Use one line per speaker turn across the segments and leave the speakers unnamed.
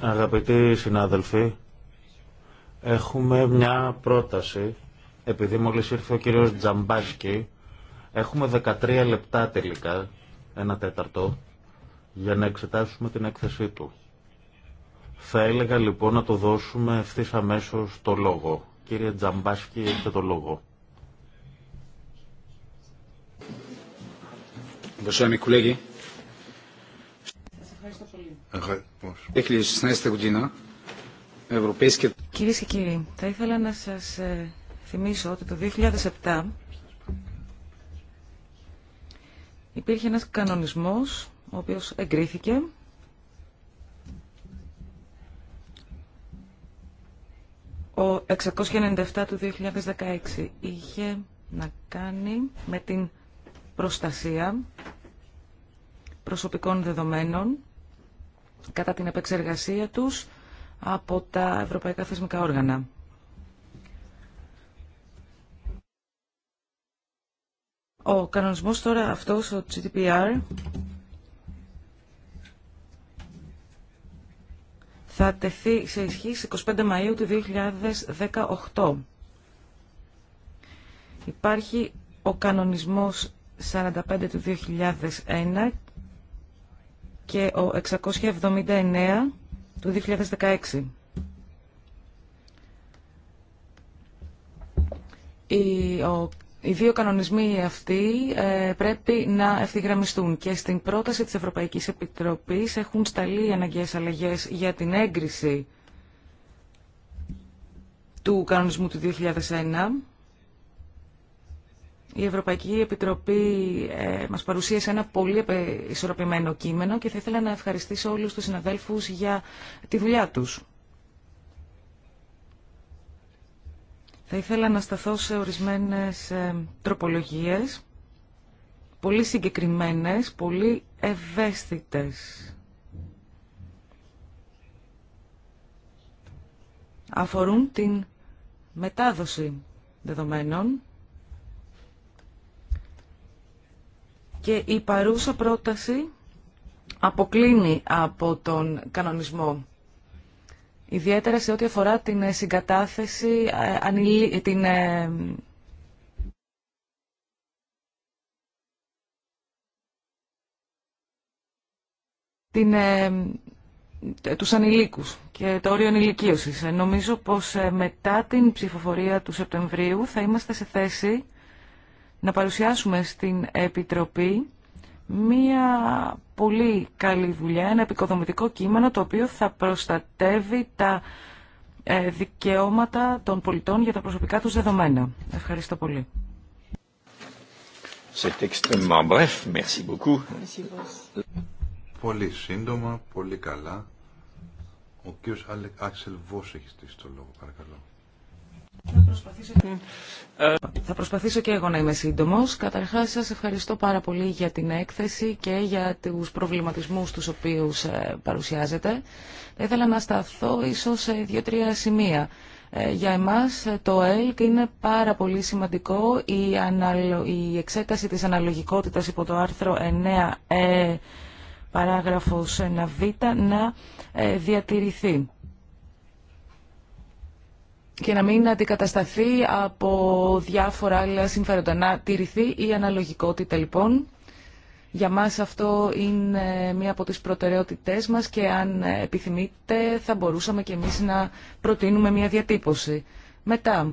Αγαπητοί συνάδελφοι, έχουμε μια πρόταση, επειδή μόλις ήρθε ο κύριος Τζαμπάσκι, έχουμε 13 λεπτά τελικά, ένα τέταρτο, για να εξετάσουμε την έκθεσή του. Θα έλεγα λοιπόν να το δώσουμε ευθύ αμέσω το λόγο. Κύριε Τζαμπάσκι, έχετε το λόγο.
Уважаеми και
κύριοι, θα ήθελα να σας ε, θυμίσω ότι το 2007 υπήρχε ένας κανονισμός ο οποίος εγκρίθηκε ο 697 του 2016 είχε να κάνει με την προστασία προσωπικών δεδομένων κατά την επεξεργασία τους από τα ευρωπαϊκά θεσμικά όργανα. Ο κανονισμός τώρα αυτός, ο GDPR, θα τεθεί σε ισχύ στις 25 Μαΐου του 2018. Υπάρχει ο κανονισμός 45 του 2001 και ο 679 του 2016. Οι, οι δύο κανονισμοί αυτοί ε, πρέπει να ευθυγραμμιστούν και στην πρόταση της Ευρωπαϊκής Επιτροπής έχουν σταλεί οι αναγκαίες αλλαγές για την έγκριση του κανονισμού του 2001 η Ευρωπαϊκή Επιτροπή ε, μας παρουσίασε ένα πολύ ισορροπημένο κείμενο και θα ήθελα να ευχαριστήσω όλους τους συναδέλφους για τη δουλειά τους. Θα ήθελα να σταθώ σε ορισμένες ε, τροπολογίες, πολύ συγκεκριμένες, πολύ ευαίσθητες. Αφορούν την μετάδοση δεδομένων και η παρούσα πρόταση αποκλίνει από τον κανονισμό. Ιδιαίτερα σε ό,τι αφορά την ε, συγκατάθεση, ε, την ε, την, τους ανηλίκους και το όριο Ε, νομίζω πως μετά την ψηφοφορία του Σεπτεμβρίου θα είμαστε σε θέση να παρουσιάσουμε στην Επιτροπή μία πολύ καλή δουλειά, ένα επικοδομητικό κείμενο το οποίο θα προστατεύει τα ε, δικαιώματα των πολιτών για τα προσωπικά τους δεδομένα. Ευχαριστώ πολύ.
Πολύ σύντομα, πολύ καλά. Ο κύριος Άξελ Βός έχει στήσει το λόγο, παρακαλώ.
Θα προσπαθήσω... και εγώ να είμαι σύντομος. Καταρχάς σας ευχαριστώ πάρα πολύ για την έκθεση και για τους προβληματισμούς τους οποίους ε, παρουσιάζετε. Θα ήθελα να σταθώ ίσως σε δύο-τρία σημεία. Ε, για εμάς ε, το ΕΛΚ είναι πάρα πολύ σημαντικό η, η εξέταση της αναλογικότητας υπό το άρθρο 9 ε, παράγραφος 1β να διατηρηθεί και να μην αντικατασταθεί από διάφορα άλλα συμφέροντα. Να τηρηθεί η αναλογικότητα λοιπόν. Για μας αυτό είναι μία από τις προτεραιότητές μας και αν επιθυμείτε θα μπορούσαμε και εμείς να προτείνουμε μία διατύπωση. Μετά,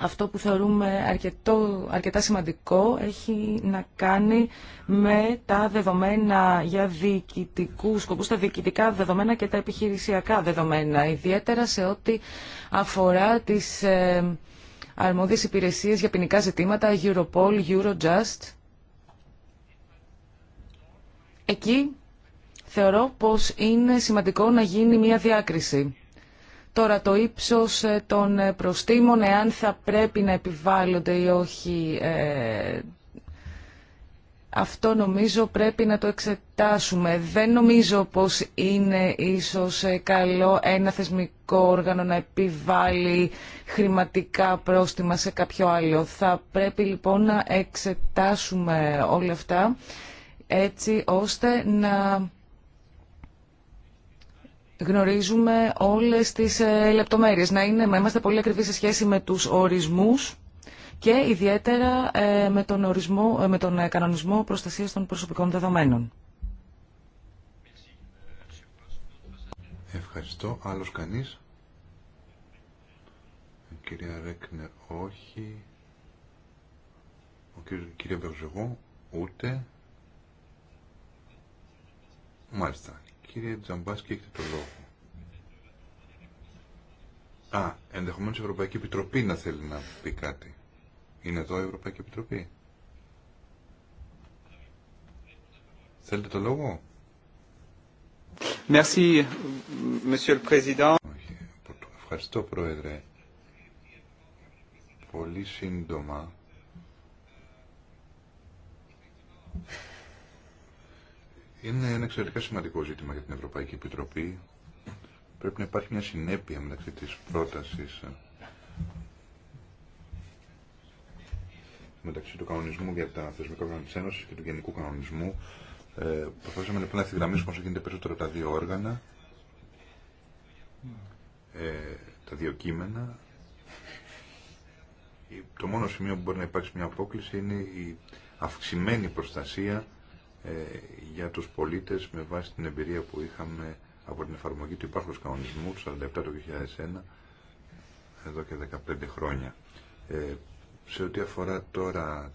αυτό που θεωρούμε αρκετό, αρκετά σημαντικό έχει να κάνει με τα δεδομένα για διοικητικού σκοπού, τα διοικητικά δεδομένα και τα επιχειρησιακά δεδομένα, ιδιαίτερα σε ό,τι αφορά τις ε, αρμόδιες για ποινικά ζητήματα, Europol, Eurojust. Εκεί θεωρώ πως είναι σημαντικό να γίνει μια διάκριση Τώρα το ύψος ε, των ε, προστήμων, εάν θα πρέπει να επιβάλλονται ή όχι, ε, αυτό νομίζω πρέπει να το εξετάσουμε. Δεν νομίζω πως είναι ίσως καλό ένα θεσμικό όργανο να επιβάλλει χρηματικά πρόστιμα σε κάποιο άλλο. Θα πρέπει λοιπόν να εξετάσουμε όλα αυτά έτσι ώστε να γνωρίζουμε όλες τις ε, λεπτομέρειες, να, είναι, να είμαστε πολύ ακριβείς σε σχέση με τους ορισμούς και ιδιαίτερα ε, με, τον ορισμό, ε, με τον κανονισμό προστασίας των προσωπικών δεδομένων.
Ευχαριστώ. Άλλος κανείς. κυρία Ρέκνερ, όχι. Ο κύριος, κυρία Μπερζεγό, ούτε. Μάλιστα. Κύριε Τζαμπάσκη, έχετε το λόγο. Α, ενδεχομένως η Ευρωπαϊκή Επιτροπή να θέλει να πει κάτι. Είναι εδώ η Ευρωπαϊκή Επιτροπή. Θέλετε το λόγο. Merci, Monsieur le Président. Ευχαριστώ, Πρόεδρε. Πολύ σύντομα. Είναι ένα εξαιρετικά σημαντικό ζήτημα για την Ευρωπαϊκή Επιτροπή. Πρέπει να υπάρχει μια συνέπεια μεταξύ τη πρόταση ε, μεταξύ του κανονισμού για τα θεσμικά όργανα τη Ένωση και του γενικού κανονισμού. Ε, προσπαθήσαμε λοιπόν να ευθυγραμμίσουμε όσο γίνεται περισσότερο τα δύο όργανα, ε, τα δύο κείμενα. Το μόνο σημείο που μπορεί να υπάρξει μια απόκληση είναι η αυξημένη προστασία ε, για τους πολίτες με βάση την εμπειρία που είχαμε από την εφαρμογή του υπάρχους κανονισμού του 47 2001 εδώ και 15 χρόνια. Ε, σε ό,τι αφορά τώρα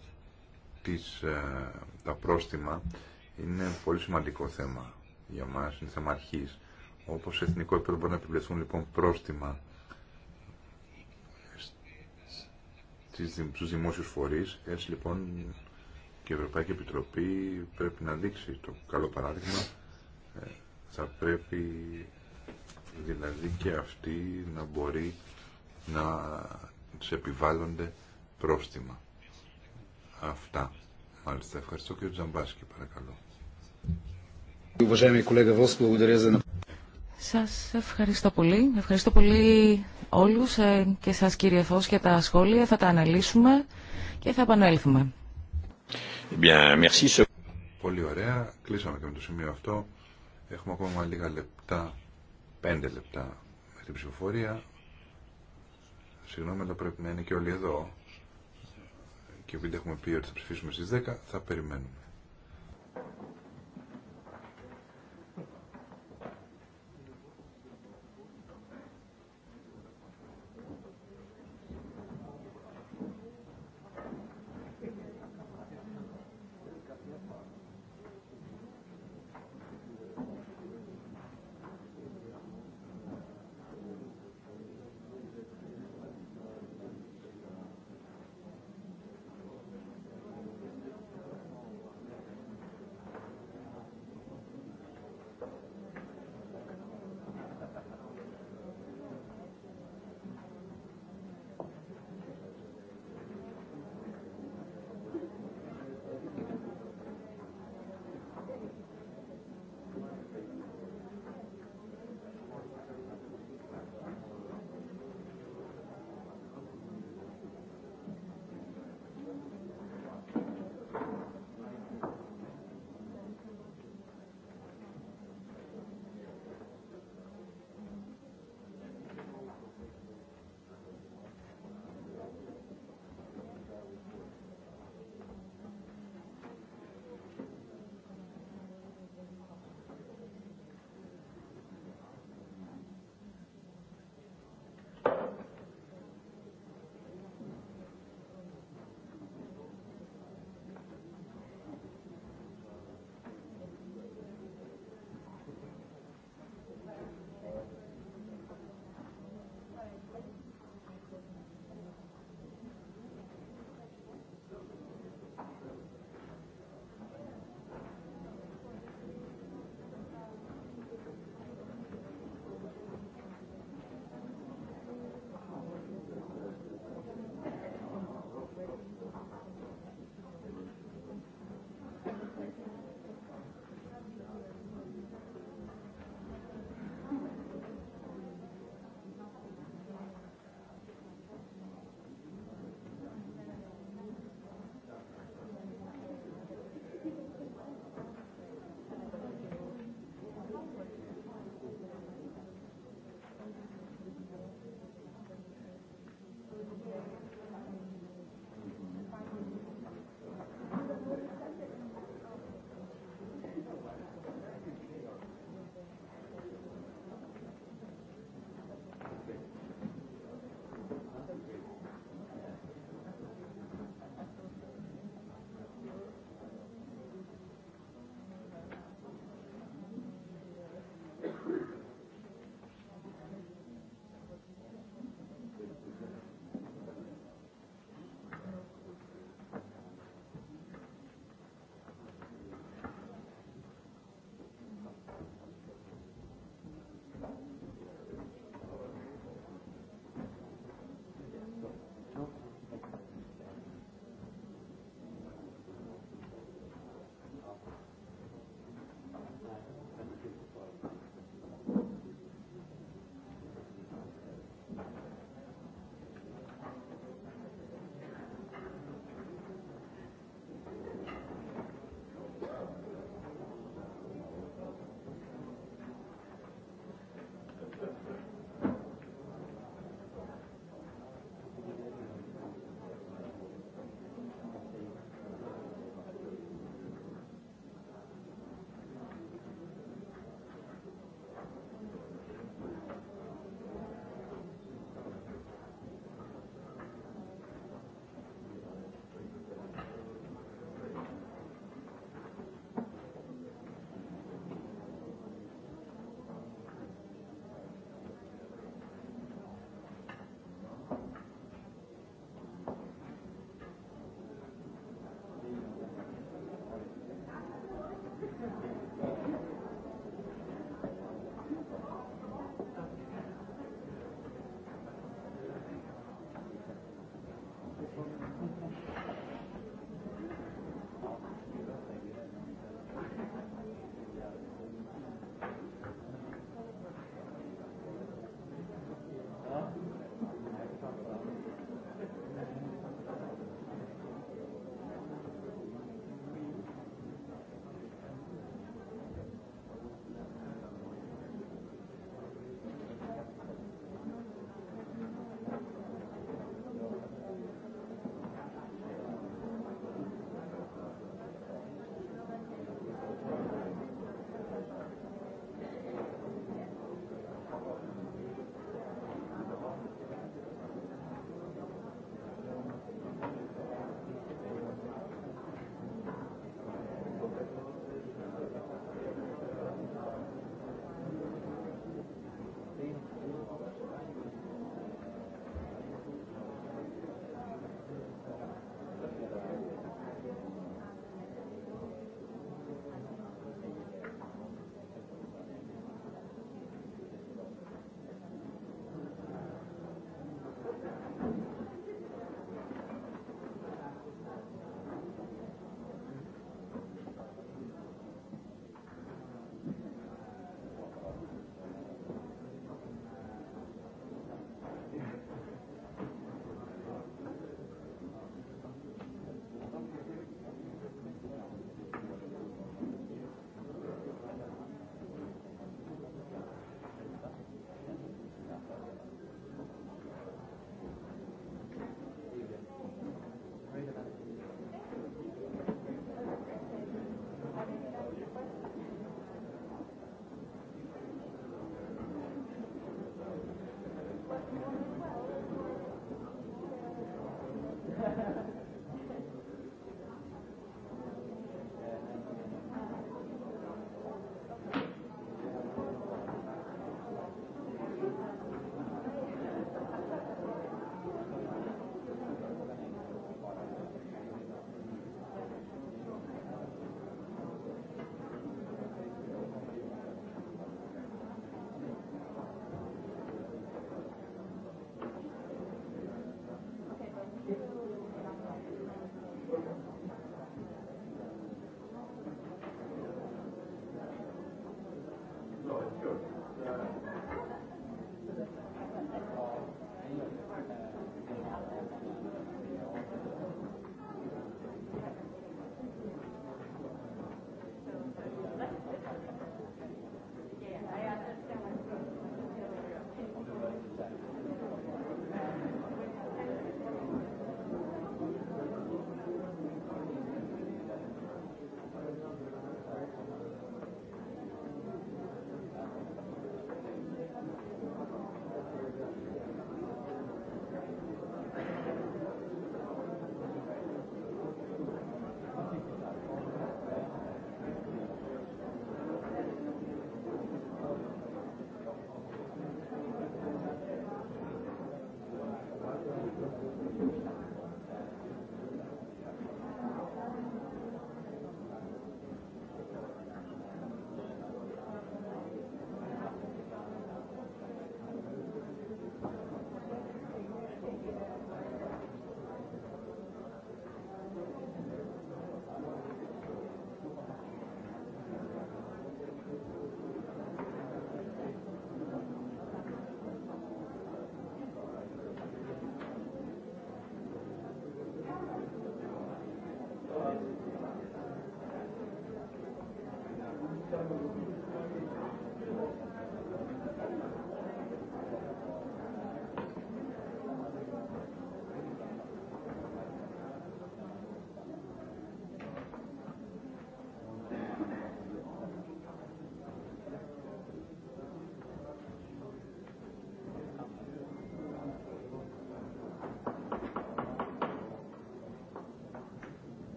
τις, ε, τα πρόστιμα είναι πολύ σημαντικό θέμα για μας, είναι θέμα αρχής. Όπως σε εθνικό επίπεδο μπορεί να επιβληθούν λοιπόν πρόστιμα στους δημόσιους φορείς, έτσι λοιπόν και η Ευρωπαϊκή Επιτροπή πρέπει να δείξει το καλό παράδειγμα. Ε, θα πρέπει δηλαδή και αυτή να μπορεί να τους επιβάλλονται πρόστιμα. Αυτά. Μάλιστα. Ευχαριστώ κύριο Τζαμπάσκη παρακαλώ.
Σας ευχαριστώ πολύ. Ευχαριστώ πολύ όλους ε, και σας κύριε Φως για τα σχόλια. Θα τα αναλύσουμε και θα επανέλθουμε.
Πολύ ωραία. Κλείσαμε και με το σημείο αυτό. Έχουμε ακόμα λίγα λεπτά, πέντε λεπτά με την ψηφοφορία. Συγγνώμη, αλλά πρέπει να είναι και όλοι εδώ. Και επειδή έχουμε πει ότι θα ψηφίσουμε στις 10, θα περιμένουμε.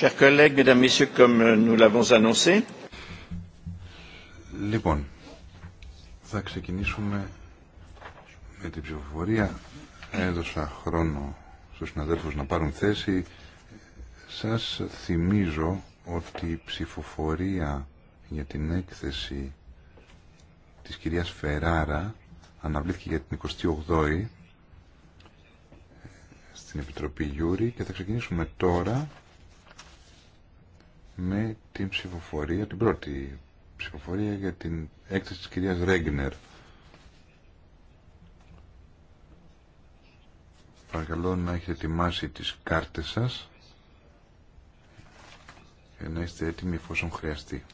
Chers collègues, mesdames, messieurs, comme euh, nous
l'avons annoncé. Λοιπόν, θα ξεκινήσουμε με την ψηφοφορία. Έδωσα χρόνο στους συναδέλφους να πάρουν θέση. Σας θυμίζω ότι η ψηφοφορία για την έκθεση της κυρίας Φεράρα αναβλήθηκε για την 28η στην Επιτροπή Γιούρη και θα ξεκινήσουμε τώρα με την ψηφοφορία, την πρώτη ψηφοφορία για την έκθεση της κυρίας Ρέγκνερ. Παρακαλώ να έχετε ετοιμάσει τις κάρτες σας και να είστε έτοιμοι εφόσον χρειαστεί.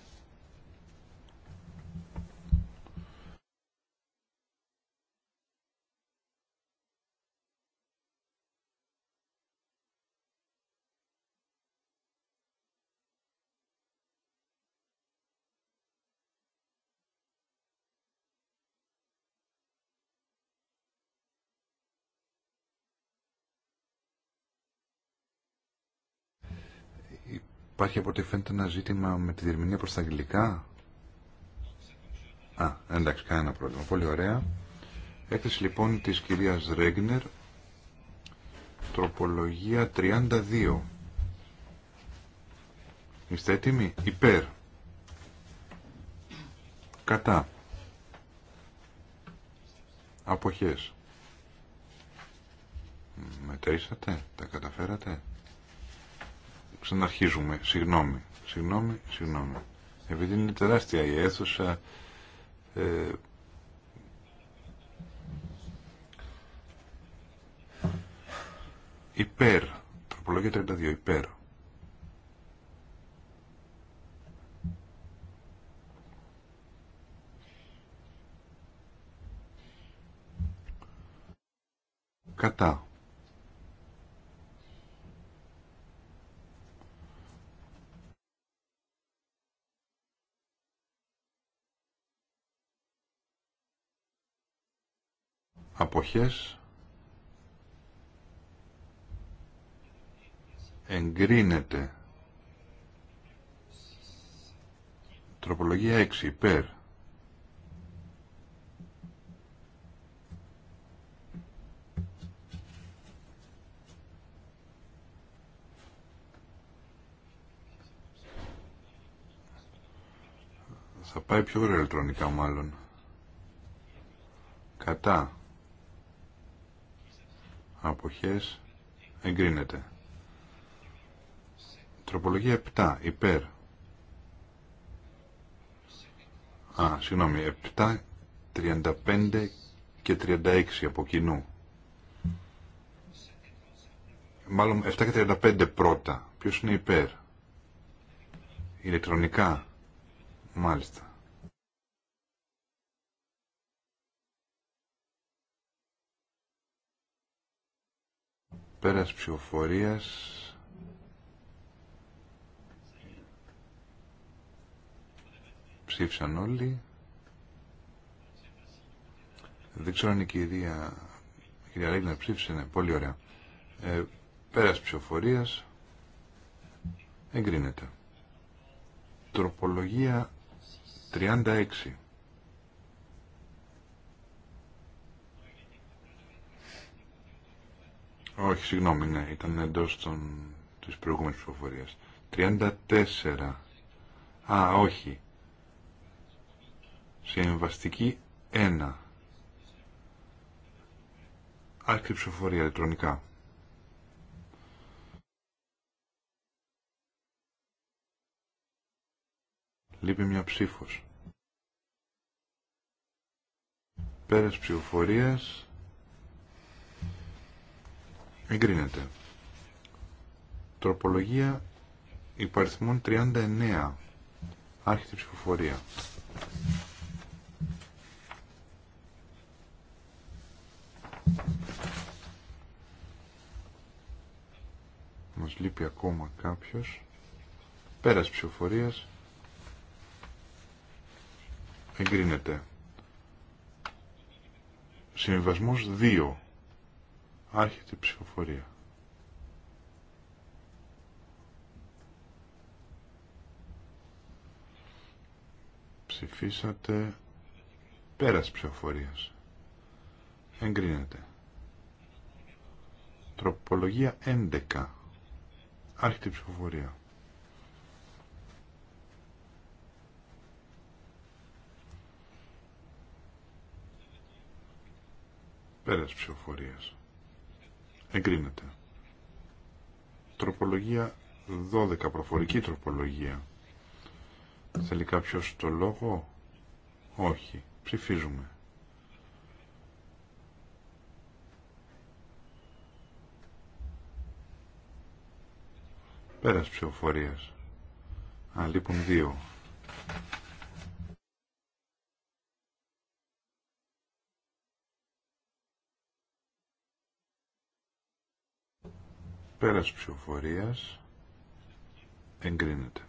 Υπάρχει από ό,τι φαίνεται ένα ζήτημα με τη διερμηνία προς τα αγγλικά. Α, εντάξει, κανένα πρόβλημα. Πολύ ωραία. Έκθεση λοιπόν της κυρίας Ρέγνερ, τροπολογία 32. Είστε έτοιμοι, υπέρ. Κατά. Αποχές. Μετρήσατε, τα καταφέρατε. Ξαναρχίζουμε. Συγγνώμη. Συγγνώμη, συγγνώμη. Επειδή είναι τεράστια η αίθουσα... Ε, υπέρ. Τροπολογία 32. Υπέρ. Κατά. αποχές εγκρίνεται τροπολογία 6 υπέρ θα πάει πιο γρήγορα ηλεκτρονικά μάλλον κατά αποχές εγκρίνεται. Τροπολογία 7 υπέρ. Α, συγγνώμη, 7, 35 και 36 από κοινού. Μάλλον 7 και 35 πρώτα. Ποιος είναι υπέρ. Ηλεκτρονικά. Μάλιστα. Πέρας ψηφοφορίας. Ψήφισαν όλοι. Δεν ξέρω αν η κυρία, η κυρία ψήφισε. Ναι, πολύ ωραία. Ε, πέρας ψηφοφορίας. Εγκρίνεται. Τροπολογία 36. Όχι, συγγνώμη, ναι, ήταν εντό των, της προηγούμενης ψηφοφορίας. 34. Α, όχι. Συμβαστική 1. Άρχισε ψηφοφορία ηλεκτρονικά. Λείπει μια ψήφος. Πέρας ψηφοφορίας Εγκρίνεται. Τροπολογία υπαριθμών 39. Άρχιτη ψηφοφορία. Μας λείπει ακόμα κάποιος. Πέρας ψηφοφορίας. Εγκρίνεται. Συμβασμός 2. Άρχεται η ψηφοφορία. Ψηφίσατε πέρας ψηφοφορίας. Εγκρίνεται. Τροπολογία 11. Άρχεται η ψηφοφορία. Πέρας ψηφοφορίας. Εγκρίνεται. Τροπολογία 12. Προφορική τροπολογία. Θέλει κάποιος το λόγο. Όχι. Ψηφίζουμε. Πέρας ψηφοφορίας. Αν λείπουν δύο. Πέρας ψηφοφορίας εγκρίνεται.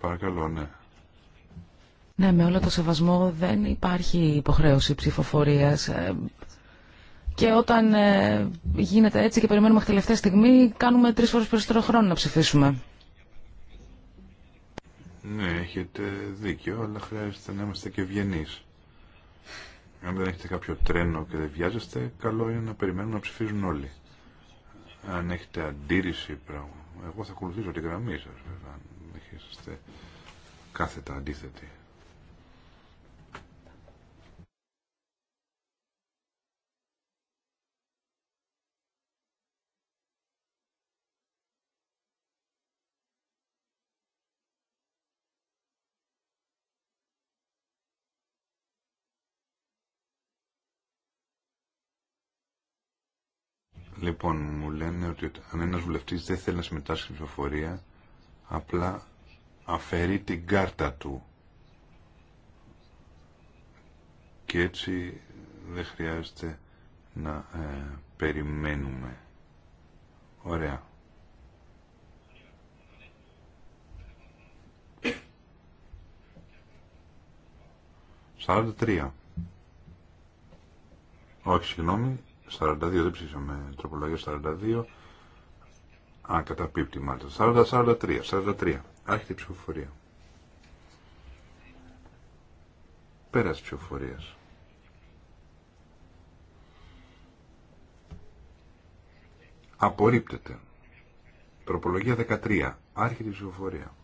Παρακαλώ, ναι.
Ναι, με όλο το σεβασμό δεν υπάρχει υποχρέωση ψηφοφορίας. Ε, και όταν ε, γίνεται έτσι και περιμένουμε τελευταία στιγμή, κάνουμε τρεις φορές περισσότερο χρόνο να ψηφίσουμε.
Ναι, έχετε δίκιο, αλλά χρειάζεται να είμαστε και ευγενείς. Αν δεν έχετε κάποιο τρένο και δεν βιάζεστε, καλό είναι να περιμένουν να ψηφίζουν όλοι. Αν έχετε αντίρρηση, πράγμα. Εγώ θα ακολουθήσω τη γραμμή σας, βέβαια, αν είστε κάθετα αντίθετοι. Λοιπόν, μου λένε ότι αν ένας βουλευτής δεν θέλει να συμμετάσχει στην ψηφοφορία, απλά αφαιρεί την κάρτα του. Και έτσι δεν χρειάζεται να ε, περιμένουμε. Ωραία. Σαράντα τρία. Όχι, συγγνώμη, 42, δεν ψήσαμε τροπολογία 42. Α, καταπίπτει μάλιστα. 43, 43. Άρχεται η ψηφοφορία. Πέρας ψηφοφορία. Απορρίπτεται. Τροπολογία 13. Άρχεται η ψηφοφορία.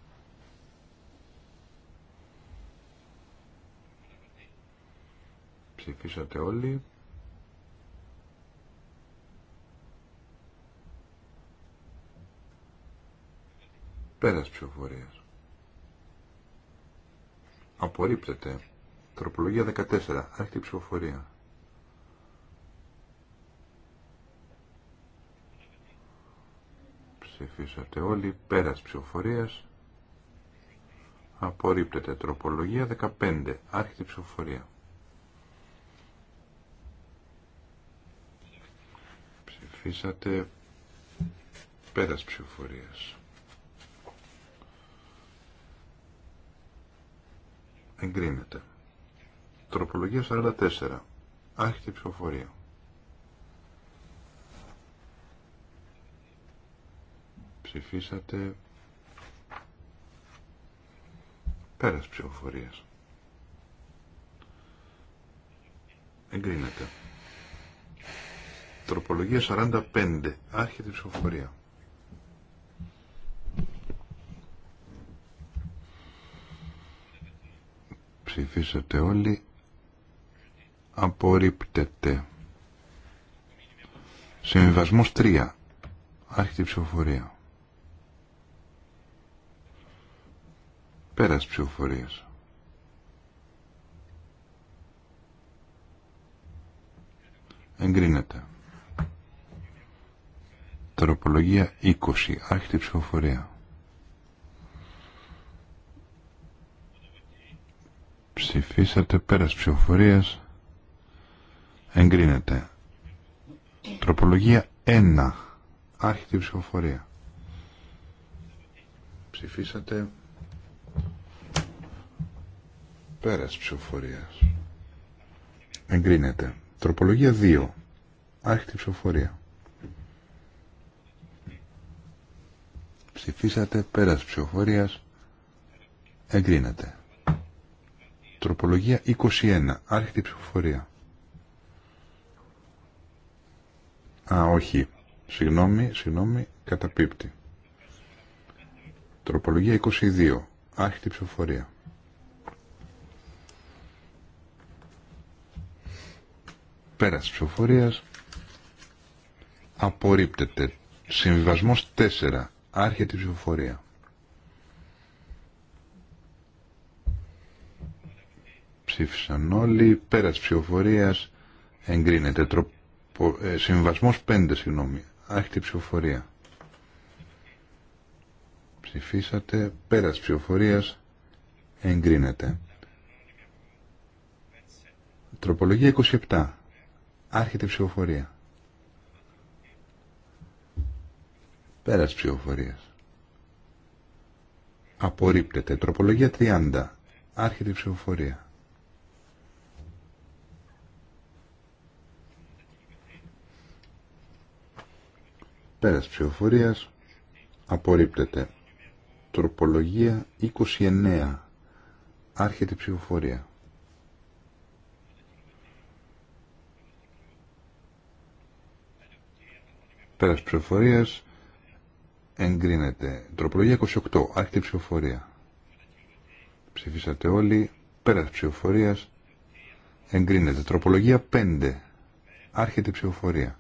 Ψηφίσατε όλοι. Πέρας ψηφοφορίας. Απορρίπτεται. Τροπολογία 14. Άρχεται η ψηφοφορία. Ψηφίσατε όλοι. Πέρας ψηφοφορίας. Απορρίπτεται. Τροπολογία 15. Άρχεται η ψηφοφορία. Ψηφίσατε. Πέρας ψηφοφορίας. εγκρίνεται. Τροπολογία 44. Άρχεται ψηφοφορία. Ψηφίσατε πέρας ψηφοφορίας. Εγκρίνεται. Τροπολογία 45. Άρχεται ψηφοφορία. ψηφίσετε όλοι. Απορρίπτεται. Συμβιβασμός 3. Άρχεται ψηφοφορία. Πέρας ψηφοφορίας. Εγκρίνεται. Τροπολογία 20. Άρχεται ψηφοφορία. Ψηφίσατε πέρας ψηφοφορίας. Εγκρίνεται. Τροπολογία 1. Άρχιτη ψηφοφορία. Ψηφίσατε πέρας ψηφοφορίας. Εγκρίνεται. Τροπολογία 2. Άρχιτη ψηφοφορία. Ψηφίσατε πέρας ψηφοφορίας. Εγκρίνεται. Τροπολογία 21. Άρχεται η ψηφοφορία. Α, όχι. Συγγνώμη, συγγνώμη, καταπίπτει. Τροπολογία 22. Άρχεται η ψηφοφορία. Πέρας ψηφοφορία απορρίπτεται. Συμβιβασμό 4. Άρχεται ψηφοφορία. Ψήφισαν όλοι. Πέρα τη ψηφοφορία εγκρίνεται. Τροπο... Ε, Συμβασμό 5, συγγνώμη. Άρχεται η ψηφοφορία. Ψηφίσατε. Πέρα ψηφοφορία εγκρίνεται. Τροπολογία 27. Άρχεται η ψηφοφορία. Πέρας ψηφοφορία. Απορρίπτεται. Τροπολογία 30. Άρχεται η ψηφοφορία. Πέρας ψηφοφορίας απορρίπτεται. Τροπολογία 29. Άρχεται η ψηφοφορία. Πέρας ψηφοφορίας εγκρίνεται. Τροπολογία 28. Άρχεται η ψηφοφορία. Ψηφίσατε όλοι. Πέρας ψηφοφορίας εγκρίνεται. Τροπολογία 5. Άρχεται η ψηφοφορία.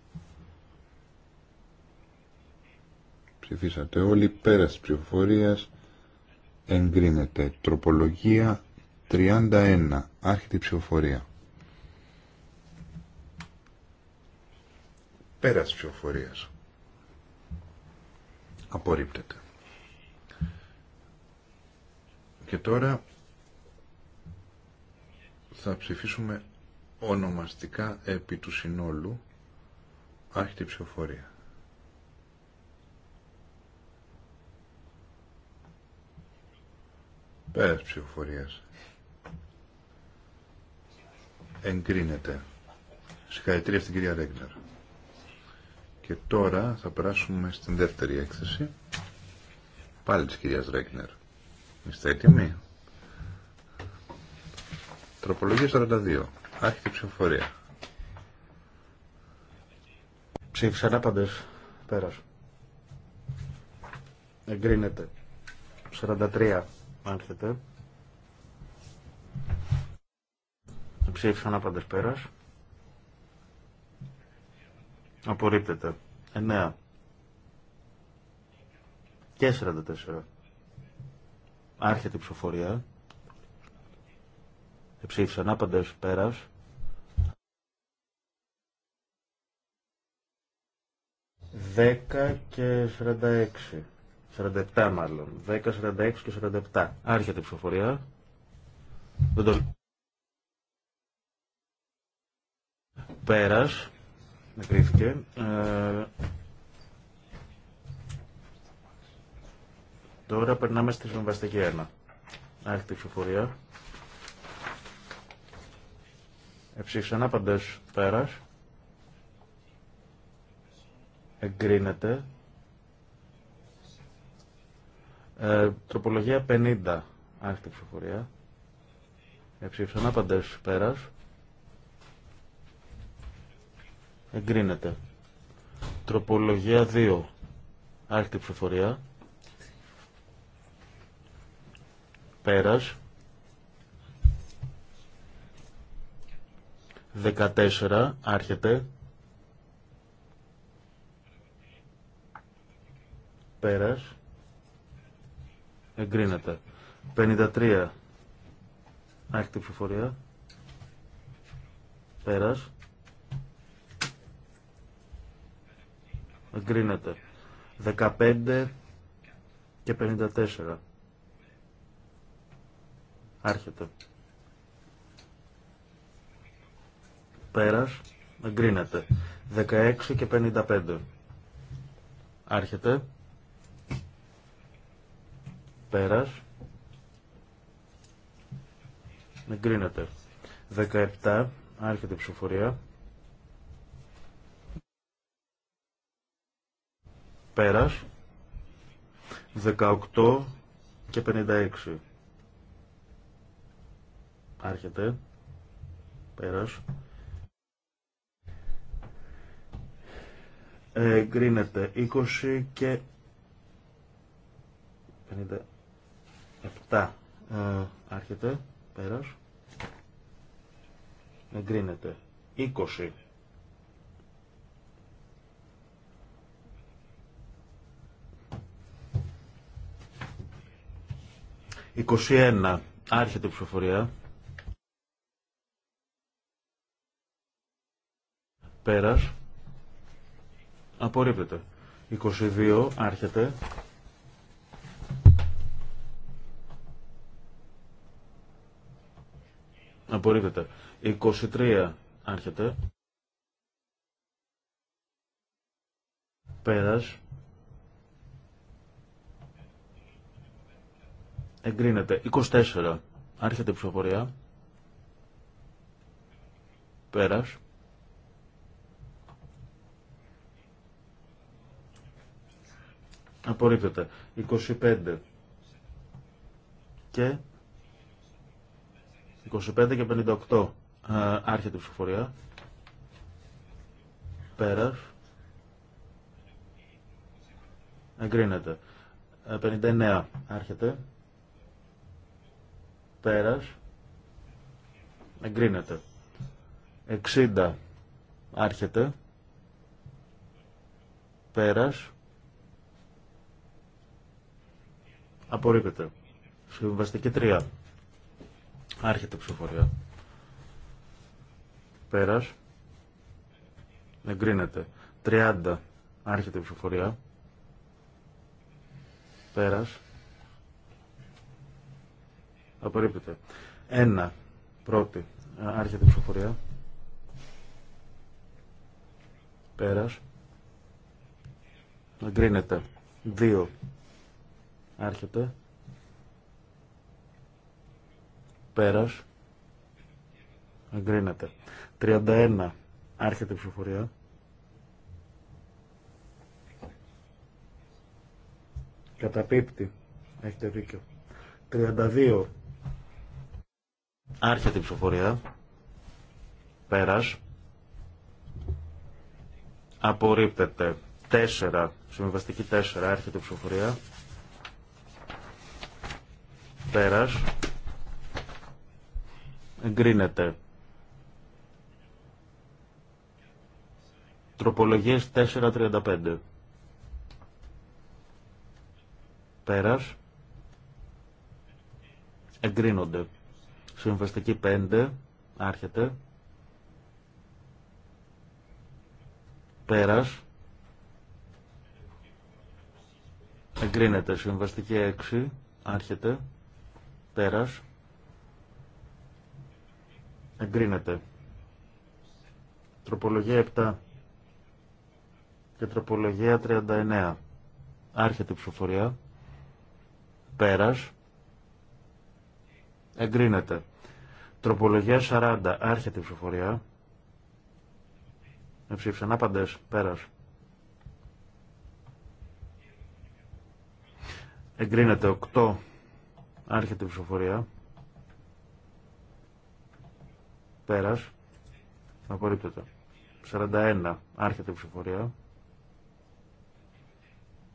Ψηφίσατε όλοι πέρα της ψηφοφορίας. Εγκρίνεται. Τροπολογία 31. άρχιτη ψηφοφορία. Πέρα της ψηφοφορίας. Απορρίπτεται. Και τώρα θα ψηφίσουμε ονομαστικά επί του συνόλου άρχιτη ψηφοφορία. Πέρας ψηφοφορίας. Εγκρίνεται. Συγχαρητήρια στην κυρία Ρέγνερ. Και τώρα θα περάσουμε στην δεύτερη έκθεση. Πάλι της κυρίας Ρέγνερ. Είστε έτοιμοι. Τροπολογία 42. Άρχιτη ψηφοφορία. Ψήφισαν άπαντες. Πέρας.
Εγκρίνεται. 43. Άρχεται. Ψήφισαν άπαντες πέρα Απορρίπτεται. 9. Και 44. Άρχεται η ψηφοφορία. Ψήφισαν άπαντες πέρα. 10 και 46. 47 μάλλον. 10, 46 και 47. Άρχεται η ψηφοφορία. Δεν το... Πέρας. Ε... Τώρα περνάμε στη συμβαστική 1. Άρχεται η ψηφοφορία. Εψήφισαν άπαντες πέρας. Εγκρίνεται. Ε, τροπολογία 50. Άρχεται ψηφοφορία. Εψήφισαν άπαντες πέρας. Εγκρίνεται. Τροπολογία 2. Άρχεται ψηφοφορία. Πέρας. 14. Άρχεται. Πέρας εγκρίνεται. 53 άκτη ψηφοφορία. Πέρας. Εγκρίνεται. 15 και 54. Άρχεται. Πέρας. Εγκρίνεται. 16 και 55. Άρχεται. Πέρας. Εγκρίνεται. 17. Άρχεται η ψηφοφορία. Πέρας. 18 και 56. Άρχεται. Πέρας. Εγκρίνεται. 20 και 7 ε, άρχεται, πέρας, εγκρίνεται. 20 21 άρχεται η ψηφοφορία. Πέρας. Απορρίπτεται. 22 άρχεται. Απορρίπτεται. 23 άρχεται. Πέρας. Εγκρίνεται. 24 άρχεται η ψηφοφορία. Πέρας. Απορρίπτεται. 25 και 25 και 58. Άρχεται η ψηφοφορία. Πέρας. Εγκρίνεται. 59. Ε, άρχεται. Πέρας. Εγκρίνεται. 60. Άρχεται. Πέρας. Απορρίπτεται. Συμβαστική 3. Άρχεται η ψηφοφορία. Πέρας. Εγκρίνεται. 30. Άρχεται η ψηφοφορία. Πέρας. Απορρίπτεται. 1. Πρώτη. Άρχεται η ψηφοφορία. Πέρας. Εγκρίνεται. 2. Άρχεται. Πέρας. Αγκρίνεται. 31. Άρχεται η ψηφοφορία. Καταπίπτη. Έχετε δίκιο. 32. Άρχεται η ψηφοφορία. Πέρας. Απορρίπτεται. 4. Συμβαστική 4. Άρχεται η ψηφοφορία. Πέρας. Εγκρίνεται. Τροπολογίες 4.35. Πέρας. Εγκρίνονται. Συμβαστική 5. Άρχεται. Πέρας. Εγκρίνεται. Συμβαστική 6. Άρχεται. Πέρας εγκρίνεται. Τροπολογία 7 και τροπολογία 39. Άρχεται η ψηφοφορία. Πέρας. Εγκρίνεται. Τροπολογία 40. Άρχεται η ψηφοφορία. Εψήφισαν άπαντες. Πέρας. Εγκρίνεται 8. Άρχεται η ψηφοφορία. Πέρας. Απορρίπτεται. 41. Άρχεται η ψηφορία.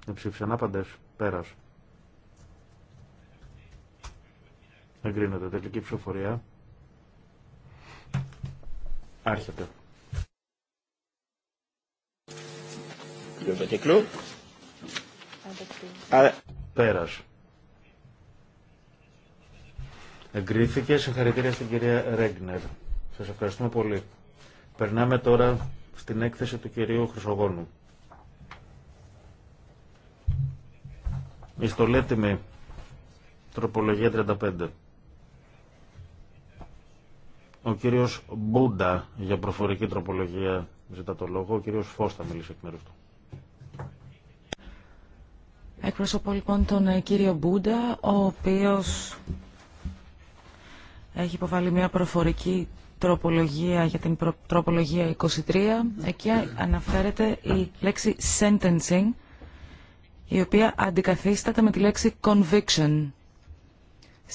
Εψήφισαν άπαντες. Πέρας. Εγκρίνεται. Τελική ψηφοφορία. Άρχεται. Le vote est clos. Ah. Πέρας. Εγκρίθηκε. Συγχαρητήρια στην κυρία Ρέγνερ. Σας ευχαριστούμε πολύ. Περνάμε τώρα στην έκθεση του κυρίου Χρυσογόνου. Ιστολέτιμη, τροπολογία 35. Ο κύριος Μπούντα για προφορική τροπολογία ζητά το λόγο. Ο κύριος Φώστα θα μιλήσει εκ μέρους του.
Εκπροσωπώ λοιπόν τον ε, κύριο Μπούντα, ο οποίος έχει υποβάλει μια προφορική τροπολογία για την τροπολογία 23. Εκεί αναφέρεται η λέξη sentencing, η οποία αντικαθίσταται με τη λέξη conviction.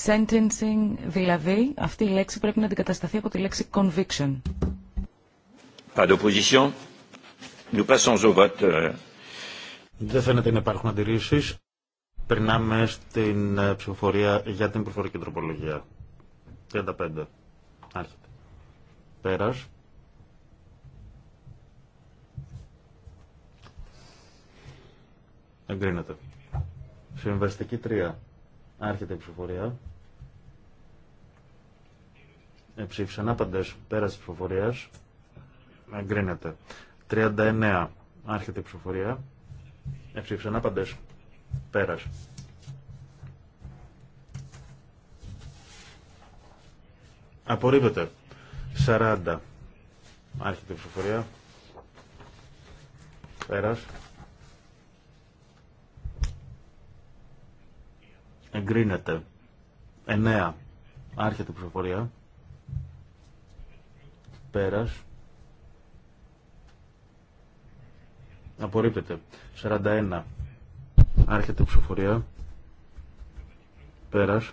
Sentencing δηλαδή, αυτή η λέξη πρέπει να αντικατασταθεί από τη λέξη conviction.
Pas d'opposition. Nous passons au vote. Euh.
Δεν φαίνεται να υπάρχουν αντιρρήσει. Περνάμε στην ε, ψηφοφορία για την προφορική τροπολογία. 35. Άρχεται. Πέρας. Εγκρίνεται. Συμβαστική 3. Άρχεται η ψηφοφορία. Εψήφισαν άπαντες. Πέρας της ψηφοφορίας. Εγκρίνεται. 39. Άρχεται η ψηφοφορία. Εψήφισαν άπαντες. Πέρας. Απορρίβεται. 40. Άρχεται η ψηφοφορία. Πέρας. Εγκρίνεται. 9. Άρχεται η ψηφοφορία. Πέρας. Απορρίπτεται. 41. Άρχεται η ψηφοφορία. Πέρας.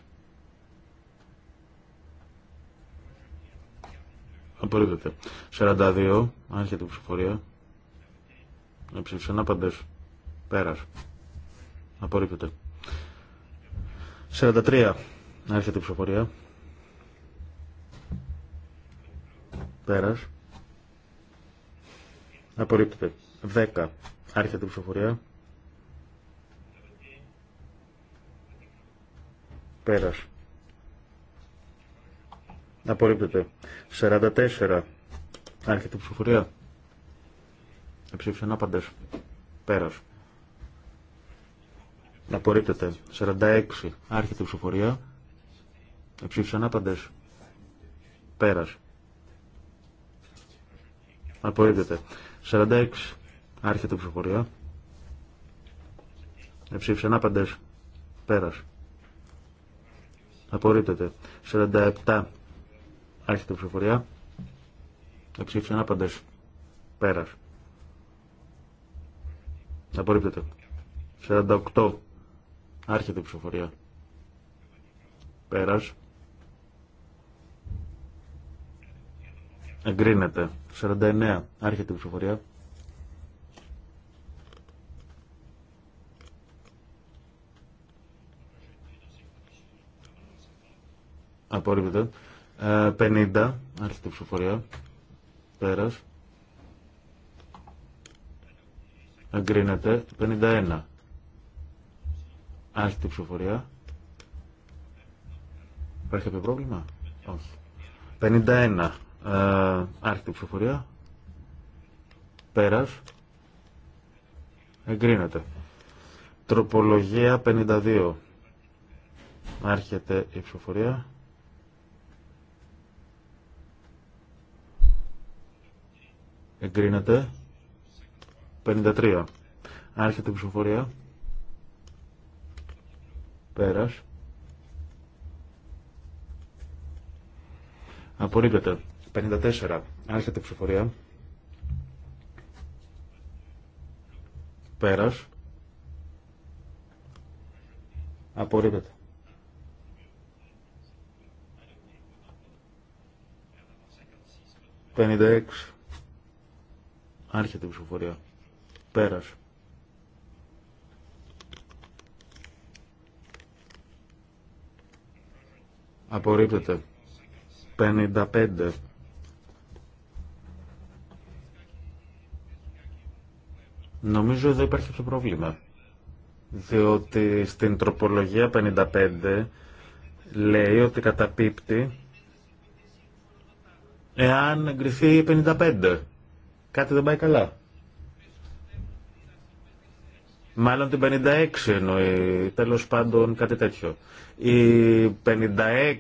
Απορρίπτεται. 42. Άρχεται η ψηφορία. να άπαντε. Πέρας. Απορρίπτεται. 43. Άρχεται η ψηφοφορία. Πέρας. Απορρίπτεται. 10. Άρχεται η ψηφοφορία. Πέρας. Απορρίπτεται. 44. Άρχεται η ψηφοφορία. Εψήφισαν άπαντε. Πέρα. Απορρίπτεται. 46. Άρχεται η ψηφοφορία. Εψήφισαν άπαντε. Πέρα. Απορρίπτεται. 46. Άρχεται η ψηφοφορία. Εψήφισαν άπαντε. Πέρα. Απορρίπτεται. 47. Άρχεται την ψηφοφορία. Εψήφισαν άπαντε. Πέρα. Απορρίπτεται. 48. Άρχεται η ψηφοφορία. Πέρα. Εγκρίνεται. 49. Άρχεται η ψηφοφορία. Απορρίπτεται. 50, ε, άρχισε η ψηφοφορία. Πέρας. Εγκρίνεται. 51. Άρχισε η ψηφοφορία. Υπάρχει κάποιο πρόβλημα. Όχι. 51. Ε, άρχισε η ψηφοφορία. Πέρας. Εγκρίνεται. Τροπολογία 52. Άρχεται η ψηφοφορία. Εγκρίνεται. 53. Άρχεται η ψηφοφορία. Πέρας. Απορρίπτεται. 54. Άρχεται η ψηφοφορία. Πέρας. Απορρίπτεται. Πενήντα Άρχεται την ψηφοφορία. Πέρας. Απορρίπτεται. 55. Νομίζω εδώ υπάρχει κάποιο πρόβλημα. Διότι στην τροπολογία 55 λέει ότι καταπίπτει εάν εγκριθεί 55. Κάτι δεν πάει καλά. Μάλλον την 56 εννοεί, τέλος πάντων κάτι τέτοιο. Η 56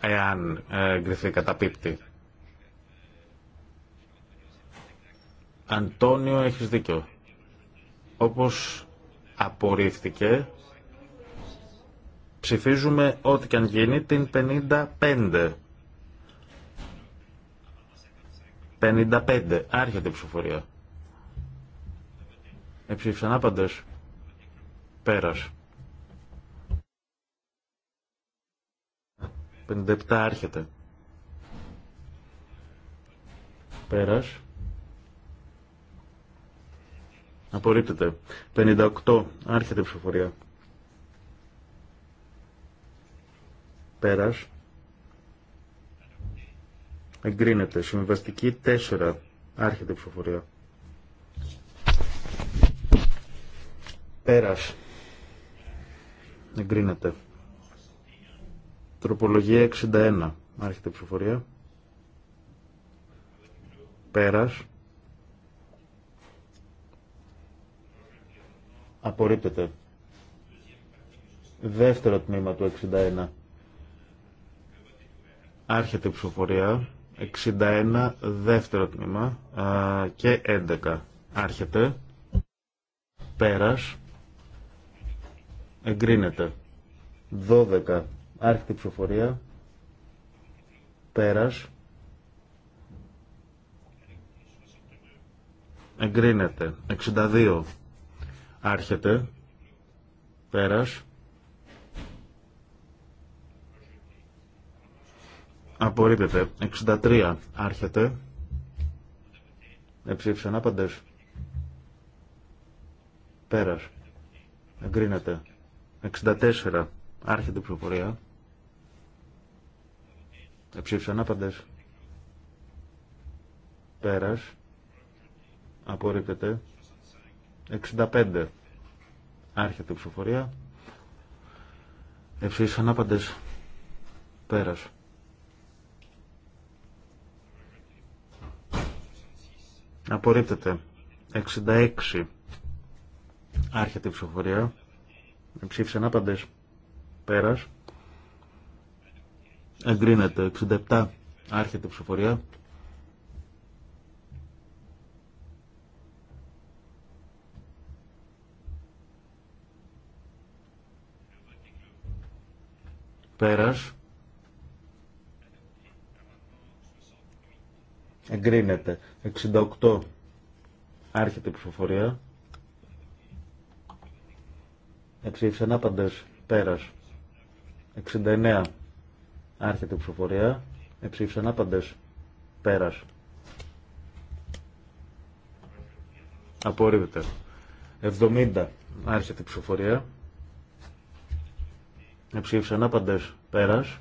εάν ε, εγκριθεί πίπτη. Αντώνιο έχεις δίκιο. Όπως απορρίφθηκε, ψηφίζουμε ό,τι και αν γίνει την 55. 55. Άρχεται η ψηφοφορία. Εψήφισαν άπαντε. Πέρας. 57 άρχεται. Πέρας. Απορρίπτεται. 58 άρχεται η ψηφοφορία. Πέρας. Εγκρίνεται. Συμβαστική 4. Άρχεται η ψηφοφορία. Πέρας. Εγκρίνεται. Τροπολογία 61. Άρχεται η ψηφοφορία. Πέρας. Απορρίπτεται. Δεύτερο τμήμα του 61. Άρχεται η ψηφοφορία. 61 δεύτερο τμήμα και 11. Άρχεται. Πέρας. Εγκρίνεται. 12. Άρχεται η ψηφοφορία. Πέρας. Εγκρίνεται. 62. Άρχεται. Πέρας. Απορρίπτεται. 63. Άρχεται. Εψήφισαν άπαντες. Πέρας. Εγκρίνεται. 64. Άρχεται η ψηφοφορία. Εψήφισαν άπαντες. Πέρας. Απορρίπτεται. 65. Άρχεται η ψηφοφορία. Εψήφισαν άπαντες. Πέρας. Απορρίπτεται. 66. Άρχεται η ψηφοφορία. Ψήφισαν άπαντες. Πέρας. Εγκρίνεται. 67. Άρχεται η ψηφοφορία. Πέρας. Εγκρίνεται. 68. Άρχεται η ψηφοφορία. Εψήφισαν άπαντες. Πέρας. 69. Άρχεται η ψηφοφορία. Εψήφισαν άπαντες. Πέρας. Απορρίπτεται. 70. Άρχεται η ψηφοφορία. Εψήφισαν άπαντες. Πέρας.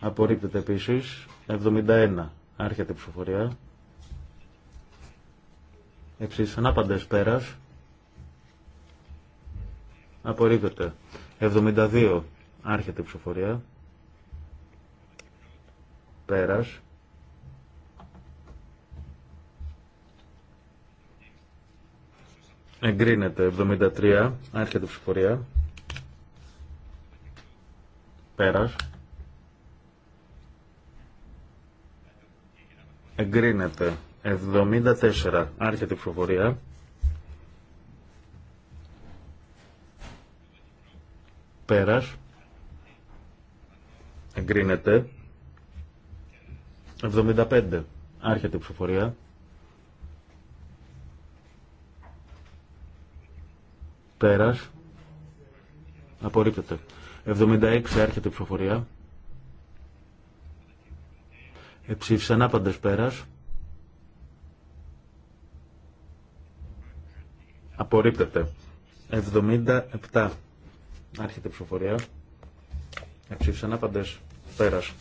Απορρίπτεται επίσης. 71. Άρχεται η ψηφοφορία. Εξής ανάπαντες πέρας. Απορρίπτεται. 72. Άρχεται η ψηφοφορία. Πέρας. Εγκρίνεται. 73. Άρχεται η ψηφοφορία. Πέρας. εγκρίνεται 74 άρχεται η ψηφοφορία πέρας εγκρίνεται 75 άρχεται η ψηφοφορία πέρας απορρίπτεται 76 άρχεται η ψηφοφορία Εψήφισαν άπαντες πέρας. Απορρίπτεται. 77. Άρχεται η ψηφοφορία. Εψήφισαν άπαντες πέρας.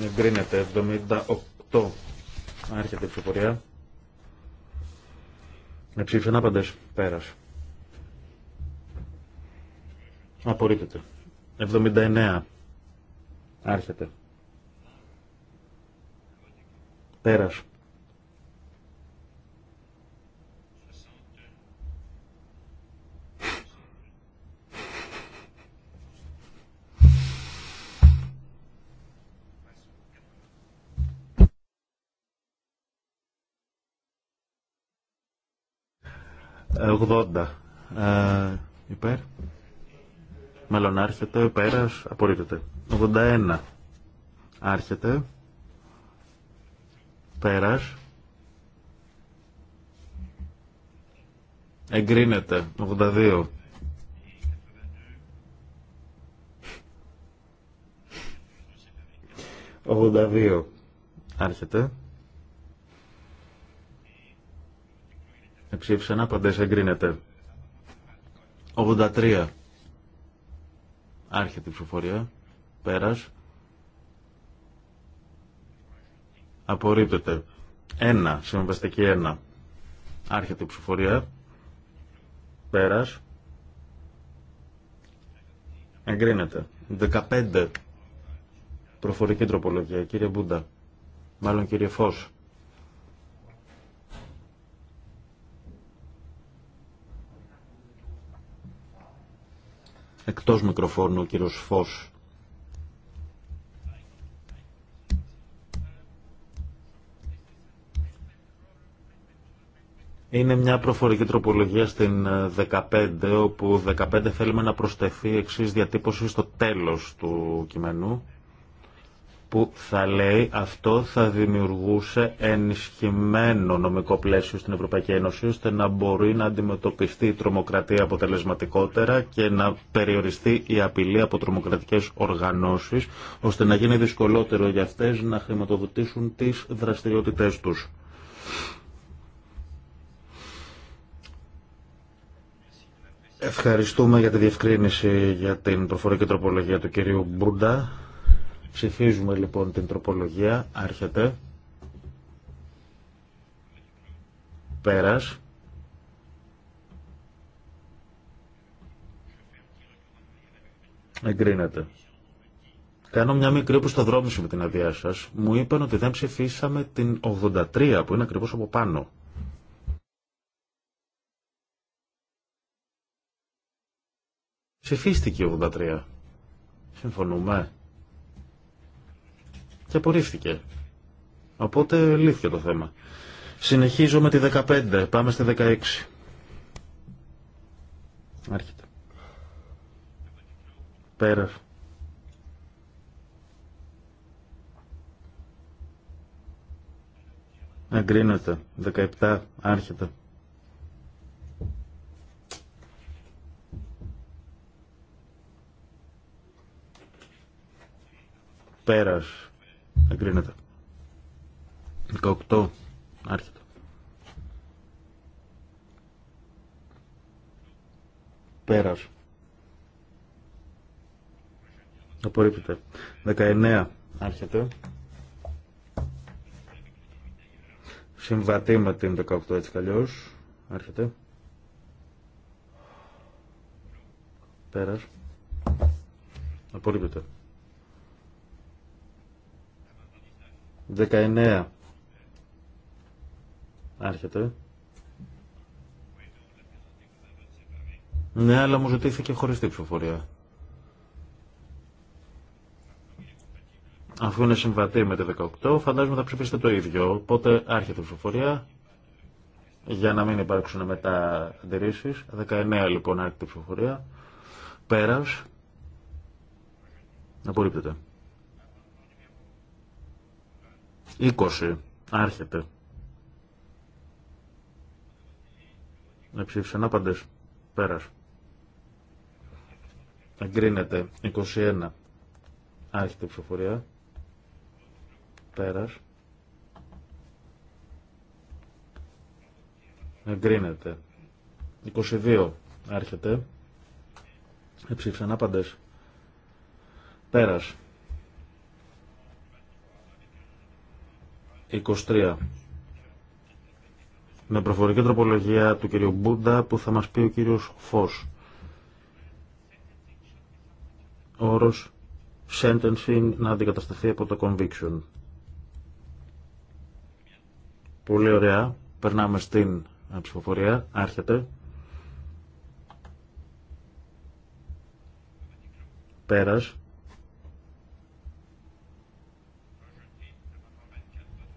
Εγκρίνεται. 78. Άρχεται η ψηφοφορία. Εψήφισαν άπαντες πέρας. Απορρίπτεται. 79 άρχεται. Πέρας. Εγώ δόντα. Ε, υπέρ. Μέλλον άρχεται, πέρας, απορρίπτεται. 81 άρχεται, πέρας, εγκρίνεται. 82 82 άρχεται. Εψήφισαν παντέ εγκρίνεται. 83 Άρχεται η ψηφοφορία. Πέρας. Απορρίπτεται. Ένα, Συμβαστική ένα, Άρχεται η ψηφοφορία. Πέρας. Εγκρίνεται. 15. Προφορική τροπολογία. Κύριε Μπούντα. Μάλλον κύριε Φως. Εκτός μικροφώνου ο κύριος Φως. Είναι μια προφορική τροπολογία στην 15, ε, όπου 15 θέλουμε να προστεθεί εξή διατύπωση στο τέλος του κειμένου που θα λέει αυτό θα δημιουργούσε ενισχυμένο νομικό πλαίσιο στην Ευρωπαϊκή Ένωση ώστε να μπορεί να αντιμετωπιστεί η τρομοκρατία αποτελεσματικότερα και να περιοριστεί η απειλή από τρομοκρατικές οργανώσεις ώστε να γίνει δυσκολότερο για αυτές να χρηματοδοτήσουν τις δραστηριότητές τους. Ευχαριστούμε για τη διευκρίνηση για την προφορική τροπολογία του κυρίου Μπούντα. Ψηφίζουμε λοιπόν την τροπολογία. Άρχεται. Πέρας. Εγκρίνεται. Κάνω μια μικρή οπισθοδρόμηση με την αδειά σα. Μου είπαν ότι δεν ψηφίσαμε την 83 που είναι ακριβώ από πάνω. Ψηφίστηκε η 83. Συμφωνούμε και απορρίφθηκε. Οπότε λύθηκε το θέμα. Συνεχίζω με τη 15. Πάμε στη 16. Άρχεται. Πέρα. Αγκρίνεται. 17. Άρχεται. Πέρας. Εγκρίνεται. 18. Άρχεται. Πέρας. Απορρίπτεται. 19. Άρχεται. Συμβατή με την 18 έτσι καλλιώς. Άρχεται. Πέρας. Απορρίπτεται. 19. Άρχεται. Ναι, αλλά μου ζητήθηκε χωριστή ψηφοφορία. Αφού είναι συμβατή με τη 18, φαντάζομαι θα ψηφίσετε το ίδιο. Οπότε άρχεται η ψηφοφορία. Για να μην υπάρξουν μετά αντιρρήσει. 19 λοιπόν άρχεται η ψηφοφορία. Πέρα. Απορρίπτεται. 20. Άρχεται. Να να άπαντες. Πέρας. Εγκρίνεται. 21. Άρχεται η ψηφοφορία. Πέρας. Εγκρίνεται. 22. Άρχεται. Εψήφισαν άπαντες. Πέρας. 23 με προφορική τροπολογία του κυρίου Μπούντα που θα μας πει ο κύριος Φως. Όρος sentencing να αντικατασταθεί από το conviction. Πολύ ωραία. Περνάμε στην ψηφοφορία. Άρχεται. Πέρας.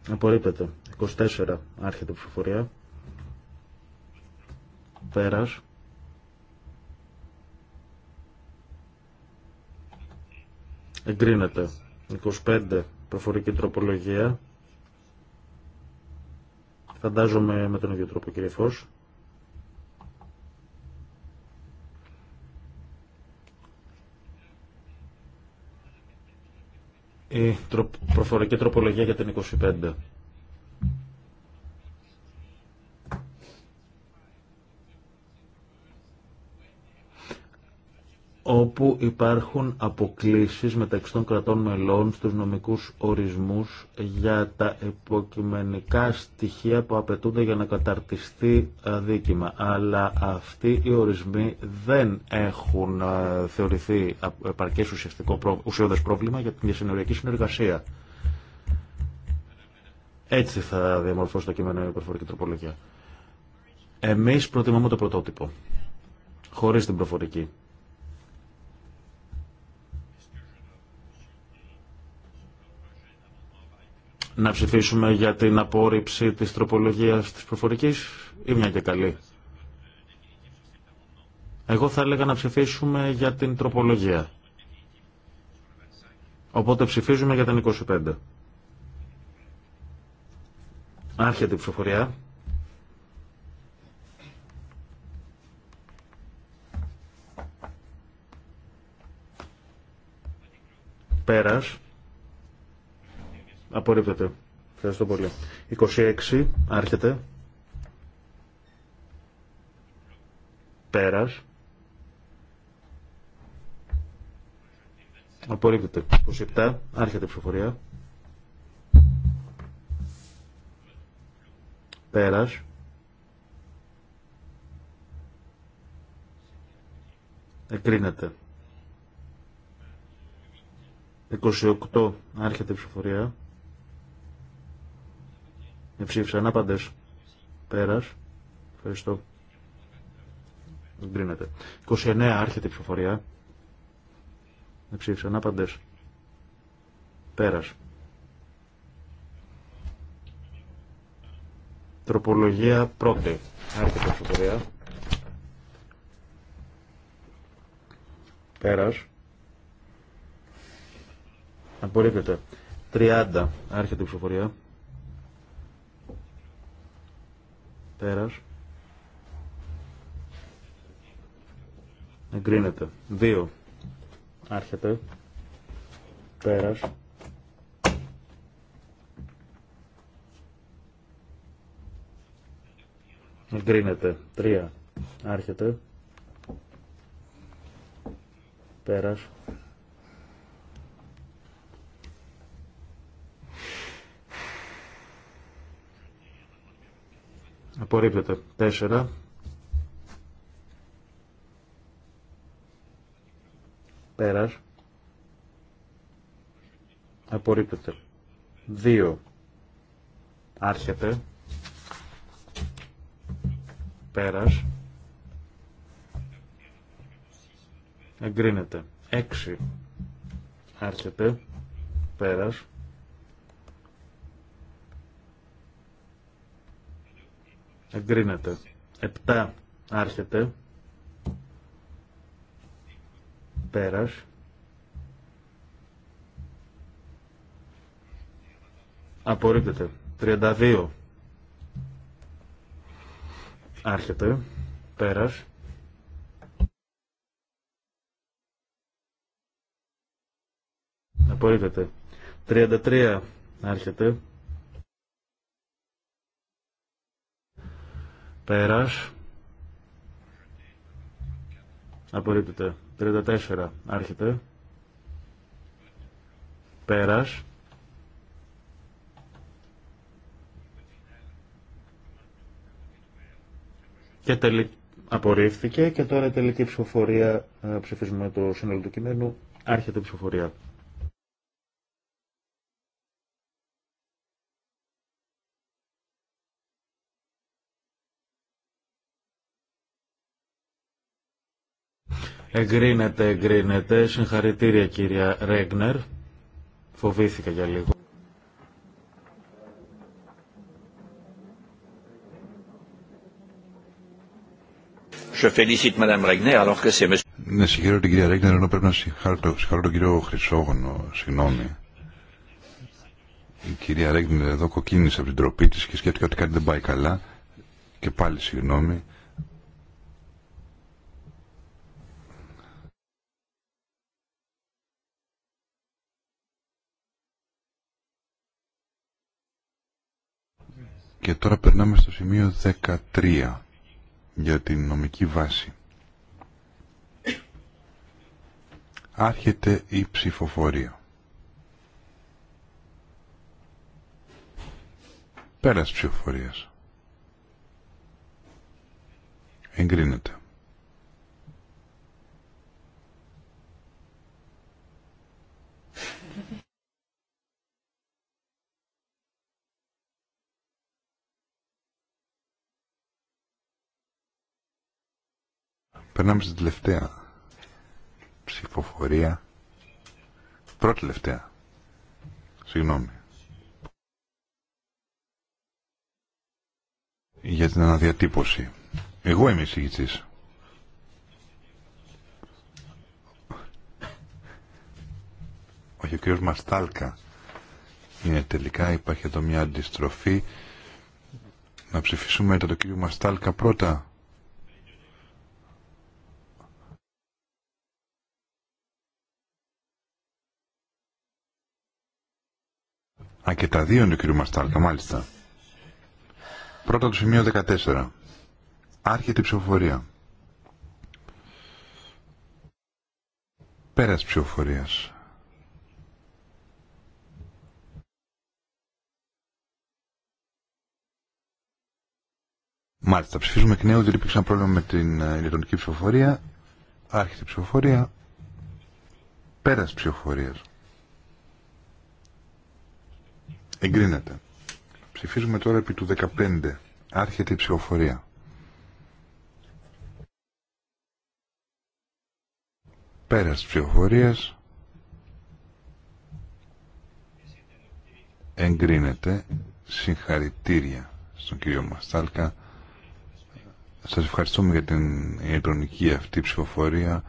Απορρίπτεται. 24 άρχεται ψηφοφορία. Πέρας. Εγκρίνεται. 25 προφορική τροπολογία. Φαντάζομαι με τον ίδιο τρόπο κύριε η προφορική τροπολογία για την 25. όπου υπάρχουν αποκλίσεις μεταξύ των κρατών μελών στους νομικούς ορισμούς για τα υποκειμενικά στοιχεία που απαιτούνται για να καταρτιστεί ε, δίκημα. Αλλά αυτοί οι ορισμοί δεν έχουν ε, θεωρηθεί επαρκές ουσιαστικό πρόβλημα για την διασυνοριακή συνεργασία. Έτσι θα διαμορφώσει το κείμενο η προφορική τροπολογία. Εμείς προτιμάμε το πρωτότυπο, χωρίς την προφορική. Να ψηφίσουμε για την απόρριψη της τροπολογίας της προφορικής ή μια και καλή. Εγώ θα έλεγα να ψηφίσουμε για την τροπολογία. Οπότε ψηφίζουμε για την 25. Άρχεται η ψηφοφορία. Πέρας. Απορρίπτεται. Ευχαριστώ πολύ. 26. Άρχεται. Πέρας. Απορρίπτεται. 27. Άρχεται η ψηφοφορία. Πέρας. Εκρίνεται. 28. Άρχεται η ψηφοφορία. Εψήφισαν άπαντε. Πέρα. Ευχαριστώ. Εγκρίνεται. 29 άρχεται η ψηφοφορία. Εψήφισαν άπαντε. Πέρας. Τροπολογία πρώτη. Άρχεται η ψηφοφορία. Πέρας. Απορρίπτεται. 30. Άρχεται η ψηφοφορία. πέρας εγκρίνεται δύο άρχεται πέρας εγκρίνεται τρία άρχεται πέρας Απορρίπτεται. 4. Πέρας. Απορρίπτεται. 2. Άρχεται. Πέρας. Εγκρίνεται. 6. Άρχεται. Πέρας. Εγκρίνεται. 7 άρχεται. Πέρας. Απορρίπτεται. 32 άρχεται. Πέρας. Απορρίπτεται. 33 άρχεται. Πέρας. Απορρίπτεται. 34. Άρχεται. Πέρας. Και τελικ... απορρίφθηκε και τώρα τελική ψηφοφορία ε, ψηφίζουμε το σύνολο του κειμένου. Άρχεται η ψηφοφορία.
Εγκρίνεται,
εγκρίνεται. Συγχαρητήρια κυρία Ρέγνερ. Φοβήθηκα για λίγο.
Ναι, συγχαίρω την κυρία Ρέγνερ, ενώ πρέπει να συγχαρώ, τον κύριο Χρυσόγωνο. συγγνώμη. Η κυρία Ρέγνερ εδώ κοκκίνησε από την τροπή της και σκέφτηκα ότι κάτι δεν πάει καλά. Και πάλι συγγνώμη. Και τώρα περνάμε στο σημείο 13 για την νομική βάση. Άρχεται η ψηφοφορία. Πέρας ψηφοφορίας. Εγκρίνεται. Περνάμε στην τελευταία ψηφοφορία. Πρώτη τελευταία. Συγγνώμη. Για την αναδιατύπωση. Εγώ είμαι εισηγητής. Όχι, ο κύριο Μαστάλκα είναι τελικά. Υπάρχει εδώ μια αντιστροφή. Να ψηφίσουμε το κύριο Μαστάλκα πρώτα. Α, και τα δύο είναι ο κ. Μαστάλκα, μάλιστα. Πρώτα το σημείο 14. Άρχεται η ψηφοφορία. Πέρας ψηφοφορίας. Μάλιστα, ψηφίζουμε εκ νέου, δεν υπήρξε πρόβλημα με την ε, ηλεκτρονική ψηφοφορία. Άρχεται η ψηφοφορία. Πέρας ψηφοφορίας. Εγκρίνεται. Ψηφίζουμε τώρα επί του 15. Άρχεται η ψηφοφορία. Πέρας της ψηφοφορίας. Εγκρίνεται. Συγχαρητήρια στον κύριο Μαστάλκα. Σας ευχαριστούμε για την ηλεκτρονική αυτή ψηφοφορία.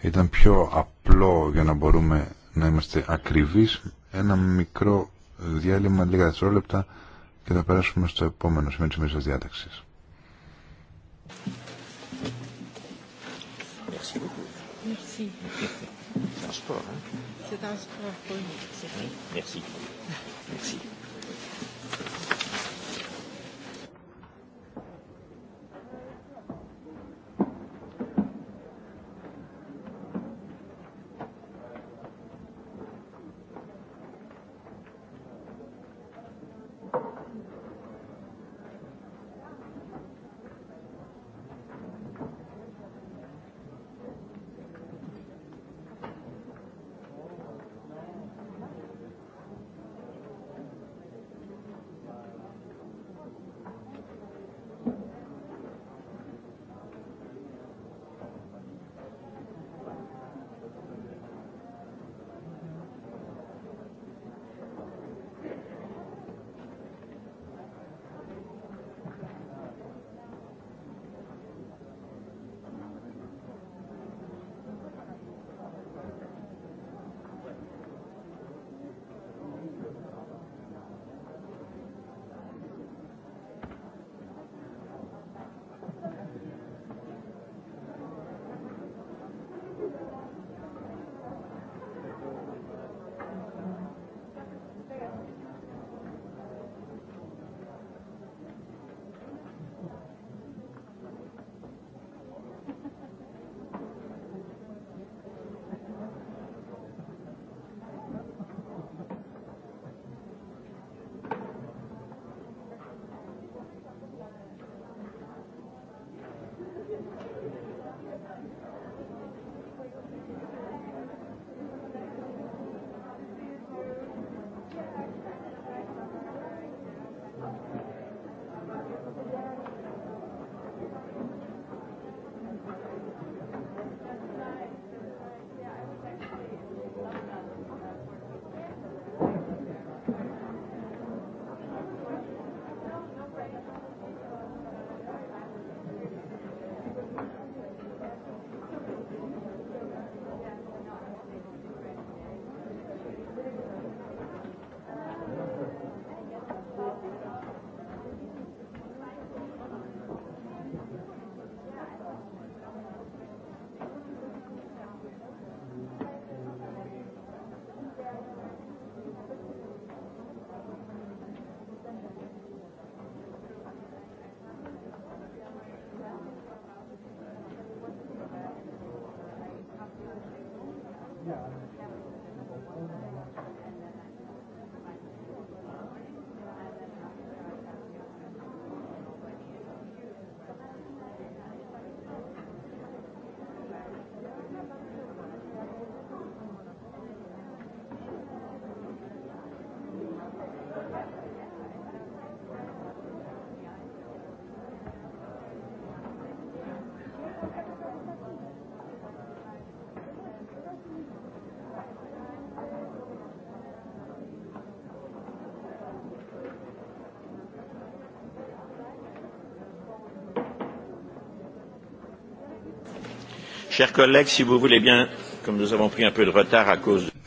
Ήταν πιο απλό για να μπορούμε να είμαστε ακριβείς. Ένα μικρό διάλειμμα λίγα δευτερόλεπτα και θα περάσουμε στο επόμενο σημείο της μέσης διάταξης. Merci.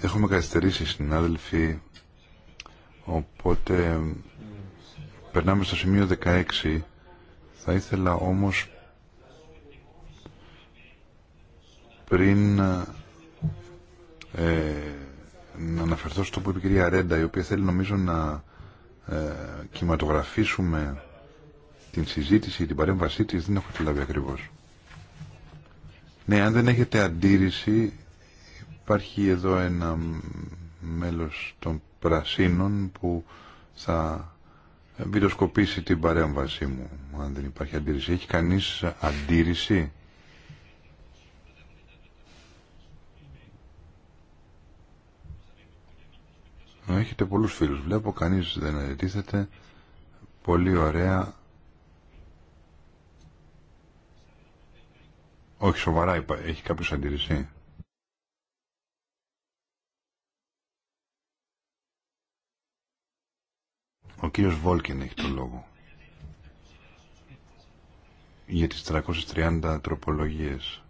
Έχουμε καθυστερήσει, συνάδελφοι, οπότε περνάμε στο σημείο 16. Θα ήθελα όμως πριν ε, να αναφερθώ στο που είπε η κυρία Ρέντα, η οποία θέλει νομίζω να ε, κυματογραφήσουμε την συζήτηση, την παρέμβασή της, δεν έχω τη λάβει ακριβώς. Ναι, αν δεν έχετε αντίρρηση, υπάρχει εδώ ένα μέλος των Πρασίνων που θα βιντεοσκοπήσει την παρέμβασή μου, αν δεν υπάρχει αντίρρηση. Έχει κανείς αντίρρηση? Έχετε πολλούς φίλους, βλέπω, κανείς δεν αντιτίθεται. Πολύ ωραία. Όχι, σοβαρά Έχει κάποιο αντιρρήσει. Ο κύριος Βόλκιν έχει το λόγο. Για τις 330 τροπολογίες.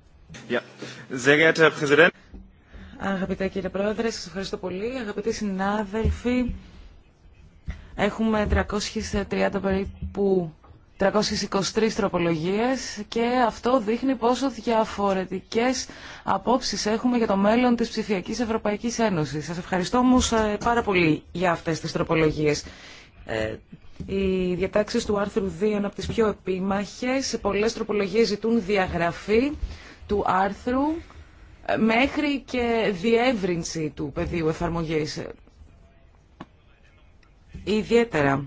Αγαπητέ κύριε Πρόεδρε, σας ευχαριστώ πολύ. Αγαπητοί συνάδελφοι, έχουμε 330 περίπου 323 τροπολογίες και αυτό δείχνει πόσο διαφορετικές απόψεις έχουμε για το μέλλον της ψηφιακής Ευρωπαϊκής Ένωσης. Σας ευχαριστώ όμως ε, πάρα πολύ για αυτές τις τροπολογίες. Ε, οι διατάξεις του άρθρου 2 είναι από τις πιο επίμαχες. Πολλές τροπολογίες ζητούν διαγραφή του άρθρου ε, μέχρι και διεύρυνση του πεδίου εφαρμογής. Ιδιαίτερα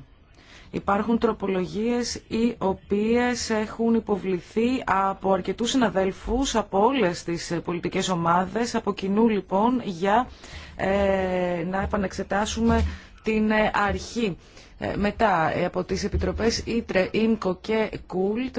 Υπάρχουν τροπολογίες οι οποίες έχουν υποβληθεί από αρκετούς συναδέλφους από όλες τις πολιτικές ομάδες, από κοινού λοιπόν για ε, να επανεξετάσουμε την ε, αρχή. Ε, μετά από τις επιτροπές ΙΤΡΕ, Ίμκο και Κούλτ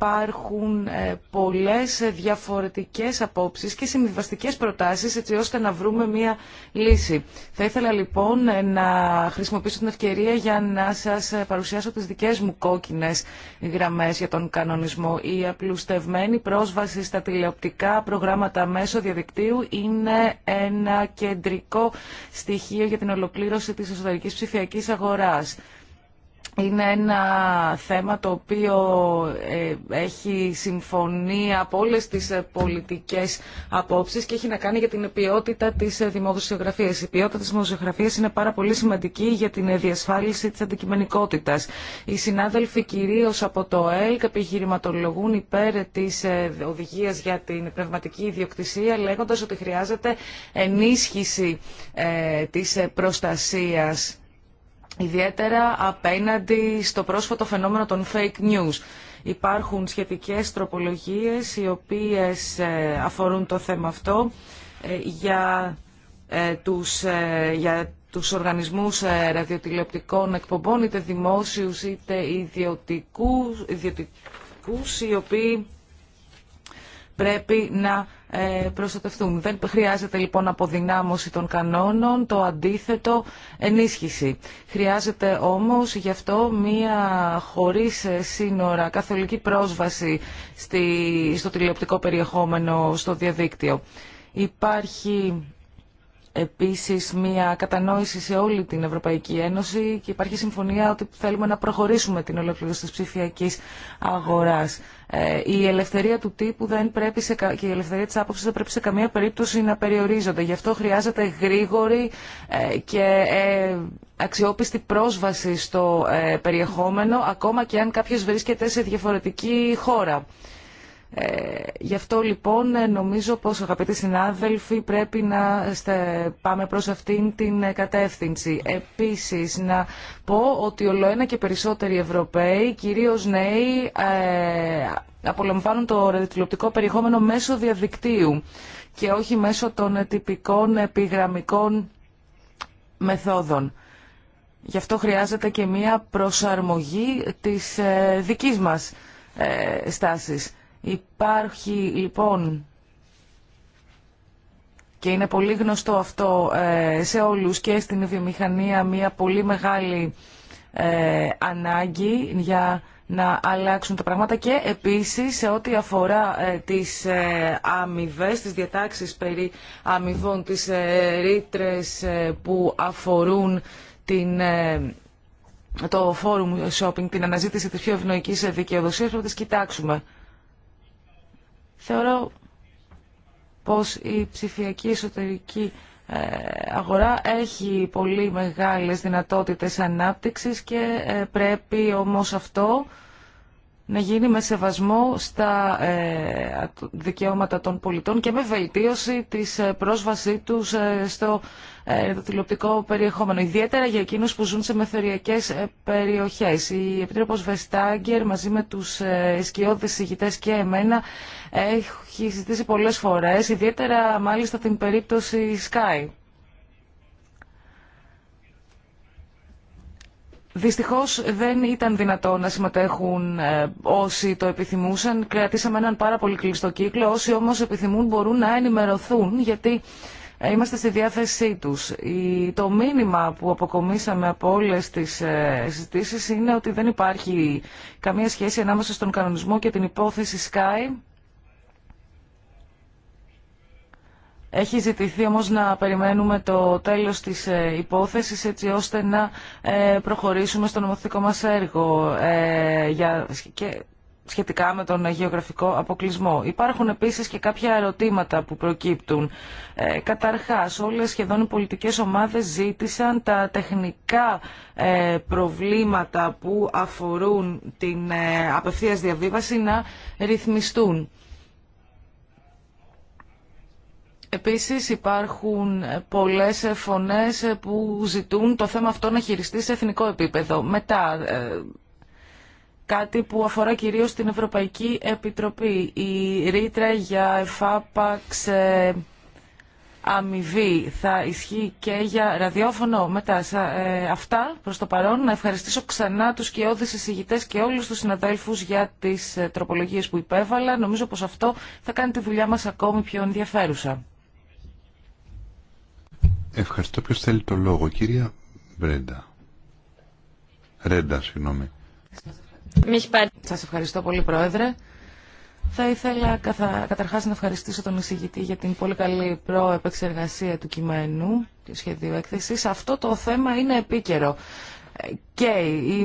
υπάρχουν ε, πολλές διαφορετικές απόψεις και συμβιβαστικές προτάσεις έτσι ώστε να βρούμε μία λύση. Θα ήθελα λοιπόν ε, να χρησιμοποιήσω την ευκαιρία για να σας ε, παρουσιάσω τις δικές μου κόκκινες γραμμές για τον κανονισμό. Η απλουστευμένη πρόσβαση στα τηλεοπτικά προγράμματα μέσω διαδικτύου είναι ένα κεντρικό στοιχείο για την ολοκλήρωση της εσωτερικής ψηφιακής αγοράς είναι ένα θέμα το οποίο ε, έχει συμφωνία από όλες τις ε, πολιτικές απόψεις και έχει να κάνει για την ποιότητα της ε, δημοσιογραφίας. Η ποιότητα της δημοσιογραφίας είναι πάρα πολύ σημαντική για την διασφάλιση της αντικειμενικότητας. Οι συνάδελφοι κυρίως από το ΕΛΚ επιχειρηματολογούν υπέρ της οδηγίας για την πνευματική ιδιοκτησία λέγοντας ότι χρειάζεται ενίσχυση της προστασίας ιδιαίτερα απέναντι στο πρόσφατο φαινόμενο των fake news. Υπάρχουν σχετικές τροπολογίες οι οποίες ε, αφορούν το θέμα αυτό ε, για ε, τους, για τους οργανισμούς ραδιοτηλεοπτικών εκπομπών, είτε δημόσιους είτε ιδιωτικούς, ιδιωτικούς οι οποίοι πρέπει να ε, προστατευτούν. Δεν χρειάζεται λοιπόν αποδυνάμωση των κανόνων, το αντίθετο ενίσχυση. Χρειάζεται όμως γι' αυτό μία χωρίς ε, σύνορα καθολική πρόσβαση στη, στο τηλεοπτικό περιεχόμενο στο διαδίκτυο. Υπάρχει επίσης μια κατανόηση σε όλη την Ευρωπαϊκή Ένωση και υπάρχει συμφωνία ότι θέλουμε να προχωρήσουμε την ολοκλήρωση της ψηφιακής αγοράς. Ε, η ελευθερία του τύπου δεν πρέπει σε, και η ελευθερία της άποψης δεν πρέπει σε καμία περίπτωση να περιορίζονται. Γι' αυτό χρειάζεται γρήγορη ε, και ε, αξιόπιστη πρόσβαση στο περιεχόμενο, ακόμα και αν κάποιος βρίσκεται σε διαφορετική χώρα. Ε, γι' αυτό λοιπόν νομίζω πως αγαπητοί συνάδελφοι πρέπει να πάμε προς αυτήν την κατεύθυνση. Επίσης να πω ότι ολοένα και περισσότεροι Ευρωπαίοι, κυρίως νέοι, ε, απολαμβάνουν το ρετιλοπτικό περιεχόμενο μέσω διαδικτύου και όχι μέσω των τυπικών επιγραμμικών μεθόδων. Γι' αυτό χρειάζεται και μία προσαρμογή της ε, δικής μας στάσης. Υπάρχει λοιπόν και είναι πολύ γνωστό αυτό ε, σε όλους και στην βιομηχανία μια πολύ μεγάλη ε, ανάγκη για να αλλάξουν τα πράγματα και επίσης σε ό,τι αφορά ε, τις αμοιβέ, τις διατάξεις περί αμοιβών, τις ρήτρε που αφορούν την το forum shopping, την αναζήτηση της πιο ευνοϊκής δικαιοδοσίας, πρέπει να τις κοιτάξουμε. Θεωρώ πως η ψηφιακή εσωτερική ε, αγορά έχει πολύ μεγάλες δυνατότητες ανάπτυξης και ε, πρέπει όμως αυτό να γίνει με σεβασμό στα ε, δικαιώματα των πολιτών και με βελτίωση της πρόσβασή τους στο ε, το τηλεοπτικό περιεχόμενο, ιδιαίτερα για εκείνους που ζουν σε μεθοριακές ε, περιοχές. Η Επίτροπος Βεστάγκερ μαζί με τους ε, σκιώδες ηγητές και εμένα έχει συζητήσει πολλές φορές, ιδιαίτερα μάλιστα την περίπτωση Sky. Δυστυχώς δεν ήταν δυνατό να συμμετέχουν όσοι το επιθυμούσαν. Κρατήσαμε έναν πάρα πολύ κλειστό κύκλο. Όσοι όμως επιθυμούν μπορούν να ενημερωθούν γιατί ε, είμαστε στη διάθεσή τους. Το μήνυμα που αποκομίσαμε από όλες τις ε, συζητήσεις είναι ότι δεν υπάρχει καμία σχέση ανάμεσα στον κανονισμό και την υπόθεση Sky. Έχει ζητηθεί όμως να περιμένουμε το τέλος της ε, υπόθεσης έτσι ώστε να προχωρήσουμε στο νομοθετικό μας έργο. Και σχετικά με τον γεωγραφικό αποκλεισμό. Υπάρχουν επίσης και κάποια ερωτήματα που προκύπτουν. Ε, καταρχάς, όλες σχεδόν οι πολιτικές ομάδες ζήτησαν τα τεχνικά ε, προβλήματα που αφορούν την ε, απευθείας διαβίβαση να ρυθμιστούν. Επίσης υπάρχουν πολλές φωνές που ζητούν το θέμα αυτό να χειριστεί σε εθνικό επίπεδο. Μετά, ε, κάτι που αφορά κυρίως την Ευρωπαϊκή Επιτροπή. Η ρήτρα για εφάπαξ ε, αμοιβή θα ισχύει και για ραδιόφωνο μετά. Ε, αυτά προς το παρόν. Να ευχαριστήσω ξανά τους και εισηγητές και όλους τους συναδέλφους για τις ε, τροπολογίες που υπέβαλα. Νομίζω πως αυτό θα κάνει τη δουλειά μας ακόμη πιο ενδιαφέρουσα.
Ευχαριστώ. Ποιος θέλει το λόγο. Κυρία Βρέντα. Ρέντα, συγγνώμη.
Σας ευχαριστώ πολύ, Πρόεδρε. Θα ήθελα καθα... καταρχάς να ευχαριστήσω τον εισηγητή για την πολύ καλή προεπεξεργασία του κειμένου, του σχεδίου έκθεσης. Αυτό το θέμα είναι επίκαιρο. Και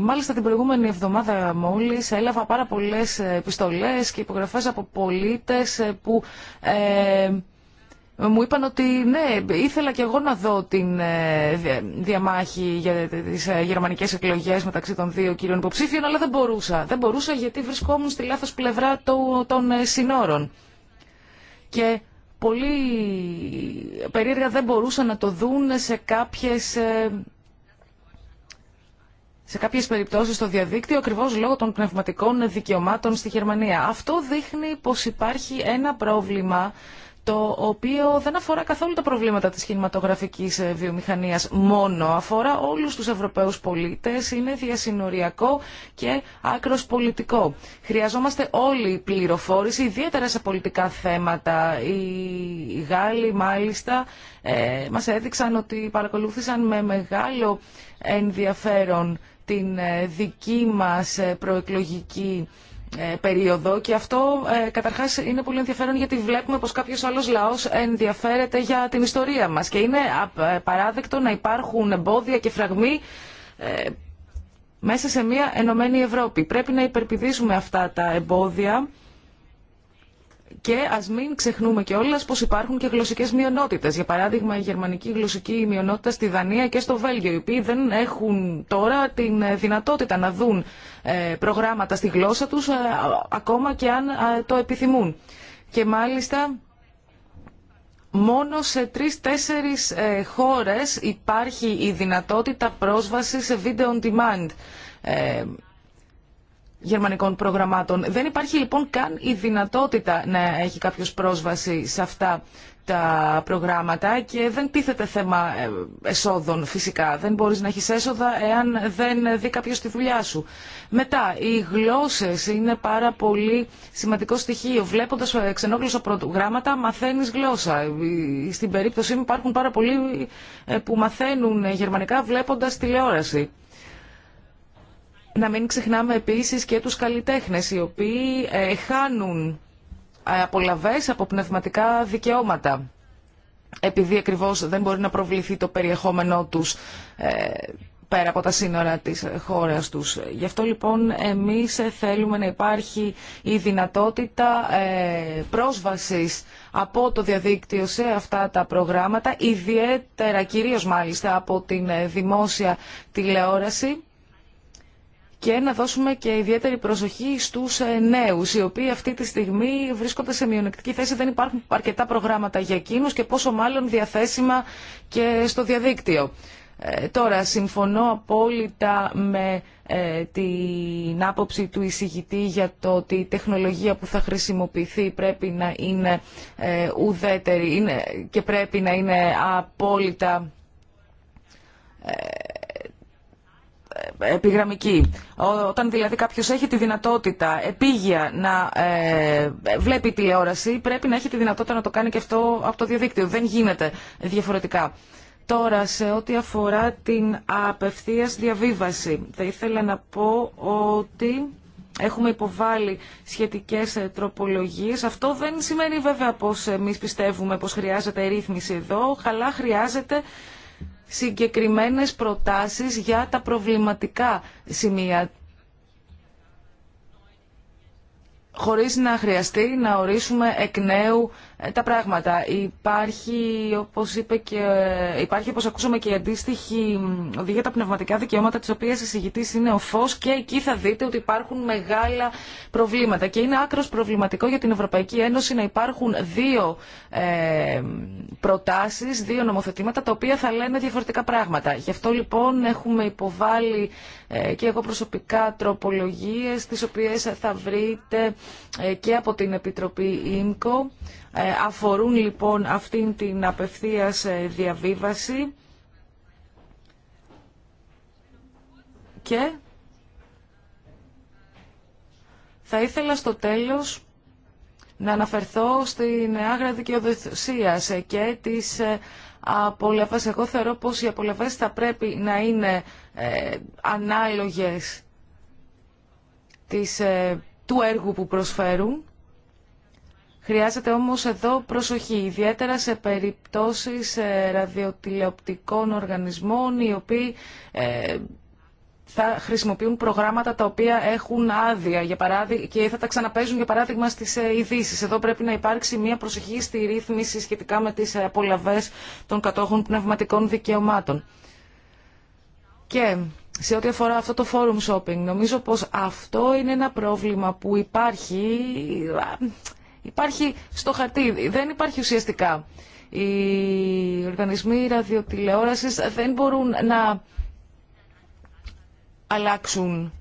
μάλιστα την προηγούμενη εβδομάδα μόλις έλαβα πάρα πολλές επιστολές και υπογραφές από πολίτες που... Ε, μου είπαν ότι ναι, ήθελα και εγώ να δω την ε, διαμάχη για τις ε, γερμανικές εκλογές μεταξύ των δύο κύριων υποψήφιων, αλλά δεν μπορούσα. Δεν μπορούσα γιατί βρισκόμουν στη λάθος πλευρά των ε, συνόρων. Και πολύ περίεργα δεν μπορούσαν να το δουν σε κάποιες σε κάποιες περιπτώσεις στο διαδίκτυο ακριβώς λόγω των πνευματικών δικαιωμάτων στη Γερμανία. Αυτό δείχνει πως υπάρχει ένα πρόβλημα το οποίο δεν αφορά καθόλου τα προβλήματα της κινηματογραφικής ε, βιομηχανίας μόνο. Αφορά όλους τους Ευρωπαίους πολίτες, είναι διασυνοριακό και άκρος πολιτικό. Χρειαζόμαστε όλη η πληροφόρηση, ιδιαίτερα σε πολιτικά θέματα. Οι Γάλλοι μάλιστα ε, μας έδειξαν ότι παρακολούθησαν με μεγάλο ενδιαφέρον την ε, δική μας ε, προεκλογική ε, περίοδο και αυτό ε, καταρχάς είναι πολύ ενδιαφέρον γιατί βλέπουμε πως κάποιος άλλος λαός ενδιαφέρεται για την ιστορία μας και είναι ε, παράδεκτο να υπάρχουν εμπόδια και φραγμοί μέσα σε μια ενωμένη Ευρώπη. Πρέπει να υπερπηδήσουμε αυτά τα εμπόδια και α μην ξεχνούμε κιόλα πω υπάρχουν και γλωσσικέ μειονότητε. Για παράδειγμα, η γερμανική γλωσσική μειονότητα στη Δανία και στο Βέλγιο, οι οποίοι δεν έχουν τώρα τη ε, δυνατότητα να δουν ε, προγράμματα στη γλώσσα του, ε, ακόμα και αν το επιθυμούν. Και μάλιστα μόνο σε τρεις-τέσσερις ε, χώρες υπάρχει η δυνατότητα πρόσβασης σε video on demand. Ε, γερμανικών προγραμμάτων. Δεν υπάρχει λοιπόν καν η δυνατότητα να έχει κάποιος πρόσβαση σε αυτά τα προγράμματα και δεν τίθεται θέμα ε, εσόδων φυσικά. Δεν μπορείς να έχεις έσοδα εάν δεν δει κάποιος τη δουλειά σου. Μετά, οι γλώσσες είναι πάρα πολύ σημαντικό στοιχείο. Βλέποντας ε, ξενόγλωσσα προγράμματα μαθαίνεις γλώσσα. Ε, στην περίπτωση μου υπάρχουν πάρα πολλοί που μαθαίνουν γερμανικά βλέποντας τηλεόραση. Να μην ξεχνάμε επίσης και τους καλλιτέχνες οι οποίοι ε, χάνουν ε, απολαβές από πνευματικά δικαιώματα επειδή ακριβώς δεν μπορεί να προβληθεί το περιεχόμενό τους ε, πέρα από τα σύνορα της χώρας τους. Γι' αυτό λοιπόν εμείς θέλουμε να υπάρχει η δυνατότητα πρόσβασης από το διαδίκτυο σε αυτά τα προγράμματα, ιδιαίτερα κυρίως μάλιστα από την δημόσια τηλεόραση και να δώσουμε και ιδιαίτερη προσοχή στους ε, νέου, οι οποίοι αυτή τη στιγμή βρίσκονται σε μειονεκτική θέση, δεν υπάρχουν αρκετά προγράμματα για εκείνου και πόσο μάλλον διαθέσιμα και στο διαδίκτυο. Ε, τώρα, συμφωνώ απόλυτα με ε, την άποψη του εισηγητή για το ότι η τεχνολογία που θα χρησιμοποιηθεί πρέπει να είναι ουδέτερη είναι, και πρέπει να είναι απόλυτα επιγραμμική. Όταν δηλαδή κάποιος έχει τη δυνατότητα επίγεια να ε, βλέπει τηλεόραση, πρέπει να έχει τη δυνατότητα να το κάνει και αυτό από το διαδίκτυο. Δεν γίνεται διαφορετικά. Τώρα, σε ό,τι αφορά την απευθείας διαβίβαση, θα ήθελα να πω ότι έχουμε υποβάλει σχετικές ε, τροπολογίες. Αυτό δεν σημαίνει βέβαια πως εμείς πιστεύουμε πως χρειάζεται ρύθμιση εδώ, αλλά χρειάζεται συγκεκριμένες προτάσεις για τα προβληματικά σημεία χωρίς να χρειαστεί να ορίσουμε εκ νέου τα πράγματα. Υπάρχει, όπως, είπε και, υπάρχει, όπως ακούσαμε και η αντίστοιχη οδηγία τα πνευματικά δικαιώματα, τις οποίες εισηγητής είναι ο φως και εκεί θα δείτε ότι υπάρχουν μεγάλα προβλήματα. Και είναι άκρος προβληματικό για την Ευρωπαϊκή Ένωση να υπάρχουν δύο ε, προτάσεις, δύο νομοθετήματα, τα οποία θα λένε διαφορετικά πράγματα. Γι' αυτό λοιπόν έχουμε υποβάλει ε, και εγώ προσωπικά τροπολογίες, τις οποίες θα βρείτε ε, και από την Επιτροπή ΙΜΚΟ. Ε, αφορούν λοιπόν αυτήν την απευθείας ε, διαβίβαση και θα ήθελα στο τέλος να αναφερθώ στην άγρα δικαιοδοσία ε, και τις απολαβές. Εγώ θεωρώ πως οι απολαβές θα πρέπει να είναι ανάλογες της, του έργου που προσφέρουν Χρειάζεται όμως εδώ προσοχή, ιδιαίτερα σε περιπτώσεις ε, ραδιοτηλεοπτικών οργανισμών οι οποίοι ε, θα χρησιμοποιούν προγράμματα τα οποία έχουν άδεια για παράδει... και θα τα ξαναπέζουν για παράδειγμα στις ε, ειδήσει. Εδώ πρέπει να υπάρξει μια προσοχή στη ρύθμιση σχετικά με τις απολαβές των κατόχων πνευματικών δικαιωμάτων. Και σε ό,τι αφορά αυτό το forum shopping, νομίζω πως αυτό είναι ένα πρόβλημα που υπάρχει υπάρχει στο χαρτί, δεν υπάρχει ουσιαστικά. Οι οργανισμοί ραδιοτηλεόρασης δεν μπορούν να αλλάξουν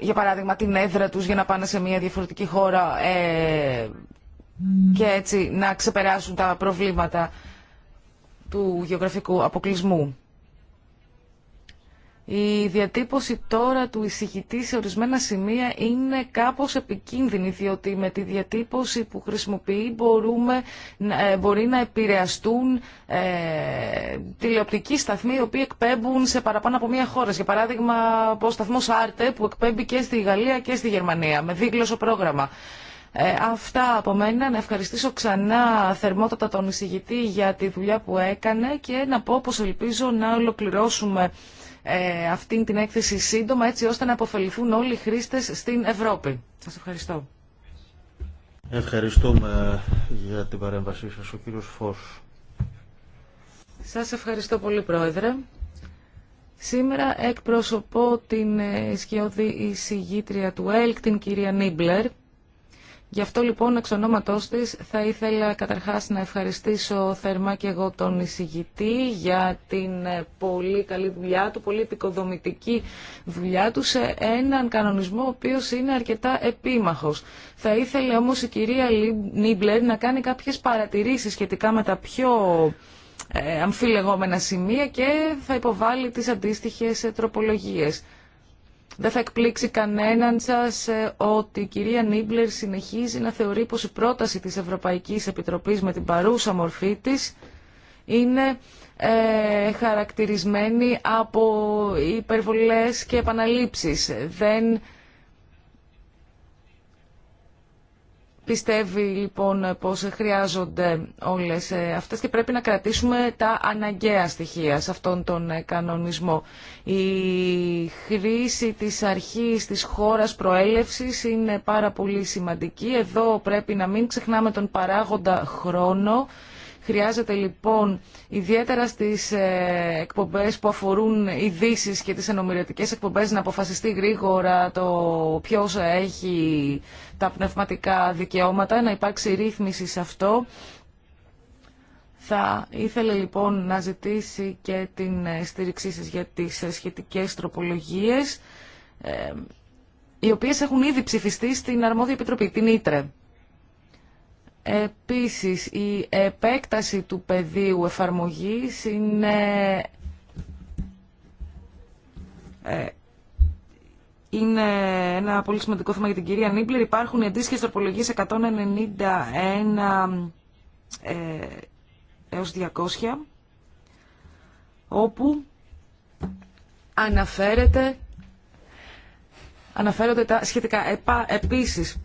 για παράδειγμα την έδρα τους για να πάνε σε μια διαφορετική χώρα ε, και έτσι να ξεπεράσουν τα προβλήματα του γεωγραφικού αποκλεισμού. Η διατύπωση τώρα του εισηγητή σε ορισμένα σημεία είναι κάπως επικίνδυνη, διότι με τη διατύπωση που χρησιμοποιεί μπορούμε, ε, μπορεί να επηρεαστούν ε, τηλεοπτικοί σταθμοί οι οποίοι εκπέμπουν σε παραπάνω από μία χώρα. Για παράδειγμα, ο σταθμό Άρτε που εκπέμπει και στη Γαλλία και στη Γερμανία με δίγλωσο πρόγραμμα. Ε, αυτά από μένα. Να ευχαριστήσω ξανά θερμότατα τον εισηγητή για τη δουλειά που έκανε και να πω πως ελπίζω να ολοκληρώσουμε ε, αυτήν την έκθεση σύντομα έτσι ώστε να αποφεληθούν όλοι οι χρήστες στην Ευρώπη. Σας ευχαριστώ.
Ευχαριστούμε για την παρέμβασή σας, ο κύριος Φως.
Σας ευχαριστώ πολύ, Πρόεδρε. Σήμερα εκπροσωπώ την ε, σκιώδη εισηγήτρια του ΕΛΚ, την κυρία Νίμπλερ, Γι' αυτό λοιπόν εξ ονόματός της θα ήθελα καταρχάς να ευχαριστήσω θερμά και εγώ τον εισηγητή για την ε, πολύ καλή δουλειά του, πολύ επικοδομητική δουλειά του σε έναν κανονισμό ο οποίος είναι αρκετά επίμαχος. Θα ήθελε όμως η κυρία Νίμπλερ να κάνει κάποιες παρατηρήσεις σχετικά με τα πιο ε, αμφιλεγόμενα σημεία και θα υποβάλει τις αντίστοιχες ε, τροπολογίες. Δεν θα εκπλήξει κανέναν σας ε, ότι η κυρία Νίμπλερ συνεχίζει να θεωρεί πως η πρόταση της Ευρωπαϊκής Επιτροπής με την παρούσα μορφή της είναι ε, χαρακτηρισμένη από υπερβολές και επαναλήψεις. Δεν Πιστεύει λοιπόν πως χρειάζονται όλες ε, αυτές και πρέπει να κρατήσουμε τα αναγκαία στοιχεία σε αυτόν τον ε, κανονισμό. Η χρήση της αρχής της χώρας προέλευσης είναι πάρα πολύ σημαντική. Εδώ πρέπει να μην ξεχνάμε τον παράγοντα χρόνο Χρειάζεται λοιπόν ιδιαίτερα στις ε, εκπομπές που αφορούν ειδήσει και τις ενομοιωτικές εκπομπές να αποφασιστεί γρήγορα το ποιος έχει τα πνευματικά δικαιώματα, να υπάρξει ρύθμιση σε αυτό. Θα ήθελε λοιπόν να ζητήσει και την στήριξή για τις σχετικές τροπολογίες, ε, οι οποίες έχουν ήδη ψηφιστεί στην Αρμόδια Επιτροπή, την Ήτρε. Επίσης, η επέκταση του πεδίου εφαρμογής είναι ε, είναι ένα πολύ σημαντικό θέμα για την κυρία Νίμπλερ. Υπάρχουν οι αντίστοιχε τροπολογίε 191 ε, έως 200, όπου αναφέρεται, αναφέρονται τα σχετικά. επίσης,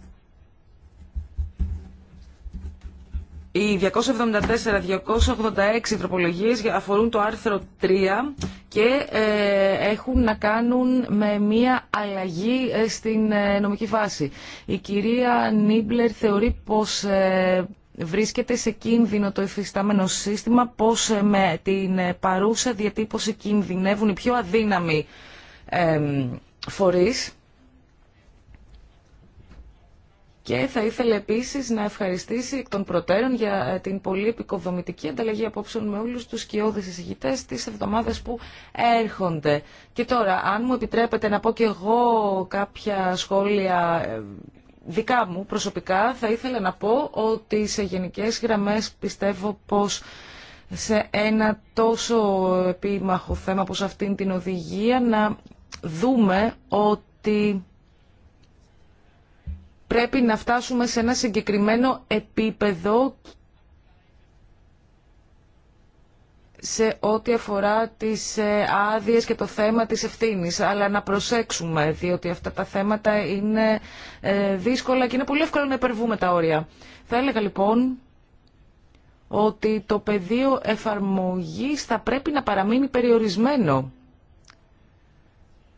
Οι 274-286 τροπολογίες αφορούν το άρθρο 3 και ε, έχουν να κάνουν με μία αλλαγή ε, στην ε, νομική βάση. Η κυρία Νίμπλερ θεωρεί πως βρίσκεται σε κίνδυνο το εφιστάμενο σύστημα, πως με την παρούσα διατύπωση κινδυνεύουν οι πιο αδύναμοι φορείς και θα ήθελε επίσης να ευχαριστήσει εκ των προτέρων για ε, την πολύ επικοδομητική ανταλλαγή απόψεων με όλους τους σκιώδες εισηγητές τι εβδομάδε που έρχονται. Και τώρα, αν μου επιτρέπετε να πω και εγώ κάποια σχόλια ε, δικά μου προσωπικά, θα ήθελα να πω ότι σε γενικές γραμμές πιστεύω πως σε ένα τόσο επίμαχο θέμα όπως αυτήν την οδηγία να δούμε ότι πρέπει να φτάσουμε σε ένα συγκεκριμένο επίπεδο σε ό,τι αφορά τις ε, άδειες και το θέμα της ευθύνης. Αλλά να προσέξουμε, διότι αυτά τα θέματα είναι ε, δύσκολα και είναι πολύ εύκολο να υπερβούμε τα όρια. Θα έλεγα λοιπόν ότι το πεδίο εφαρμογής θα πρέπει να παραμείνει περιορισμένο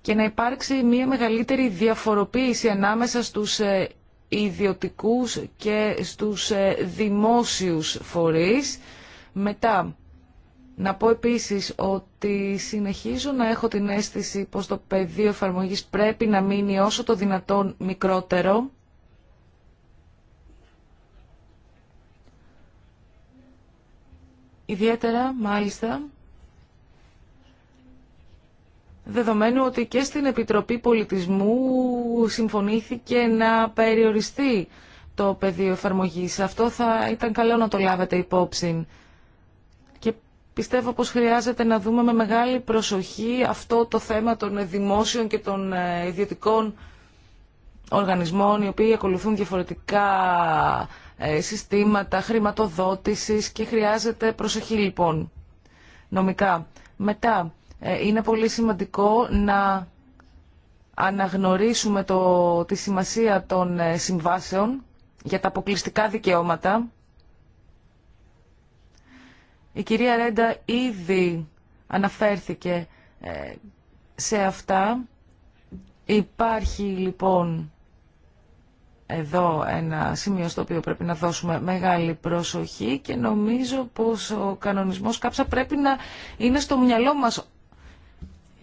και να υπάρξει μια μεγαλύτερη διαφοροποίηση ανάμεσα στους ε, ιδιωτικούς και στους ε, δημόσιους φορείς. Μετά, να πω επίσης ότι συνεχίζω να έχω την αίσθηση πως το πεδίο εφαρμογής πρέπει να μείνει όσο το δυνατόν μικρότερο. Ιδιαίτερα, μάλιστα, δεδομένου ότι και στην Επιτροπή Πολιτισμού συμφωνήθηκε να περιοριστεί το πεδίο εφαρμογής. Αυτό θα ήταν καλό να το λάβετε υπόψη. Και πιστεύω πως χρειάζεται να δούμε με μεγάλη προσοχή αυτό το θέμα των δημόσιων και των ε, ιδιωτικών οργανισμών οι οποίοι ακολουθούν διαφορετικά ε, συστήματα χρηματοδότησης και χρειάζεται προσοχή λοιπόν νομικά. Μετά, ε, είναι πολύ σημαντικό να αναγνωρίσουμε το, τη σημασία των ε, συμβάσεων για τα αποκλειστικά δικαιώματα. Η κυρία Ρέντα ήδη αναφέρθηκε ε, σε αυτά. Υπάρχει λοιπόν εδώ ένα σημείο στο οποίο πρέπει να δώσουμε μεγάλη προσοχή και νομίζω πως ο κανονισμός κάψα πρέπει να είναι στο μυαλό μας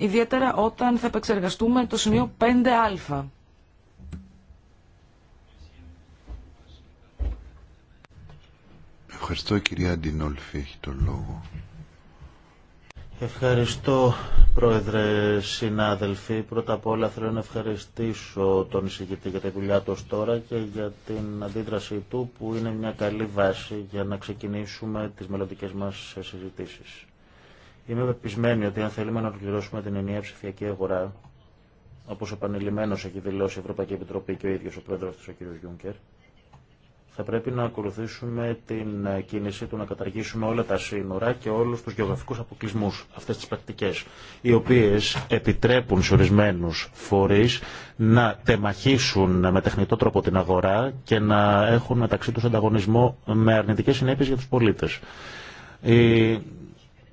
ιδιαίτερα όταν θα επεξεργαστούμε το σημείο 5α.
Ευχαριστώ κυρία Αντινόλφη, έχει το λόγο.
Ευχαριστώ πρόεδρε συνάδελφοι. Πρώτα απ' όλα θέλω να ευχαριστήσω τον εισηγητή για τη δουλειά του τώρα και για την αντίδραση του που είναι μια καλή βάση για να ξεκινήσουμε τις μελλοντικέ μας συζητήσεις. Είμαι πεπισμένη ότι αν θέλουμε να ολοκληρώσουμε την ενιαία ψηφιακή αγορά, όπω επανειλημμένω έχει δηλώσει η Ευρωπαϊκή Επιτροπή και ο ίδιο ο πρόεδρο τη, ο κ. Γιούνκερ, θα πρέπει να ακολουθήσουμε την κίνηση του να καταργήσουμε όλα τα σύνορα και όλου του γεωγραφικού αποκλεισμού, αυτέ τι πρακτικέ, οι οποίε επιτρέπουν σε ορισμένου φορεί να τεμαχίσουν με τεχνητό τρόπο την αγορά και να έχουν μεταξύ του ανταγωνισμό με αρνητικέ συνέπειε για του πολίτε.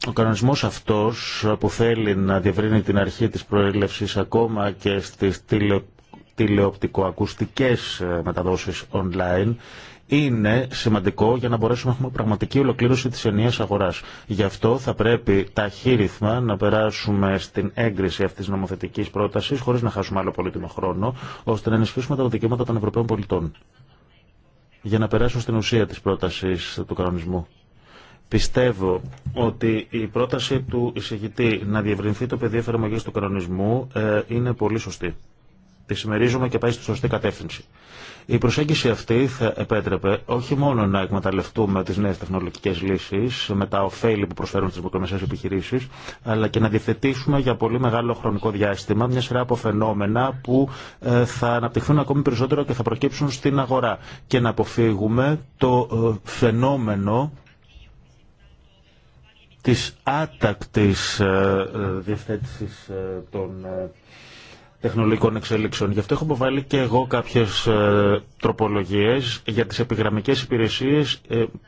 Ο κανονισμός αυτός που θέλει να διευρύνει την αρχή της προέλευσης ακόμα και στις τηλε, τηλεοπτικοακουστικές ε, μεταδόσεις online είναι σημαντικό για να μπορέσουμε να έχουμε πραγματική ολοκλήρωση της ενιαίας αγοράς. Γι' αυτό θα πρέπει ταχύρυθμα να περάσουμε στην έγκριση αυτής της νομοθετικής πρότασης χωρίς να χάσουμε άλλο πολύτιμο χρόνο, ώστε να ενισχύσουμε τα δικαιώματα των Ευρωπαίων πολιτών για να περάσουμε στην ουσία της πρότασης του κανονισμού. Πιστεύω ότι η πρόταση του εισηγητή να διευρυνθεί το πεδίο εφαρμογή του κανονισμού ε, είναι πολύ σωστή. Τη συμμερίζουμε και πάει στη σωστή κατεύθυνση. Η προσέγγιση αυτή θα επέτρεπε όχι μόνο να εκμεταλλευτούμε τι νέε τεχνολογικέ λύσει με τα ωφέλη που προσφέρουν στι μικρομεσαίε επιχειρήσει, αλλά και να διευθετήσουμε για πολύ μεγάλο χρονικό διάστημα μια σειρά από φαινόμενα που ε, θα αναπτυχθούν ακόμη περισσότερο και θα προκύψουν στην αγορά. Και να αποφύγουμε το ε, φαινόμενο της άτακτης ε, ε, διευθέτησης ε, των τεχνολογικών εξέλιξεων. Γι' αυτό έχω βάλει και εγώ κάποιες τροπολογίες για τις επιγραμμικές υπηρεσίες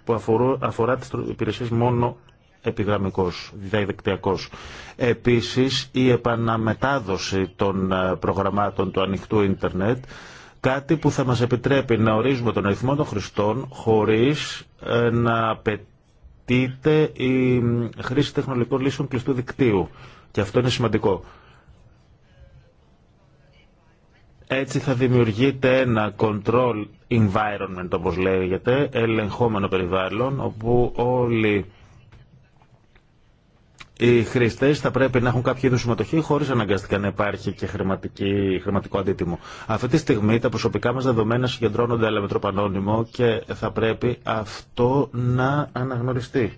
που αφορά, αφορά τις υπηρεσίες μόνο επιγραμμικός, δηλαδή διδακτυακός. Επίσης, η επαναμετάδοση των προγραμμάτων του ανοιχτού ίντερνετ, κάτι που θα μας επιτρέπει να ορίζουμε τον αριθμό των χρηστών χωρίς να απαιτεί είτε η χρήση τεχνολογικών λύσεων κλειστού δικτύου. Και αυτό είναι σημαντικό. Έτσι θα δημιουργείται ένα control environment, όπως λέγεται, ελεγχόμενο περιβάλλον, όπου όλοι οι χρήστε θα πρέπει να έχουν κάποια είδου συμμετοχή χωρί αναγκαστικά να υπάρχει και χρηματική, χρηματικό αντίτιμο. Αυτή τη στιγμή τα προσωπικά μα δεδομένα συγκεντρώνονται αλλά με τρόπο ανώνυμο και θα πρέπει αυτό να αναγνωριστεί.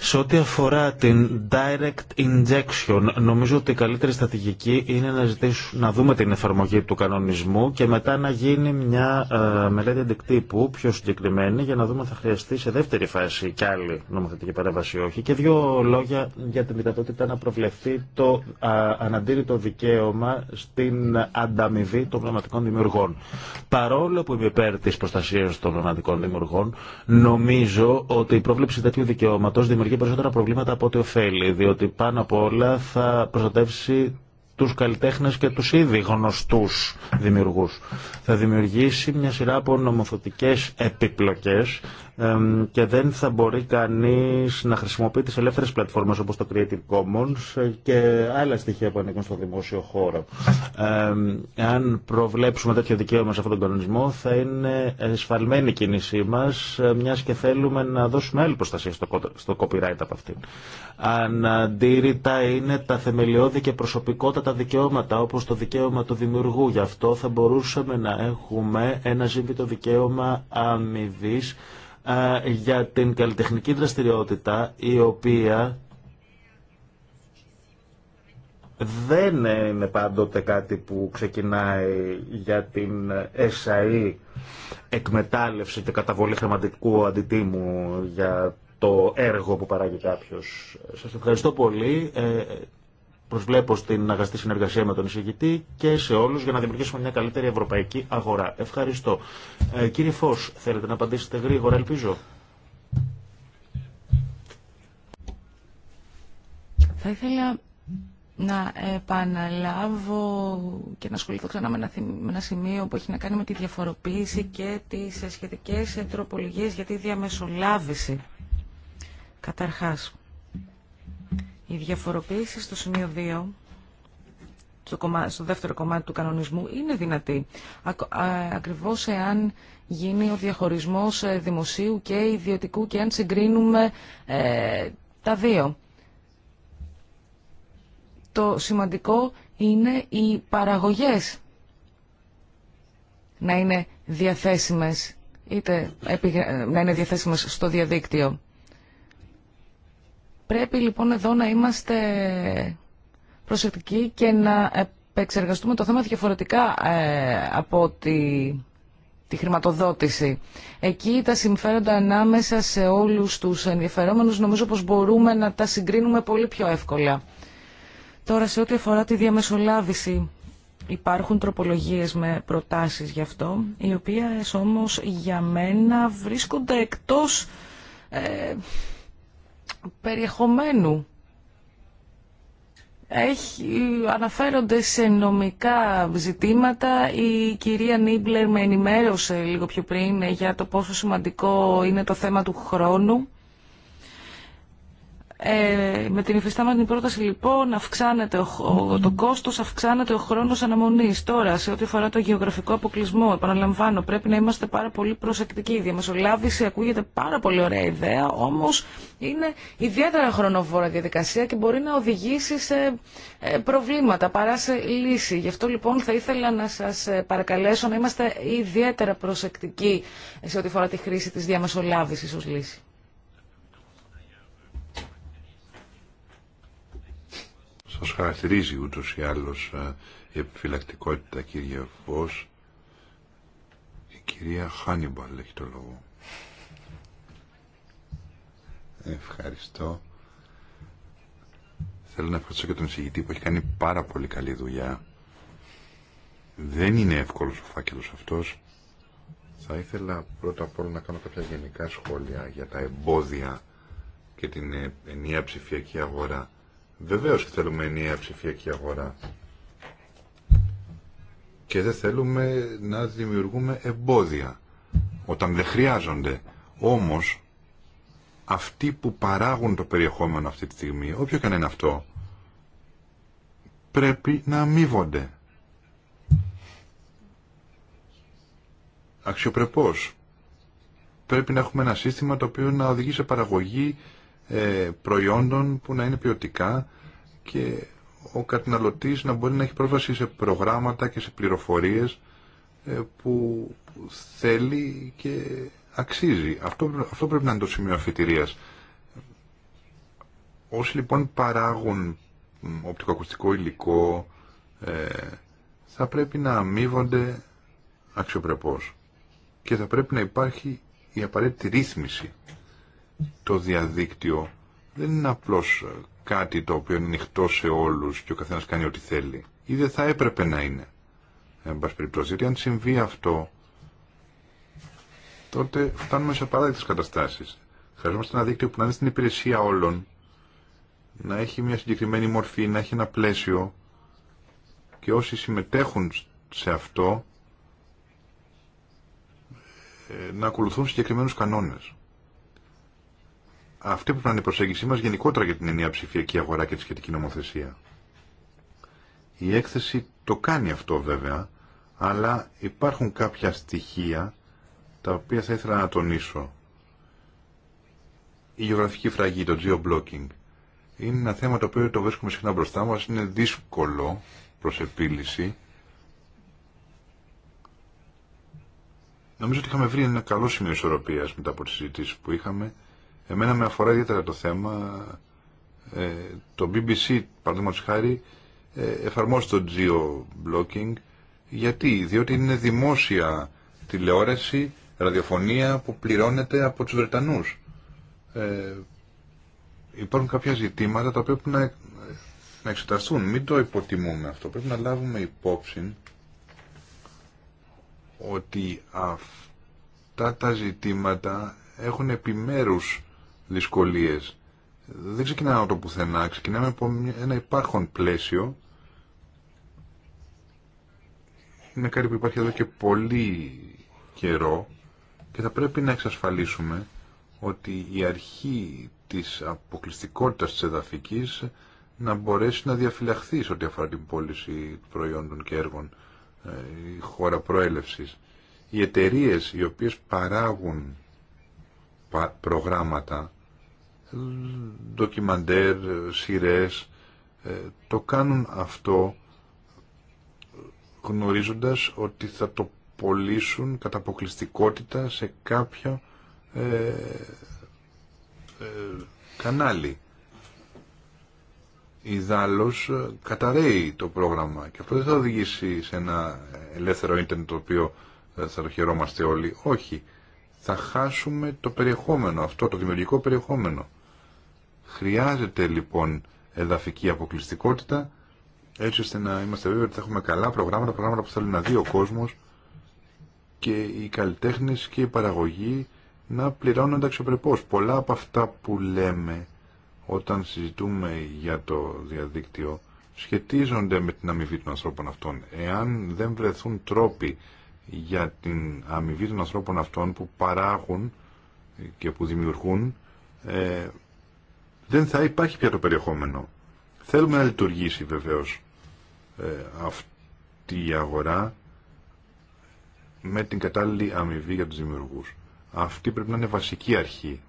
Σε ό,τι αφορά την direct injection, νομίζω ότι η καλύτερη στρατηγική είναι να, ζητήσουμε, να δούμε την εφαρμογή του κανονισμού και μετά να γίνει μια ε, μελέτη αντικτύπου πιο συγκεκριμένη για να δούμε αν θα χρειαστεί σε δεύτερη φάση κι άλλη νομοθετική παρέμβαση ή όχι. Και δύο λόγια για την δυνατότητα να προβλεφθεί το α, αναντήρητο δικαίωμα στην ανταμοιβή των πνευματικών δημιουργών. Παρόλο που είμαι υπέρ τη προστασία των πνευματικών δημιουργών, νομίζω ότι η πρόβλεψη τέτοιου δικαιώματο δημιουργεί περισσότερα προβλήματα από ό,τι ωφέλει, διότι πάνω από όλα θα προστατεύσει τους καλλιτέχνες και τους ήδη γνωστούς δημιουργούς. Θα δημιουργήσει μια σειρά από νομοθετικές επιπλοκές και δεν θα μπορεί κανείς να χρησιμοποιεί τις ελεύθερες πλατφόρμες όπως το Creative Commons ε, και άλλα στοιχεία που ανήκουν στο δημόσιο χώρο. αν προβλέψουμε τέτοιο δικαίωμα σε αυτόν τον κανονισμό θα είναι εσφαλμένη η κίνησή μας ε, μιας και θέλουμε να δώσουμε άλλη προστασία στο, copyright από αυτήν. Αναντήρητα είναι τα θεμελιώδη και προσωπικότατα δικαιώματα όπως το δικαίωμα του δημιουργού. Γι' αυτό θα μπορούσαμε να έχουμε ένα ζήτητο δικαίωμα αμοιβή ε, για την καλλιτεχνική δραστηριότητα η οποία δεν είναι πάντοτε κάτι που ξεκινάει για την ΕΣΑΗ e εκμετάλλευση και καταβολή χρηματικού αντιτίμου για το έργο που παράγει κάποιος. Σας ευχαριστώ πολύ. Ε, προσβλέπω στην αγαστή συνεργασία με τον εισηγητή και σε όλους για να δημιουργήσουμε μια καλύτερη ευρωπαϊκή αγορά. Ευχαριστώ. Ε, κύριε Φως, θέλετε να απαντήσετε γρήγορα, ελπίζω.
Θα ήθελα να επαναλάβω και να ασχοληθώ ξανά με ένα σημείο που έχει να κάνει με τη διαφοροποίηση και τις σχετικές τροπολογίες για τη διαμεσολάβηση. Καταρχάς, η διαφοροποίηση στο σημείο 2, στο δεύτερο κομμάτι του κανονισμού, είναι δυνατή. Ακριβώς εάν γίνει ο διαχωρισμός ε, δημοσίου και ιδιωτικού και αν συγκρίνουμε ε, τα δύο. Το σημαντικό είναι οι παραγωγές να είναι διαθέσιμες είτε να είναι διαθέσιμες στο διαδίκτυο. Πρέπει λοιπόν εδώ να είμαστε προσεκτικοί και να επεξεργαστούμε το θέμα διαφορετικά ε, από τη τη χρηματοδότηση. Εκεί τα συμφέροντα ανάμεσα σε όλους τους ενδιαφερόμενους νομίζω πως μπορούμε να τα συγκρίνουμε πολύ πιο εύκολα. Τώρα σε ό,τι αφορά τη διαμεσολάβηση υπάρχουν τροπολογίες με προτάσεις γι' αυτό, οι οποίες όμως για μένα βρίσκονται εκτός ε, περιεχομένου. Έχει, αναφέρονται σε νομικά ζητήματα. Η κυρία Νίμπλερ με ενημέρωσε λίγο πιο πριν για το πόσο σημαντικό είναι το θέμα του χρόνου. Ε, με την υφιστάμενη πρόταση λοιπόν αυξάνεται ο, το κόστος, αυξάνεται ο χρόνος αναμονής. Τώρα, σε ό,τι αφορά το γεωγραφικό αποκλεισμό, επαναλαμβάνω, πρέπει να είμαστε πάρα πολύ προσεκτικοί. Η διαμεσολάβηση ακούγεται πάρα πολύ ωραία ιδέα, όμως είναι ιδιαίτερα χρονοβόρα διαδικασία και μπορεί να οδηγήσει σε ε, προβλήματα παρά σε λύση. Γι' αυτό λοιπόν θα ήθελα να σας ε, παρακαλέσω να είμαστε ιδιαίτερα προσεκτικοί σε ό,τι αφορά τη χρήση της διαμεσολάβησης ως λύση.
σας χαρακτηρίζει ούτως ή άλλως ε, η επιφυλακτικότητα κύριε Φως η κυρία Χάνιμπαλ έχει το λόγο ευχαριστώ θέλω να ευχαριστήσω και τον εισηγητή που έχει κάνει πάρα πολύ καλή δουλειά δεν είναι εύκολος ο φάκελος αυτός θα ήθελα πρώτα απ' όλα να κάνω κάποια γενικά σχόλια για τα εμπόδια και την ε, ενιαία ψηφιακή αγορά Βεβαίως θέλουμε ενιαία ψηφιακή αγορά. Και δεν θέλουμε να δημιουργούμε εμπόδια όταν δεν χρειάζονται. Όμως, αυτοί που παράγουν το περιεχόμενο αυτή τη στιγμή, όποιο είναι αυτό, πρέπει να αμείβονται. Αξιοπρεπώς. Πρέπει να έχουμε ένα σύστημα το οποίο να οδηγεί σε παραγωγή ε, προϊόντων που να είναι ποιοτικά και ο καταναλωτής να μπορεί να έχει πρόσβαση σε προγράμματα και σε πληροφορίες ε, που θέλει και αξίζει. Αυτό, αυτό πρέπει να είναι το σημείο αφιτηρίας. Όσοι λοιπόν παράγουν οπτικοακουστικό υλικό ε, θα πρέπει να αμείβονται αξιοπρεπώς και θα πρέπει να υπάρχει η απαραίτητη ρύθμιση το διαδίκτυο δεν είναι απλώς κάτι το οποίο είναι ανοιχτό σε όλους και ο καθένας κάνει ό,τι θέλει ή δεν θα έπρεπε να είναι εν πάση γιατί αν συμβεί αυτό τότε φτάνουμε σε παράδειγμα καταστάσεις χρειαζόμαστε ένα δίκτυο που να είναι στην υπηρεσία όλων να έχει μια συγκεκριμένη μορφή, να έχει ένα πλαίσιο και όσοι συμμετέχουν σε αυτό ε, να ακολουθούν συγκεκριμένους κανόνες. Αυτή που να είναι η προσέγγιση μας γενικότερα για την ενιαία ψηφιακή αγορά και τη σχετική νομοθεσία. Η έκθεση το κάνει αυτό βέβαια, αλλά υπάρχουν κάποια στοιχεία τα οποία θα ήθελα να τονίσω. Η γεωγραφική φραγή, το geo-blocking, είναι ένα θέμα το οποίο το βρίσκουμε συχνά μπροστά μας, είναι δύσκολο προς επίλυση. Νομίζω ότι είχαμε βρει ένα καλό σημείο ισορροπίας μετά από τις συζητήσεις που είχαμε. Εμένα με αφορά ιδιαίτερα το θέμα. Ε, το BBC, παραδείγματος χάρη, ε, εφαρμόζει το geo-blocking. Γιατί, διότι είναι δημόσια τηλεόραση, ραδιοφωνία που πληρώνεται από τους Βρετανούς. Ε, υπάρχουν κάποια ζητήματα τα οποία πρέπει να, να εξεταστούν. Μην το υποτιμούμε αυτό. Πρέπει να λάβουμε υπόψη ότι αυτά τα ζητήματα έχουν επιμέρους δυσκολίες. Δεν ξεκινάμε από το πουθενά, ξεκινάμε από ένα υπάρχον πλαίσιο. Είναι κάτι που υπάρχει εδώ και πολύ καιρό και θα πρέπει να εξασφαλίσουμε ότι η αρχή της αποκλειστικότητας της εδαφικής να μπορέσει να διαφυλαχθεί σε ό,τι αφορά την πώληση προϊόντων και έργων ε, η χώρα προέλευσης. Οι εταιρείες οι οποίες παράγουν προγράμματα ντοκιμαντέρ, σειρές, ε, το κάνουν αυτό γνωρίζοντας ότι θα το πωλήσουν κατά αποκλειστικότητα σε κάποιο ε, ε, κανάλι. Ιδάλλως ε, καταραίει το πρόγραμμα και αυτό δεν θα οδηγήσει σε ένα ελεύθερο ίντερνετ το οποίο ε, θα το χαιρόμαστε όλοι. Όχι. Θα χάσουμε το περιεχόμενο αυτό, το δημιουργικό περιεχόμενο. Χρειάζεται λοιπόν εδαφική αποκλειστικότητα έτσι ώστε να είμαστε βέβαιοι ότι θα έχουμε καλά προγράμματα, προγράμματα που θέλει να δει ο κόσμος και οι καλλιτέχνες και η παραγωγή να πληρώνουν αξιοπρεπώς. Πολλά από αυτά που λέμε όταν συζητούμε για το διαδίκτυο σχετίζονται με την αμοιβή των ανθρώπων αυτών. Εάν δεν βρεθούν τρόποι για την αμοιβή των ανθρώπων αυτών που παράγουν και που δημιουργούν, ε, δεν θα υπάρχει πια το περιεχόμενο. Θέλουμε να λειτουργήσει βεβαίως ε, αυτή η αγορά με την κατάλληλη αμοιβή για τους δημιουργούς. Αυτή πρέπει να είναι βασική αρχή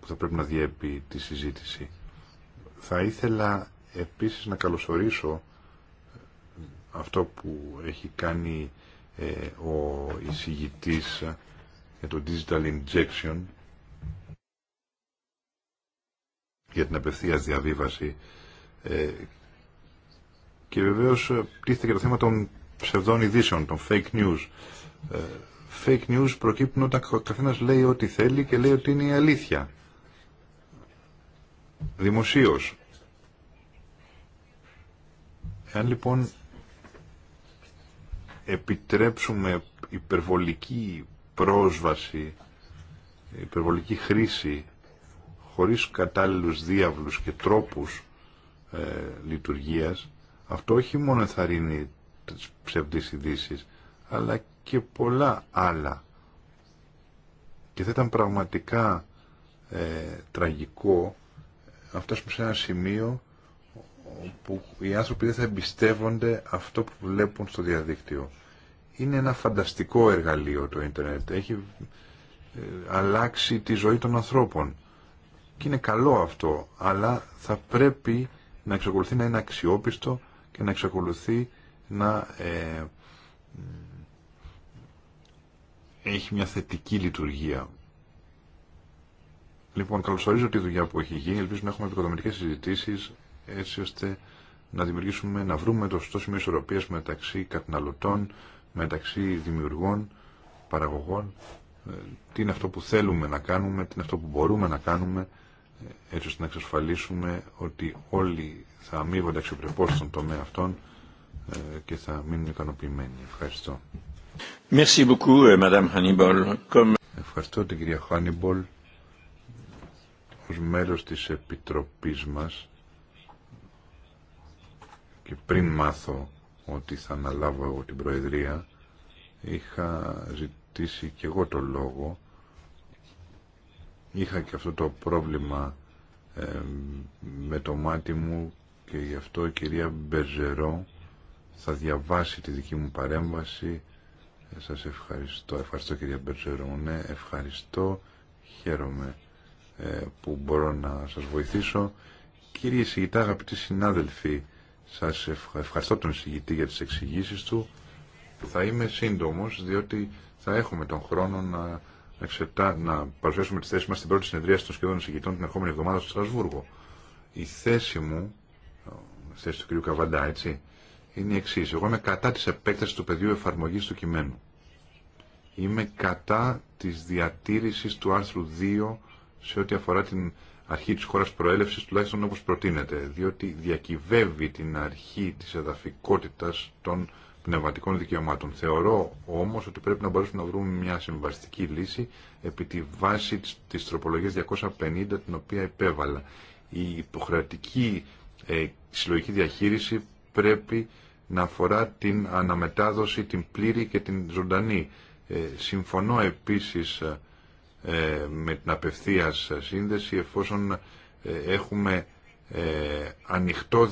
που θα πρέπει να διέπει τη συζήτηση. Θα ήθελα επίσης να καλωσορίσω ε, αυτό που έχει κάνει ε, ο εισηγητής για το digital injection για την απευθείας διαβίβαση ε, και βεβαίως πτήθηκε το θέμα των ψευδών ειδήσεων, των fake news. Ε, fake news προκύπτουν όταν ο καθένας λέει ό,τι θέλει και λέει ότι είναι η αλήθεια. Δημοσίως. Εάν λοιπόν επιτρέψουμε υπερβολική πρόσβαση, υπερβολική χρήση χωρίς κατάλληλους διάβλους και τρόπους ε, λειτουργίας, αυτό όχι μόνο ρίνει τις ψευδείς ειδήσει, αλλά και πολλά άλλα. Και θα ήταν πραγματικά ε, τραγικό να φτάσουμε σε ένα σημείο όπου οι άνθρωποι δεν θα εμπιστεύονται αυτό που βλέπουν στο διαδίκτυο. Είναι ένα φανταστικό εργαλείο το ίντερνετ. Έχει ε, αλλάξει τη ζωή των ανθρώπων. Και είναι καλό αυτό, αλλά θα πρέπει να εξακολουθεί να είναι αξιόπιστο και να εξακολουθεί να ε, έχει μια θετική λειτουργία. Λοιπόν, καλωσορίζω τη δουλειά που έχει γίνει. Ελπίζω να έχουμε επικοδομητικές συζητήσεις έτσι ώστε να δημιουργήσουμε, να βρούμε το σωστό σημείο ισορροπία μεταξύ καταναλωτών, μεταξύ δημιουργών, παραγωγών. Ε, τι είναι αυτό που θέλουμε να κάνουμε, τι είναι αυτό που μπορούμε να κάνουμε έτσι ώστε να εξασφαλίσουμε ότι όλοι θα αμείβονται αξιοπρεπώς στον τομέα αυτών ε, και θα μείνουν ικανοποιημένοι. Ευχαριστώ. Euh, Ευχαριστώ την κυρία Χάνιμπολ ως μέλος της Επιτροπής μας και πριν μάθω ότι θα αναλάβω εγώ την Προεδρία είχα ζητήσει και εγώ το λόγο είχα και αυτό το πρόβλημα ε, με το μάτι μου και γι' αυτό η κυρία Μπεζερό θα διαβάσει τη δική μου παρέμβαση. Ε, σας ευχαριστώ. Ευχαριστώ κυρία Μπεζερό. Ναι, ευχαριστώ. Χαίρομαι ε, που μπορώ να σας βοηθήσω. Κύριε Σιγητά, αγαπητοί συνάδελφοι, σας ευχαριστώ τον συγητή για τις εξηγήσεις του. Θα είμαι σύντομος, διότι θα έχουμε τον χρόνο να να, εξετά, να παρουσιάσουμε τη θέση μα στην πρώτη συνεδρία των σχεδόν εισηγητών την ερχόμενη εβδομάδα στο Στρασβούργο. Η θέση μου, η θέση του κ. Καβαντά, έτσι, είναι η εξή. Εγώ είμαι κατά τη επέκταση του πεδίου εφαρμογή του κειμένου. Είμαι κατά τη διατήρηση του άρθρου 2 σε ό,τι αφορά την αρχή τη χώρα προέλευση, τουλάχιστον όπω προτείνεται, διότι διακυβεύει την αρχή τη εδαφικότητα των πνευματικών δικαιωμάτων. Θεωρώ όμως ότι πρέπει να μπορέσουμε να βρούμε μια συμβαστική λύση επί τη βάση της τροπολογίας 250 την οποία επέβαλα. Η υποχρεωτική ε, συλλογική διαχείριση πρέπει να αφορά την αναμετάδοση, την πλήρη και την ζωντανή. Ε, συμφωνώ επίσης ε, με την απευθείας σύνδεση εφόσον έχουμε ανοιχτό,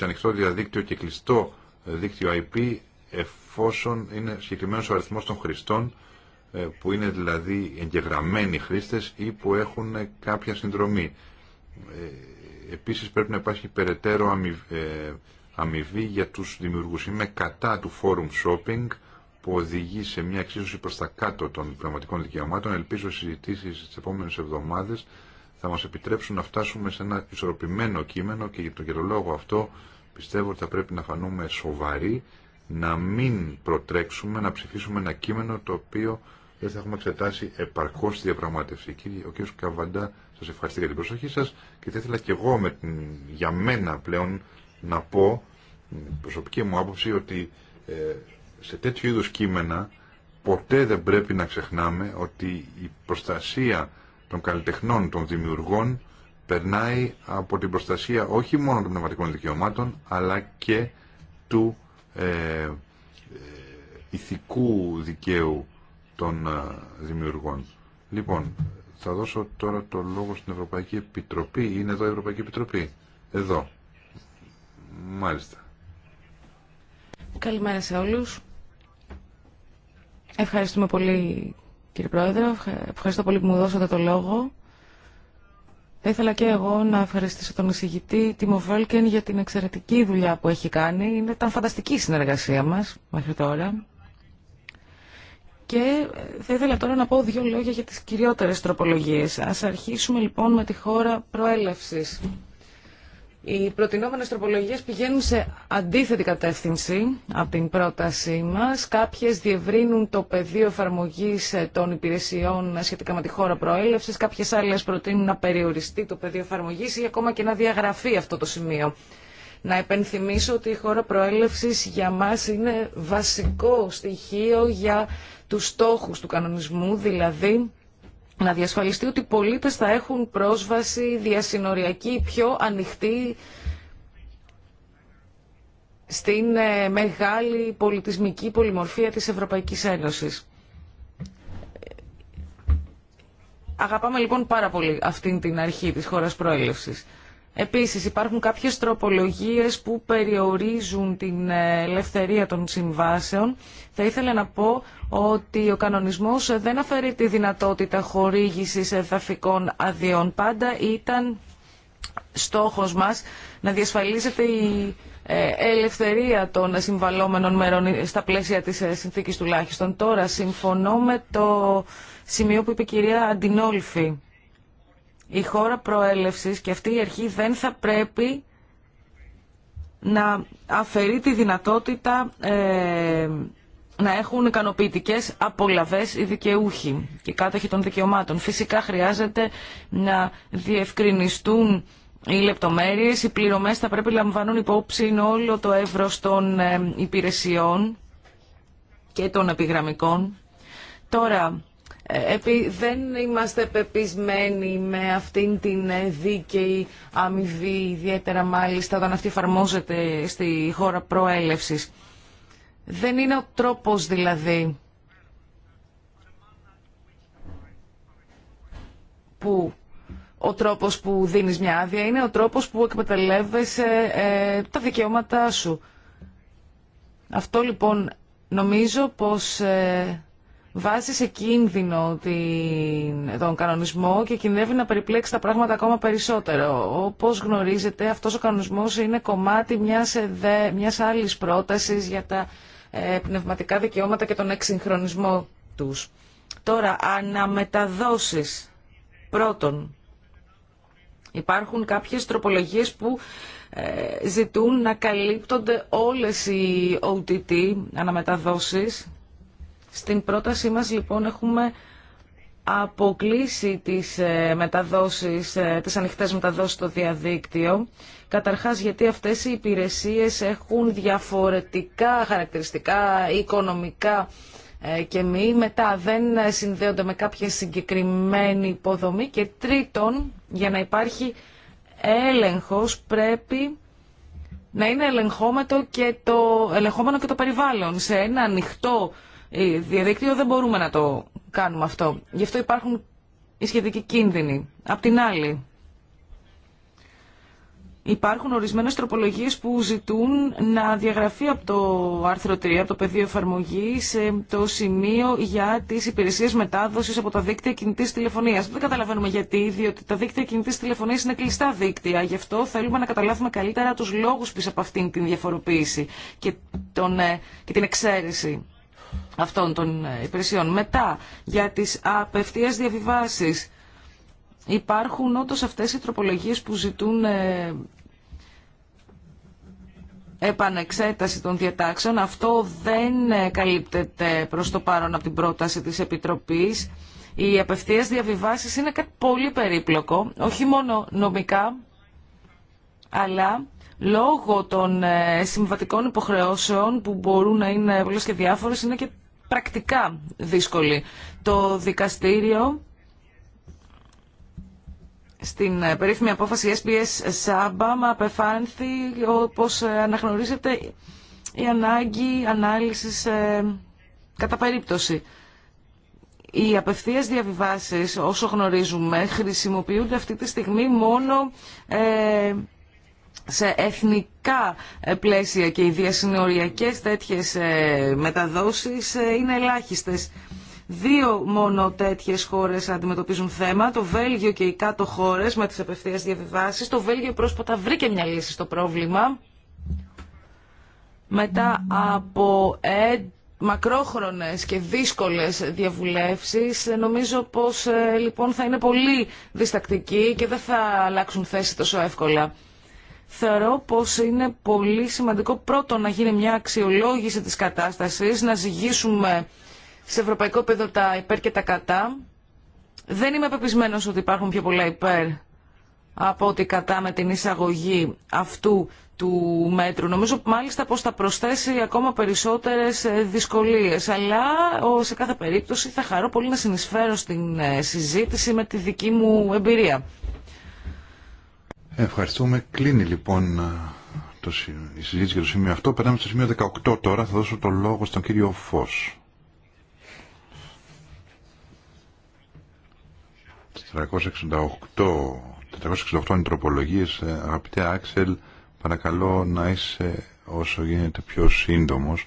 ανοιχτό διαδίκτυο και κλειστό δίκτυο IP εφόσον είναι συγκεκριμένος ο αριθμός των χρηστών ε, που είναι δηλαδή εγγεγραμμένοι χρήστες ή που έχουν ε, κάποια συνδρομή. Ε, επίσης πρέπει να υπάρχει περαιτέρω αμοιβή για τους δημιουργούς. Είμαι κατά του forum shopping που οδηγεί σε μια εξίσωση προς τα κάτω των πνευματικών δικαιωμάτων. Ελπίζω οι συζητήσεις τις επόμενες εβδομάδες θα μας επιτρέψουν να φτάσουμε σε ένα ισορροπημένο κείμενο και για τον λόγο αυτό πιστεύω ότι θα πρέπει να φανούμε σοβαροί, να μην προτρέξουμε, να ψηφίσουμε ένα κείμενο το οποίο δεν θα έχουμε εξετάσει επαρκώ τη διαπραγμάτευση. Ο κ. Καβαντά, σα ευχαριστώ για την προσοχή σα και θα ήθελα και εγώ με την, για μένα πλέον να πω, προσωπική μου άποψη, ότι ε, σε τέτοιου είδου κείμενα ποτέ δεν πρέπει να ξεχνάμε ότι η προστασία των καλλιτεχνών, των δημιουργών περνάει από την προστασία όχι μόνο των πνευματικών δικαιωμάτων αλλά και του ε, ε ηθικού δικαίου των ε, δημιουργών. Λοιπόν, θα δώσω τώρα το λόγο στην Ευρωπαϊκή Επιτροπή. Είναι εδώ η Ευρωπαϊκή Επιτροπή. Εδώ. Μάλιστα.
Καλημέρα σε όλους. Ευχαριστούμε πολύ κύριε Πρόεδρε. Ευχαριστώ πολύ που μου δώσατε το λόγο. Θα ήθελα και εγώ να ευχαριστήσω τον εισηγητή Τίμο Βέλκεν για την εξαιρετική δουλειά που έχει κάνει. Είναι, ήταν φανταστική η συνεργασία μας μέχρι τώρα. Και ε, θα ήθελα τώρα να πω δύο λόγια για τις κυριότερες τροπολογίες. Ας αρχίσουμε λοιπόν με τη χώρα προέλευσης. Οι προτινόμενες τροπολογίες πηγαίνουν σε αντίθετη κατεύθυνση από την πρότασή μας. Κάποιες διευρύνουν το πεδίο εφαρμογής ε, των υπηρεσιών σχετικά με τη χώρα προέλευσης, κάποιες άλλες προτείνουν να περιοριστεί το πεδίο εφαρμογής ή ακόμα και να διαγραφεί αυτό το σημείο. Να επενθυμίσω ότι η χώρα προέλευσης για μας είναι βασικό στοιχείο για τους στόχους του κανονισμού, δηλαδή να διασφαλιστεί ότι οι πολίτες θα έχουν πρόσβαση διασυνοριακή, πιο ανοιχτή στην ε, μεγάλη πολιτισμική πολυμορφία της Ευρωπαϊκής Ένωσης. Αγαπάμε λοιπόν πάρα πολύ αυτήν την αρχή της χώρας προέλευσης. Επίσης υπάρχουν κάποιες τροπολογίες που περιορίζουν την ε, ελευθερία των συμβάσεων. Θα ήθελα να πω ότι ο κανονισμός δεν αφαιρεί τη δυνατότητα χορήγησης εδαφικών αδειών. Πάντα ήταν στόχος μας να διασφαλίζεται η ε, ελευθερία των συμβαλόμενων μέρων στα πλαίσια της ε, συνθήκης τουλάχιστον. Τώρα συμφωνώ με το σημείο που είπε η κυρία Αντινόλφη η χώρα προέλευσης και αυτή η αρχή δεν θα πρέπει να αφαιρεί τη δυνατότητα ε, να έχουν ικανοποιητικέ απολαβές οι δικαιούχοι και κάτοχοι των δικαιωμάτων. Φυσικά χρειάζεται να διευκρινιστούν οι λεπτομέρειες, οι πληρωμές θα πρέπει να λαμβάνουν υπόψη όλο το εύρος των ε, υπηρεσιών και των επιγραμμικών. Τώρα, επί, δεν είμαστε πεπισμένοι με αυτήν την δίκαιη αμοιβή, ιδιαίτερα μάλιστα όταν αυτή εφαρμόζεται στη χώρα προέλευσης. Δεν είναι ο τρόπος δηλαδή που ο τρόπος που δίνεις μια άδεια, είναι ο τρόπος που εκμεταλλεύεσαι ε, τα δικαιώματά σου. Αυτό λοιπόν νομίζω πως... Ε, βάζει σε κίνδυνο την, τον κανονισμό και κινδεύει να περιπλέξει τα πράγματα ακόμα περισσότερο. Όπως γνωρίζετε αυτός ο κανονισμός είναι κομμάτι μιας, άλλη ε, πρόταση άλλης πρότασης για τα ε, πνευματικά δικαιώματα και τον εξυγχρονισμό τους. Τώρα, αναμεταδόσεις. Πρώτον, υπάρχουν κάποιες τροπολογίες που ε, ζητούν να καλύπτονται όλες οι OTT αναμεταδόσεις στην πρότασή μας λοιπόν έχουμε αποκλείσει τις, ε, μεταδόσεις, ε, τις ανοιχτές μεταδόσεις στο διαδίκτυο. Καταρχάς γιατί αυτές οι υπηρεσίες έχουν διαφορετικά χαρακτηριστικά, οικονομικά ε, και μη. Μετά δεν συνδέονται με κάποια συγκεκριμένη υποδομή. Και τρίτον, για να υπάρχει έλεγχος πρέπει να είναι ελεγχόμενο και το, ελεγχόμενο και το περιβάλλον. Σε ένα ανοιχτό ε, διαδίκτυο δεν μπορούμε να το κάνουμε αυτό. Γι' αυτό υπάρχουν οι σχετικοί κίνδυνοι. Απ' την άλλη, υπάρχουν ορισμένες τροπολογίες που ζητούν να διαγραφεί από το άρθρο 3, από το πεδίο εφαρμογή, ε, το σημείο για τις υπηρεσίες μετάδοσης από τα δίκτυα κινητής τηλεφωνίας. Δεν καταλαβαίνουμε γιατί, διότι τα δίκτυα κινητής τηλεφωνίας είναι κλειστά δίκτυα. Γι' αυτό θέλουμε να καταλάβουμε καλύτερα τους λόγους πίσω από αυτήν την διαφοροποίηση και, τον, ε, και την εξαίρεση αυτών των ε, υπηρεσιών. Μετά, για τις απευθείας διαβιβάσεις, υπάρχουν όντως αυτές οι τροπολογίες που ζητούν ε, επανεξέταση των διατάξεων. Αυτό δεν ε, καλύπτεται προς το παρόν από την πρόταση της Επιτροπής. Οι απευθείας διαβιβάσεις είναι κάτι πολύ περίπλοκο, όχι μόνο νομικά, αλλά λόγω των συμβατικών υποχρεώσεων που μπορούν να είναι πολλές και διάφορες, είναι και πρακτικά δύσκολη. Το δικαστήριο στην ε, περίφημη απόφαση SPS Σάμπαμ απεφάνθη όπως ε, αναγνωρίζεται η ανάγκη ανάλυσης ε, κατά περίπτωση. Οι απευθείας διαβιβάσεις όσο γνωρίζουμε χρησιμοποιούνται αυτή τη στιγμή μόνο σε εθνικά ε, πλαίσια και οι τέτοιες ε, μεταδόσεις ε, είναι ελάχιστες. Δύο μόνο τέτοιες χώρες αντιμετωπίζουν θέμα, το Βέλγιο και οι κάτω χώρες με τις απευθείας διαβιβάσεις. Το Βέλγιο πρόσφατα βρήκε μια λύση στο πρόβλημα μετά από μακρόχρονες και δύσκολες διαβουλεύσεις. Νομίζω πως λοιπόν θα είναι πολύ διστακτικοί και δεν θα αλλάξουν θέση τόσο εύκολα θεωρώ πως είναι πολύ σημαντικό πρώτον να γίνει μια αξιολόγηση της κατάστασης, να ζυγίσουμε σε ευρωπαϊκό επίπεδο τα υπέρ και τα κατά. Δεν είμαι πεπισμένο ότι υπάρχουν πιο πολλά υπέρ από ό,τι κατά με την εισαγωγή αυτού του μέτρου. Νομίζω μάλιστα πως θα προσθέσει ακόμα περισσότερες ε, δυσκολίες, αλλά σε κάθε περίπτωση θα χαρώ πολύ να συνεισφέρω στην ε, συζήτηση με τη δική μου εμπειρία.
Ευχαριστούμε. Κλείνει λοιπόν το, η συζήτηση για το σημείο αυτό. Περνάμε στο σημείο 18 τώρα. Θα δώσω το λόγο στον κύριο Φως. 468, 468 είναι ε, Αγαπητέ Άξελ, παρακαλώ να είσαι όσο γίνεται πιο σύντομος,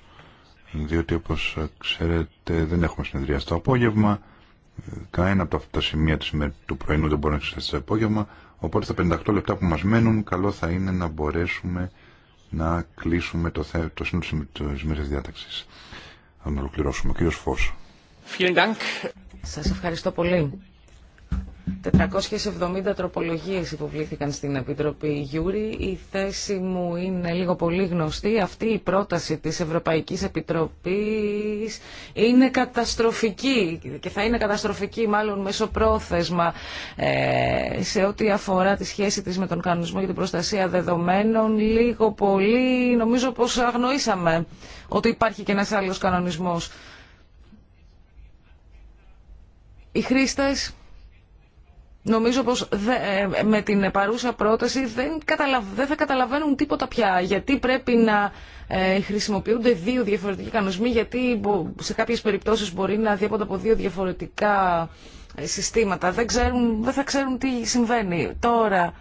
διότι όπως ξέρετε δεν έχουμε συνεδρία στο απόγευμα. Ε, κανένα από τα σημεία του πρωινού δεν μπορεί να εξεταστεί στο απόγευμα. Οπότε στα 58 λεπτά που μας μένουν καλό θα είναι να μπορέσουμε να κλείσουμε το, θέ, το σύνολο της μέρες διάταξης. Θα να ολοκληρώσουμε. Κύριος Φως.
Σας ευχαριστώ πολύ. 470 τροπολογίες υποβλήθηκαν στην Επιτροπή Γιούρι. Η θέση μου είναι λίγο πολύ γνωστή. Αυτή η πρόταση της Ευρωπαϊκής Επιτροπής είναι καταστροφική και θα είναι καταστροφική μάλλον μέσω πρόθεσμα ε, σε ό,τι αφορά τη σχέση της με τον κανονισμό για την προστασία δεδομένων. Λίγο πολύ νομίζω πως αγνοήσαμε ότι υπάρχει και ένας άλλος κανονισμός. Οι χρήστες Νομίζω πως ε, με την παρούσα πρόταση δεν, δεν θα καταλαβαίνουν τίποτα πια. Γιατί πρέπει να ε, χρησιμοποιούνται δύο διαφορετικοί κανονισμοί, γιατί σε κάποιες περιπτώσεις μπορεί να διέπονται από δύο διαφορετικά ε, συστήματα. Δεν, ξέρουν, δεν θα ξέρουν τι συμβαίνει. Τώρα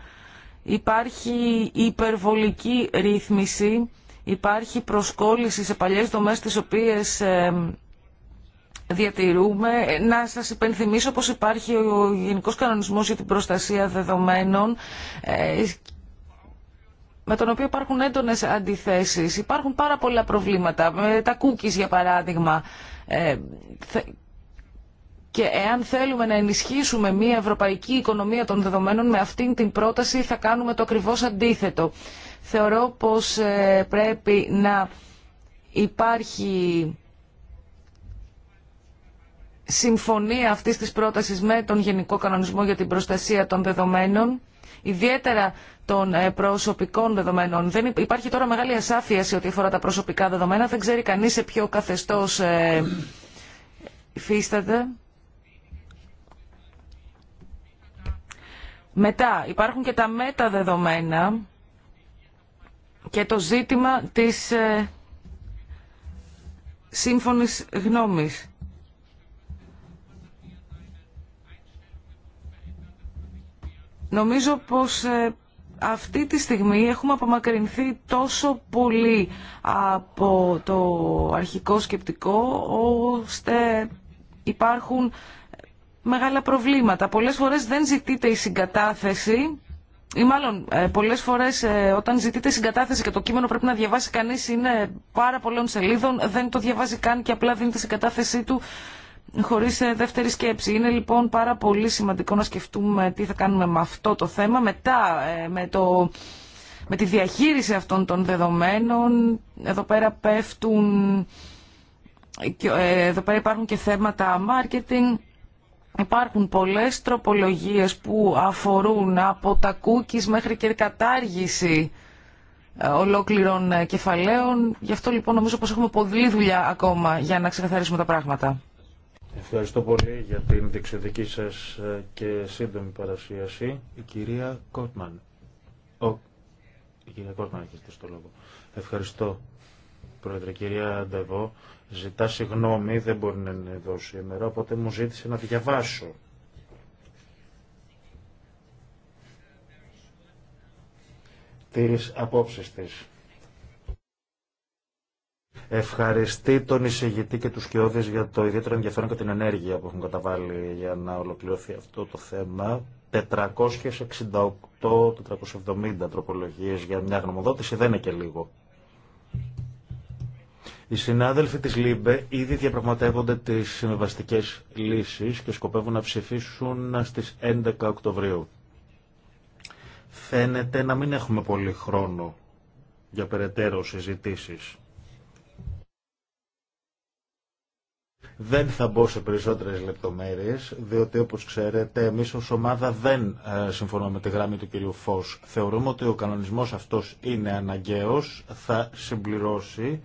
υπάρχει υπερβολική ρύθμιση, υπάρχει προσκόλληση σε παλιές δομές τις οποίες διατηρούμε. Να σας υπενθυμίσω πως υπάρχει ο Γενικός Κανονισμός για την Προστασία Δεδομένων ε, με τον οποίο υπάρχουν έντονες αντιθέσεις. Υπάρχουν πάρα πολλά προβλήματα, με τα cookies για παράδειγμα. Ε, και εάν θέλουμε να ενισχύσουμε μια ευρωπαϊκή οικονομία των δεδομένων με αυτήν την πρόταση θα κάνουμε το ακριβώς αντίθετο. Θεωρώ πως ε, πρέπει να υπάρχει συμφωνία αυτή τη πρόταση με τον Γενικό Κανονισμό για την Προστασία των Δεδομένων, ιδιαίτερα των ε, προσωπικών δεδομένων. Δεν υπάρχει τώρα μεγάλη ασάφεια σε ό,τι αφορά τα προσωπικά δεδομένα. Δεν ξέρει κανείς σε ποιο καθεστώς ε, υφίσταται. Μετά υπάρχουν και τα μεταδεδομένα και το ζήτημα της ε, σύμφωνης γνώμης. Νομίζω πως ε, αυτή τη στιγμή έχουμε απομακρυνθεί τόσο πολύ από το αρχικό σκεπτικό ώστε υπάρχουν μεγάλα προβλήματα. Πολλές φορές δεν ζητείται η συγκατάθεση ή μάλλον ε, πολλές φορές ε, όταν ζητείται συγκατάθεση και το κείμενο πρέπει να διαβάσει κανείς είναι πάρα πολλών σελίδων, δεν το διαβάζει καν και απλά δίνει τη συγκατάθεσή του χωρίς ε, δεύτερη σκέψη. Είναι λοιπόν πάρα πολύ σημαντικό να σκεφτούμε τι θα κάνουμε με αυτό το θέμα μετά ε, με, το, με τη διαχείριση αυτών των δεδομένων. Εδώ πέρα πέφτουν, ε, εδώ πέρα υπάρχουν και θέματα marketing. Υπάρχουν πολλές τροπολογίες που αφορούν από τα cookies μέχρι και κατάργηση ολόκληρων κεφαλαίων. Γι' αυτό λοιπόν νομίζω πως έχουμε πολλή δουλειά ακόμα για να ξεκαθαρίσουμε τα πράγματα.
Ευχαριστώ πολύ για την διεξοδική σας ε, και σύντομη παρουσίαση. Η κυρία Κότμαν. Ο... Η κυρία Κότμαν έχει ζητήσει το λόγο. Ευχαριστώ, Πρόεδρε. Κυρία Ντεβό, ζητά συγγνώμη, δεν μπορεί να είναι εδώ σήμερα, οπότε μου ζήτησε να διαβάσω. Τις απόψεις της Ευχαριστεί τον εισηγητή και τους κοιόδες για το ιδιαίτερο ενδιαφέρον και την ενέργεια που έχουν καταβάλει για να ολοκληρωθεί αυτό το θέμα. 468-470 τροπολογίες για μια γνωμοδότηση δεν είναι και λίγο. Οι συνάδελφοι της ΛΥΜΠΕ ήδη διαπραγματεύονται τις συμβαστικέ λύσεις και σκοπεύουν να ψηφίσουν στις 11 Οκτωβρίου. Φαίνεται να μην έχουμε πολύ χρόνο για περαιτέρω συζητήσεις. Δεν θα μπω σε περισσότερες λεπτομέρειες, διότι όπως ξέρετε εμείς ως ομάδα δεν ε, συμφωνούμε με τη γραμμή του κυρίου Φως. Θεωρούμε ότι ο κανονισμός αυτός είναι αναγκαίος, θα συμπληρώσει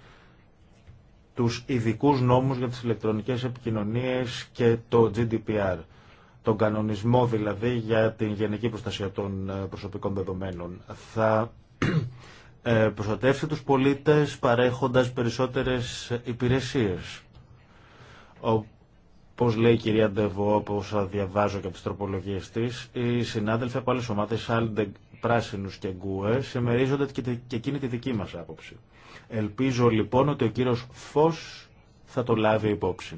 τους ειδικού νόμους για τις ηλεκτρονικές επικοινωνίες και το GDPR. Τον κανονισμό δηλαδή για την γενική προστασία των ε, προσωπικών δεδομένων. Θα ε, προστατεύσει τους πολίτες παρέχοντας περισσότερες υπηρεσίες Όπω λέει η κυρία Ντεβό, όπω διαβάζω και από τι τροπολογίε τη, οι συνάδελφοι από άλλε ομάδε, άλλοι Πράσινου και Γκουέ, συμμερίζονται και εκείνη τη δική μα άποψη. Ελπίζω λοιπόν ότι ο κύριο Φω θα το λάβει υπόψη.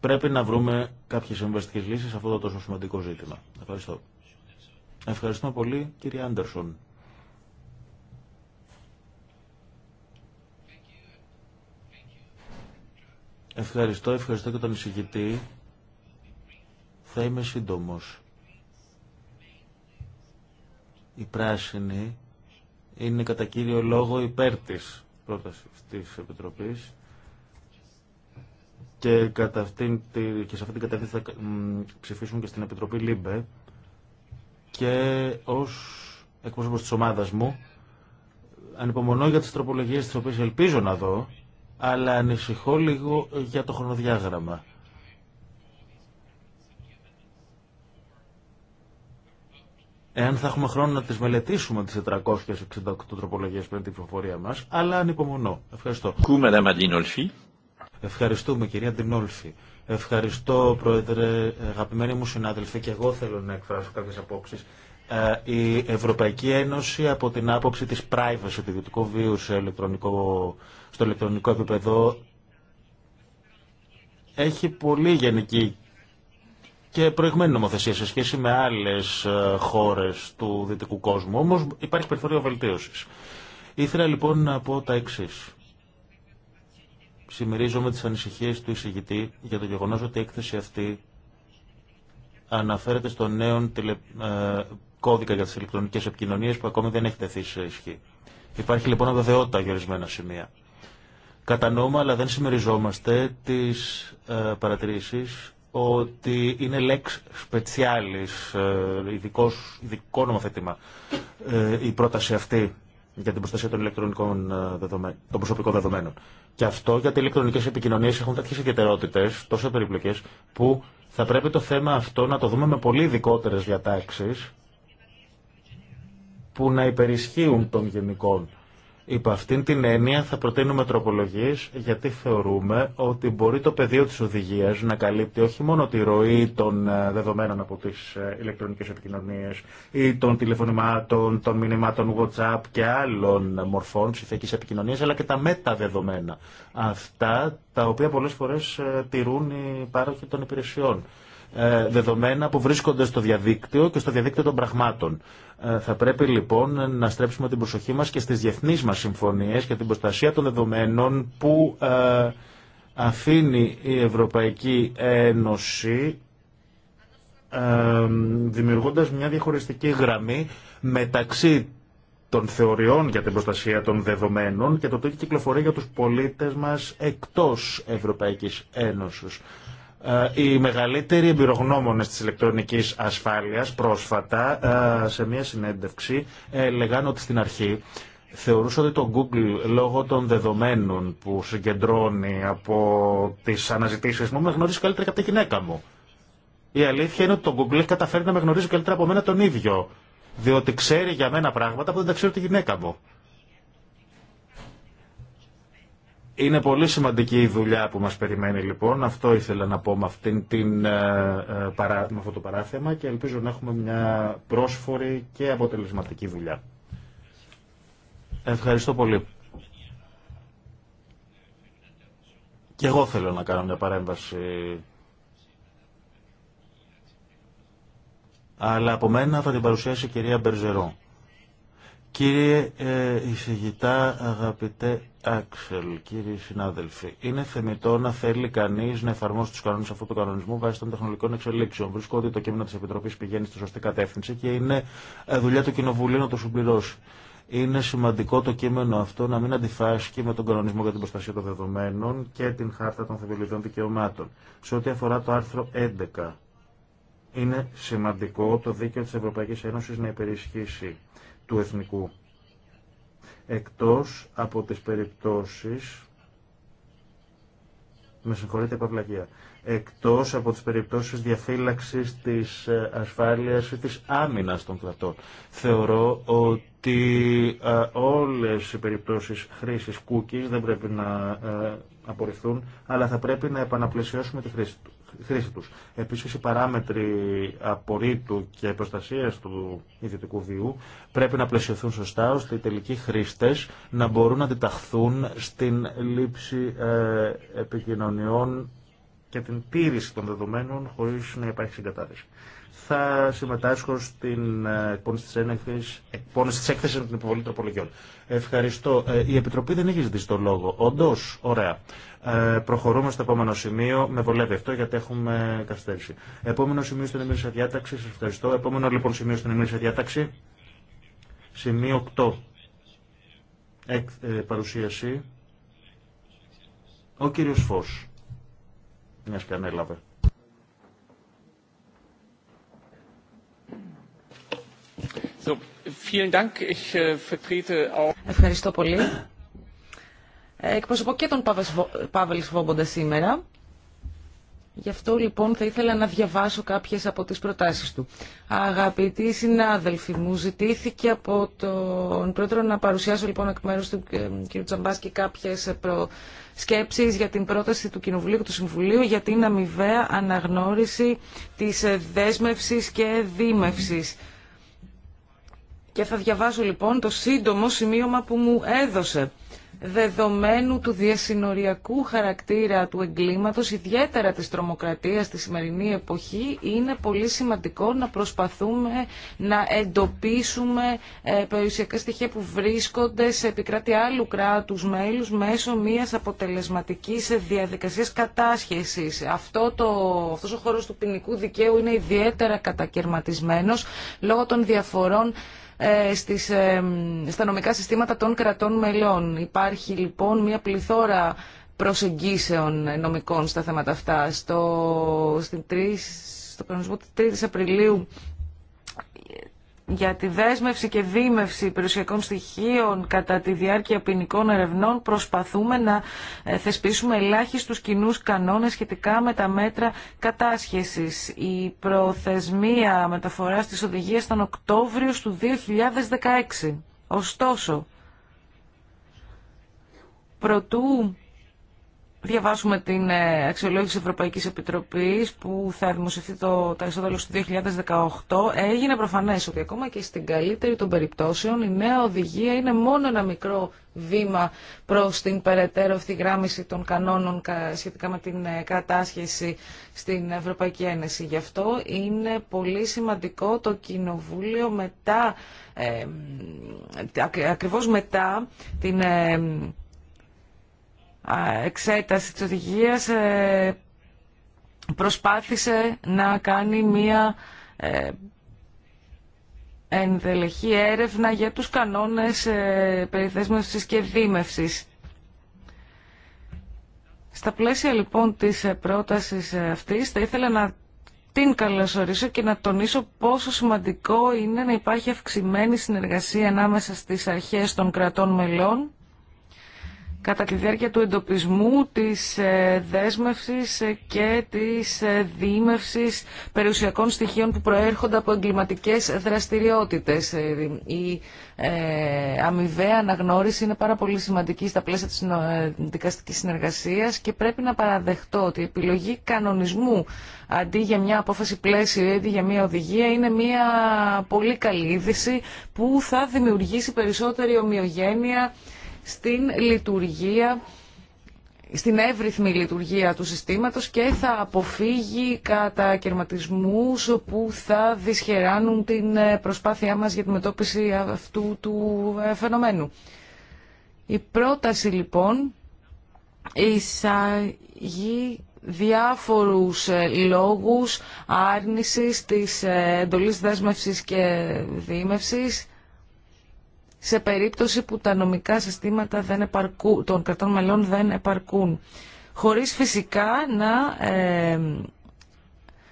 Πρέπει να βρούμε κάποιε συμβαστικέ λύσει σε αυτό το τόσο σημαντικό ζήτημα. Ευχαριστώ. Ευχαριστώ πολύ, κύριε Άντερσον. Ευχαριστώ, ευχαριστώ και τον εισηγητή. Θα είμαι σύντομος. Η πράσινη είναι κατά κύριο λόγο υπέρ της πρότασης της Επιτροπής και, κατά αυτήν, και σε αυτή την κατεύθυνση θα ψηφίσουν και στην Επιτροπή ΛΥΜΠΕ και ως εκπρόσωπος της ομάδας μου ανυπομονώ για τις τροπολογίες τις οποίες ελπίζω να δω αλλά ανησυχώ λίγο για το χρονοδιάγραμμα. Εάν θα έχουμε χρόνο να τις μελετήσουμε τις 468 τροπολογίες πριν την ψηφοφορία μας, αλλά ανυπομονώ. Ευχαριστώ. Ευχαριστούμε κυρία Ντινόλφη. Ευχαριστώ πρόεδρε, αγαπημένοι μου συνάδελφοι και εγώ θέλω να εκφράσω κάποιες απόψεις ε, η Ευρωπαϊκή Ένωση από την άποψη της privacy του ιδιωτικού βίου σε ηλεκτρονικό, στο ηλεκτρονικό επίπεδο έχει πολύ γενική και προηγμένη νομοθεσία σε σχέση με άλλες ε, χώρες του δυτικού κόσμου. Όμως υπάρχει περιθώριο βελτίωσης. Ήθελα λοιπόν να πω τα εξή. Συμμερίζομαι τις ανησυχίες του εισηγητή για το γεγονός ότι η έκθεση αυτή αναφέρεται στο νέο τηλε, κώδικα για τι ηλεκτρονικέ επικοινωνίε που ακόμη δεν έχει τεθεί σε ισχύ. Υπάρχει λοιπόν αβεβαιότητα για ορισμένα σημεία. Κατανοούμε, αλλά δεν συμμεριζόμαστε τι ε, παρατηρήσεις ότι είναι λέξ σπετσιάλη, ειδικό νομοθέτημα ε, η πρόταση αυτή για την προστασία των ηλεκτρονικών ε, δεδομένων, των προσωπικών δεδομένων. Και αυτό γιατί οι ηλεκτρονικές επικοινωνίες έχουν τέτοιε ιδιαιτερότητες, τόσο περιπλοκές, που θα πρέπει το θέμα αυτό να το δούμε με πολύ ειδικότερε διατάξεις που να υπερισχύουν των γενικών. Υπό αυτήν την έννοια θα προτείνουμε τροπολογίες γιατί θεωρούμε ότι μπορεί το πεδίο της οδηγίας να καλύπτει όχι μόνο τη ροή των ε, δεδομένων από τις ε, ηλεκτρονικές επικοινωνίες ή των τηλεφωνημάτων, των μηνυμάτων WhatsApp και άλλων μορφών ψηφιακής επικοινωνίας αλλά και τα μεταδεδομένα. Αυτά τα οποία πολλές φορές ε, τηρούν οι πάροχοι των υπηρεσιών. Ε, δεδομένα που βρίσκονται στο διαδίκτυο και στο διαδίκτυο των πραγμάτων. Ε, θα πρέπει λοιπόν να στρέψουμε την προσοχή μας και στις διεθνείς μας συμφωνίες και την προστασία των δεδομένων που ε, αφήνει η Ευρωπαϊκή Ένωση δημιουργώντας μια διαχωριστική γραμμή μεταξύ των θεωριών για την προστασία των δεδομένων και το τι κυκλοφορεί για τους πολίτες μας εκτός Ευρωπαϊκής Ένωσης. Ε, οι μεγαλύτεροι εμπειρογνώμονες της ηλεκτρονικής ασφάλειας πρόσφατα ε, σε μια συνέντευξη ε, λέγαν ότι στην αρχή θεωρούσαν ότι το Google λόγω των δεδομένων που συγκεντρώνει από τις αναζητήσεις μου με γνωρίζει καλύτερα και από τη γυναίκα μου. Η αλήθεια είναι ότι το Google έχει καταφέρει να με γνωρίζει καλύτερα από μένα τον ίδιο, διότι ξέρει για μένα πράγματα που δεν τα ξέρει τη γυναίκα μου. Είναι πολύ σημαντική η δουλειά που μας περιμένει λοιπόν. Αυτό ήθελα να πω με, αυτήν την, ε, ε, με αυτό το παράθεμα και ελπίζω να έχουμε μια πρόσφορη και αποτελεσματική δουλειά. Ευχαριστώ πολύ. Και εγώ θέλω να κάνω μια παρέμβαση. Αλλά από μένα θα την παρουσιάσει η κυρία Μπερζερό. Κύριε ε, εισηγητά, αγαπητέ Άξελ, κύριοι συνάδελφοι, είναι θεμητό να θέλει κανεί να εφαρμόσει του κανόνε αυτού του κανονισμού βάσει των τεχνολογικών εξελίξεων. Βρίσκω ότι το κείμενο τη Επιτροπή πηγαίνει στη σωστή κατεύθυνση και είναι ε, δουλειά του Κοινοβουλίου να το συμπληρώσει. Είναι σημαντικό το κείμενο αυτό να μην αντιφάσκει με τον κανονισμό για την προστασία των δεδομένων και την χάρτα των θεμελιωδών δικαιωμάτων. Σε ό,τι αφορά το άρθρο 11, είναι σημαντικό το δίκαιο τη Ευρωπαϊκή Ένωση να υπερισχύσει του εθνικού εκτός από τις περιπτώσεις με συγχωρείτε εκτός από τις περιπτώσεις διαφύλαξης της ε, ασφάλειας ή της άμυνας των κρατών. Θεωρώ ότι ε, όλες οι περιπτώσεις χρήσης cookies δεν πρέπει να ε, απορριφθούν, αλλά θα πρέπει να επαναπλησιώσουμε τη χρήση του χρήση τους. Επίσης οι παράμετροι απορρίτου και προστασίας του ιδιωτικού βίου πρέπει να πλαισιωθούν σωστά ώστε οι τελικοί χρήστες να μπορούν να αντιταχθούν στην λήψη ε, επικοινωνιών και την τήρηση των δεδομένων χωρίς να υπάρχει συγκατάθεση θα συμμετάσχω στην ε, εκπόνηση τη έκθεση με την υποβολή τροπολογιών. Ευχαριστώ. Ε, η Επιτροπή δεν έχει ζητήσει το λόγο. Όντω, ωραία. Ε, προχωρούμε στο επόμενο σημείο. Με βολεύει αυτό γιατί έχουμε καθυστέρηση. Επόμενο σημείο στην εμμύρια διάταξη. Σα ευχαριστώ. Επόμενο λοιπόν σημείο στην εμμύρια διάταξη. Σημείο 8. Εκ, ε, παρουσίαση. Ο κύριος Φως. Μια και ανέλαβε.
Äh,
Ευχαριστώ πολύ. Εκπροσωπώ και τον Πάβελ Σβόμποντα σήμερα. Γι' αυτό λοιπόν θα ήθελα να διαβάσω κάποιες από τις προτάσεις του. Αγαπητοί συνάδελφοι, μου ζητήθηκε από τον πρόεδρο να παρουσιάσω λοιπόν εκ μέρους του ε, κ. Τσαμπάσκη κάποιες σκέψεις για την πρόταση του Κοινοβουλίου και του Συμβουλίου για την αμοιβαία αναγνώριση της δέσμευσης και δίμευσης και θα διαβάσω λοιπόν το σύντομο σημείωμα που μου έδωσε. Δεδομένου του διασυνοριακού χαρακτήρα του εγκλήματος, ιδιαίτερα της τρομοκρατίας στη σημερινή εποχή, είναι πολύ σημαντικό να προσπαθούμε να εντοπίσουμε ε, περιουσιακά στοιχεία που βρίσκονται σε επικράτη άλλου κράτους μέλους μέσω μιας αποτελεσματικής διαδικασίας κατάσχεσης. Αυτό το, αυτός ο χώρος του ποινικού δικαίου είναι ιδιαίτερα κατακαιρματισμένος λόγω των διαφορών ε, στις, ε, στα νομικά συστήματα των κρατών μελών. Υπάρχει λοιπόν μια πληθώρα προσεγγίσεων νομικών στα θέματα αυτά. Στο, στην 3, στο κανονισμό 3 Απριλίου για τη δέσμευση και βήμευση περιουσιακών στοιχείων κατά τη διάρκεια ποινικών ερευνών προσπαθούμε να ε, θεσπίσουμε ελάχιστους κοινού κανόνες σχετικά με τα μέτρα κατάσχεσης. Η προθεσμία μεταφοράς της οδηγίας ήταν Οκτώβριο του 2016. Ωστόσο, προτού διαβάσουμε την ε, αξιολόγηση της Ευρωπαϊκής Επιτροπής που θα δημοσιευτεί το τέλος του 2018, έγινε προφανές ότι ακόμα και στην καλύτερη των περιπτώσεων η νέα οδηγία είναι μόνο ένα μικρό βήμα προς την περαιτέρω ευθυγράμμιση των κανόνων σχετικά με την ε, κατάσχεση στην Ευρωπαϊκή Ένωση. Γι' αυτό είναι πολύ σημαντικό το Κοινοβούλιο μετά, ε, ακριβώς μετά την... Ε, εξέταση της οδηγίας ε, προσπάθησε να κάνει μία ε, ενδελεχή έρευνα για τους κανόνες ε, περιθέσμευσης και δίμευσης. Στα πλαίσια λοιπόν της πρότασης αυτής θα ήθελα να την καλωσορίσω και να τονίσω πόσο σημαντικό είναι να υπάρχει αυξημένη συνεργασία ανάμεσα στις αρχές των κρατών μελών κατά τη διάρκεια του εντοπισμού, της ε, δέσμευσης ε, και της ε, διήμευσης περιουσιακών στοιχείων που προέρχονται από εγκληματικές δραστηριότητες. Η αμοιβαία αναγνώριση είναι πάρα πολύ σημαντική στα πλαίσια της δικαστικής συνεργασίας και πρέπει να παραδεχτώ ότι η επιλογή κανονισμού αντί για μια απόφαση πλαίσιο ή αντί για μια οδηγία είναι μια πολύ καλή είδηση που θα δημιουργήσει περισσότερη ομοιογένεια στην λειτουργία στην εύρυθμη λειτουργία του συστήματος και θα αποφύγει κερματισμούς που θα δυσχεράνουν την ε, προσπάθειά μας για τη μετώπιση αυτού του ε, φαινομένου. Η πρόταση λοιπόν εισαγεί διάφορους ε, λόγους άρνησης της εντολής δέσμευσης και διήμευσης σε περίπτωση που τα νομικά συστήματα δεν επαρκού, των κρατών μελών δεν επαρκούν. Χωρίς φυσικά να ε,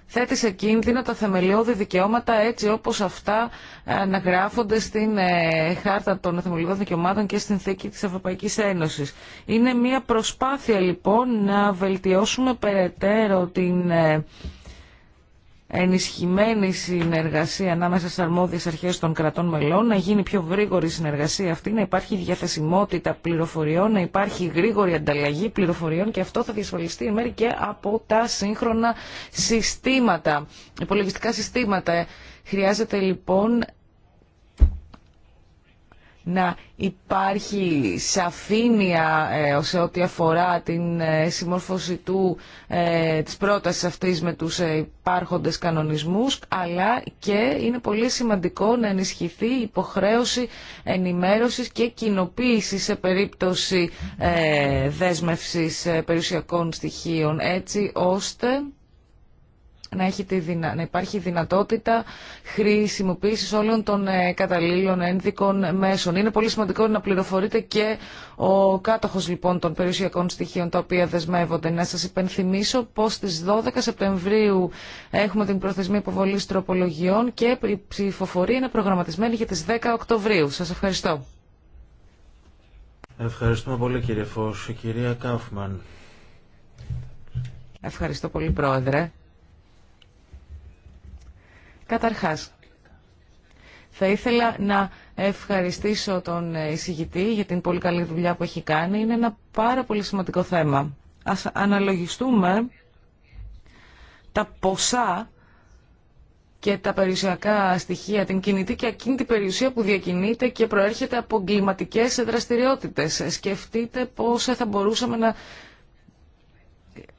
θέτει σε κίνδυνο τα θεμελιώδη δικαιώματα έτσι όπως αυτά αναγράφονται στην ε, Χάρτα των Θεμελιώδων Δικαιωμάτων και στην Θήκη της Ευρωπαϊκής Ένωσης. Είναι μια προσπάθεια λοιπόν να βελτιώσουμε περαιτέρω την... Ε, ενισχυμένη συνεργασία ανάμεσα στι αρμόδιες αρχές των κρατών μελών, να γίνει πιο γρήγορη συνεργασία αυτή, να υπάρχει διαθεσιμότητα πληροφοριών, να υπάρχει γρήγορη ανταλλαγή πληροφοριών και αυτό θα διασφαλιστεί μέρη και από τα σύγχρονα συστήματα, υπολογιστικά συστήματα. Χρειάζεται λοιπόν να υπάρχει σαφήνεια ε, σε ό,τι αφορά την ε, συμμόρφωση του, ε, της πρότασης αυτής με τους ε, υπάρχοντες κανονισμούς, αλλά και είναι πολύ σημαντικό να ενισχυθεί η υποχρέωση ενημέρωσης και κοινοποίηση σε περίπτωση ε, δέσμευσης ε, περιουσιακών στοιχείων, έτσι ώστε να, έχετε να υπάρχει δυνατότητα χρησιμοποίηση όλων των ε, καταλήλων ένδικων μέσων. Είναι πολύ σημαντικό να πληροφορείτε και ο κάτοχος λοιπόν των περιουσιακών στοιχείων τα οποία δεσμεύονται. Να σας υπενθυμίσω πως στις 12 Σεπτεμβρίου έχουμε την προθεσμία υποβολής τροπολογιών και η ψηφοφορία είναι προγραμματισμένη για τις 10 Οκτωβρίου. Σας ευχαριστώ.
Ευχαριστούμε πολύ κύριε Φως. Κυρία Κάφμαν.
Ευχαριστώ πολύ πρόεδρε. Καταρχάς, θα ήθελα να ευχαριστήσω τον εισηγητή για την πολύ καλή δουλειά που έχει κάνει. Είναι ένα πάρα πολύ σημαντικό θέμα. Ας αναλογιστούμε τα ποσά και τα περιουσιακά στοιχεία, την κινητή και ακίνητη περιουσία που διακινείται και προέρχεται από εγκληματικέ δραστηριότητες. Σκεφτείτε πώς θα μπορούσαμε να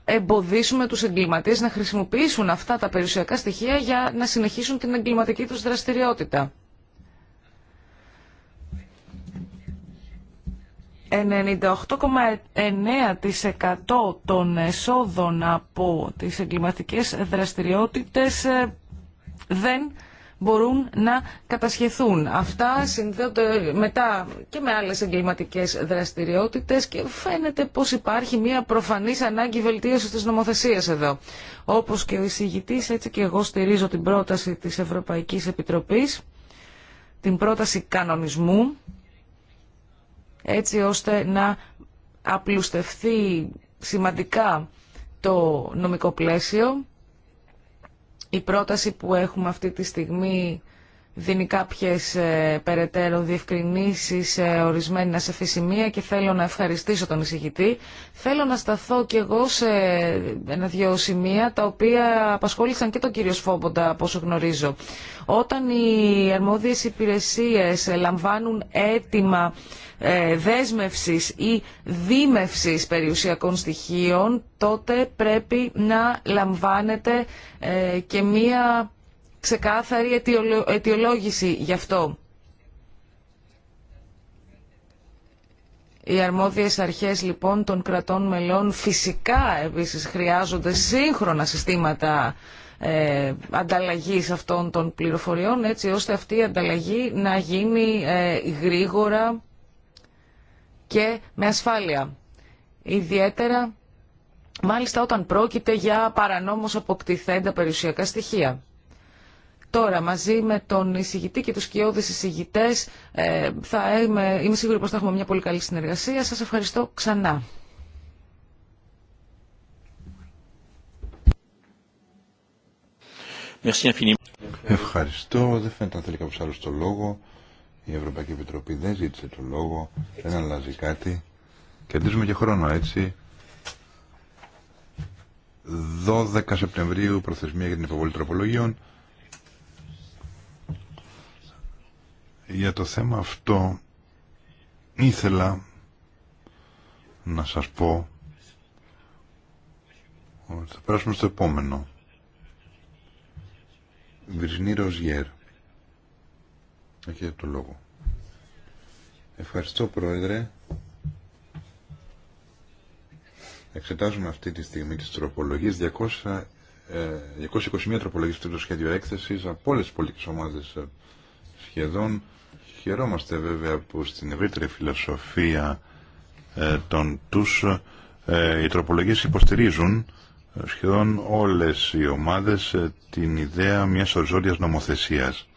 εμποδίσουμε τους εγκληματίες να χρησιμοποιήσουν αυτά τα περιουσιακά στοιχεία για να συνεχίσουν την εγκληματική τους δραστηριότητα. 98,9% των εσόδων από τις εγκληματικές δραστηριότητες ε, δεν μπορούν να κατασχεθούν. Αυτά συνδέονται μετά και με άλλες εγκληματικές δραστηριότητες και φαίνεται πως υπάρχει μια προφανής ανάγκη βελτίωσης της νομοθεσίας εδώ. Όπως και ο εισηγητής, έτσι και εγώ στηρίζω την πρόταση της Ευρωπαϊκής Επιτροπής, την πρόταση κανονισμού, έτσι ώστε να απλουστευθεί σημαντικά το νομικό πλαίσιο η πρόταση που έχουμε αυτή τη στιγμή δίνει κάποιες ε, περαιτέρω διευκρινήσεις σε ορισμένα σε και θέλω να ευχαριστήσω τον εισηγητή. Θέλω να σταθώ κι εγώ σε ένα-δυο σημεία τα οποία απασχόλησαν και τον κύριο Σφόμποντα από όσο γνωρίζω. Όταν οι αρμόδιες υπηρεσίες λαμβάνουν έτοιμα ε, δέσμευσης ή δίμευσης περιουσιακών στοιχείων τότε πρέπει να λαμβάνεται ε, και μία ξεκάθαρη αιτιολόγηση γι' αυτό. Οι αρμόδιες αρχές λοιπόν των κρατών μελών φυσικά επίσης χρειάζονται σύγχρονα συστήματα ε, ανταλλαγής αυτών των πληροφοριών έτσι ώστε αυτή η ανταλλαγή να γίνει ε, γρήγορα και με ασφάλεια. Ιδιαίτερα μάλιστα όταν πρόκειται για παρανόμως αποκτηθέντα περιουσιακά στοιχεία. Τώρα, μαζί με τον εισηγητή και τους κοιόδης εισηγητές, ε, θα είμαι, είμαι σίγουρη πως θα έχουμε μια πολύ καλή συνεργασία. Σας ευχαριστώ ξανά.
Ευχαριστώ. Δεν φαίνεται να θέλει κάποιο άλλο το λόγο. Η Ευρωπαϊκή Επιτροπή δεν ζήτησε το λόγο. Δεν αλλάζει κάτι. Κερδίζουμε και χρόνο έτσι. 12 Σεπτεμβρίου προθεσμία για την υποβολή τροπολογίων. για το θέμα αυτό ήθελα να σας πω ότι θα περάσουμε στο επόμενο. Βυρσνή Ροζιέρ. Έχετε το λόγο. Ευχαριστώ Πρόεδρε. Εξετάζουμε αυτή τη στιγμή τις τροπολογίες 200 221 ε, τροπολογίες του σχέδιο έκθεσης από όλες τις πολιτικές ομάδες ε, σχεδόν Χαιρόμαστε βέβαια που στην ευρύτερη φιλοσοφία ε, των τους ε, οι τροπολογίες υποστηρίζουν ε, σχεδόν όλες οι ομάδες την ιδέα μιας οριζόντιας νομοθεσίας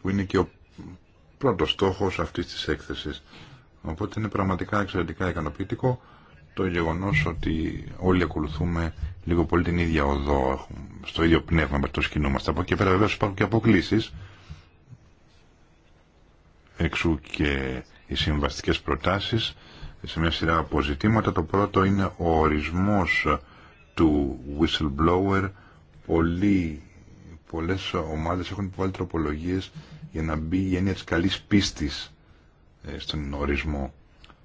που είναι και ο πρώτος στόχος αυτής της έκθεσης. Οπότε είναι πραγματικά εξαιρετικά ικανοποιητικό το γεγονός ότι όλοι ακολουθούμε λίγο πολύ την ίδια οδό, στο ίδιο πνεύμα με το σκηνούμαστε. Από εκεί πέρα βέβαια υπάρχουν και αποκλήσεις. Εξού και οι συμβαστικές προτάσεις σε μια σειρά αποζητήματα. Το πρώτο είναι ο ορισμός του whistleblower. Πολλοί, πολλές ομάδες έχουν υποβάλει τροπολογίες για να μπει η έννοια της καλής πίστης ε, στον ορισμό.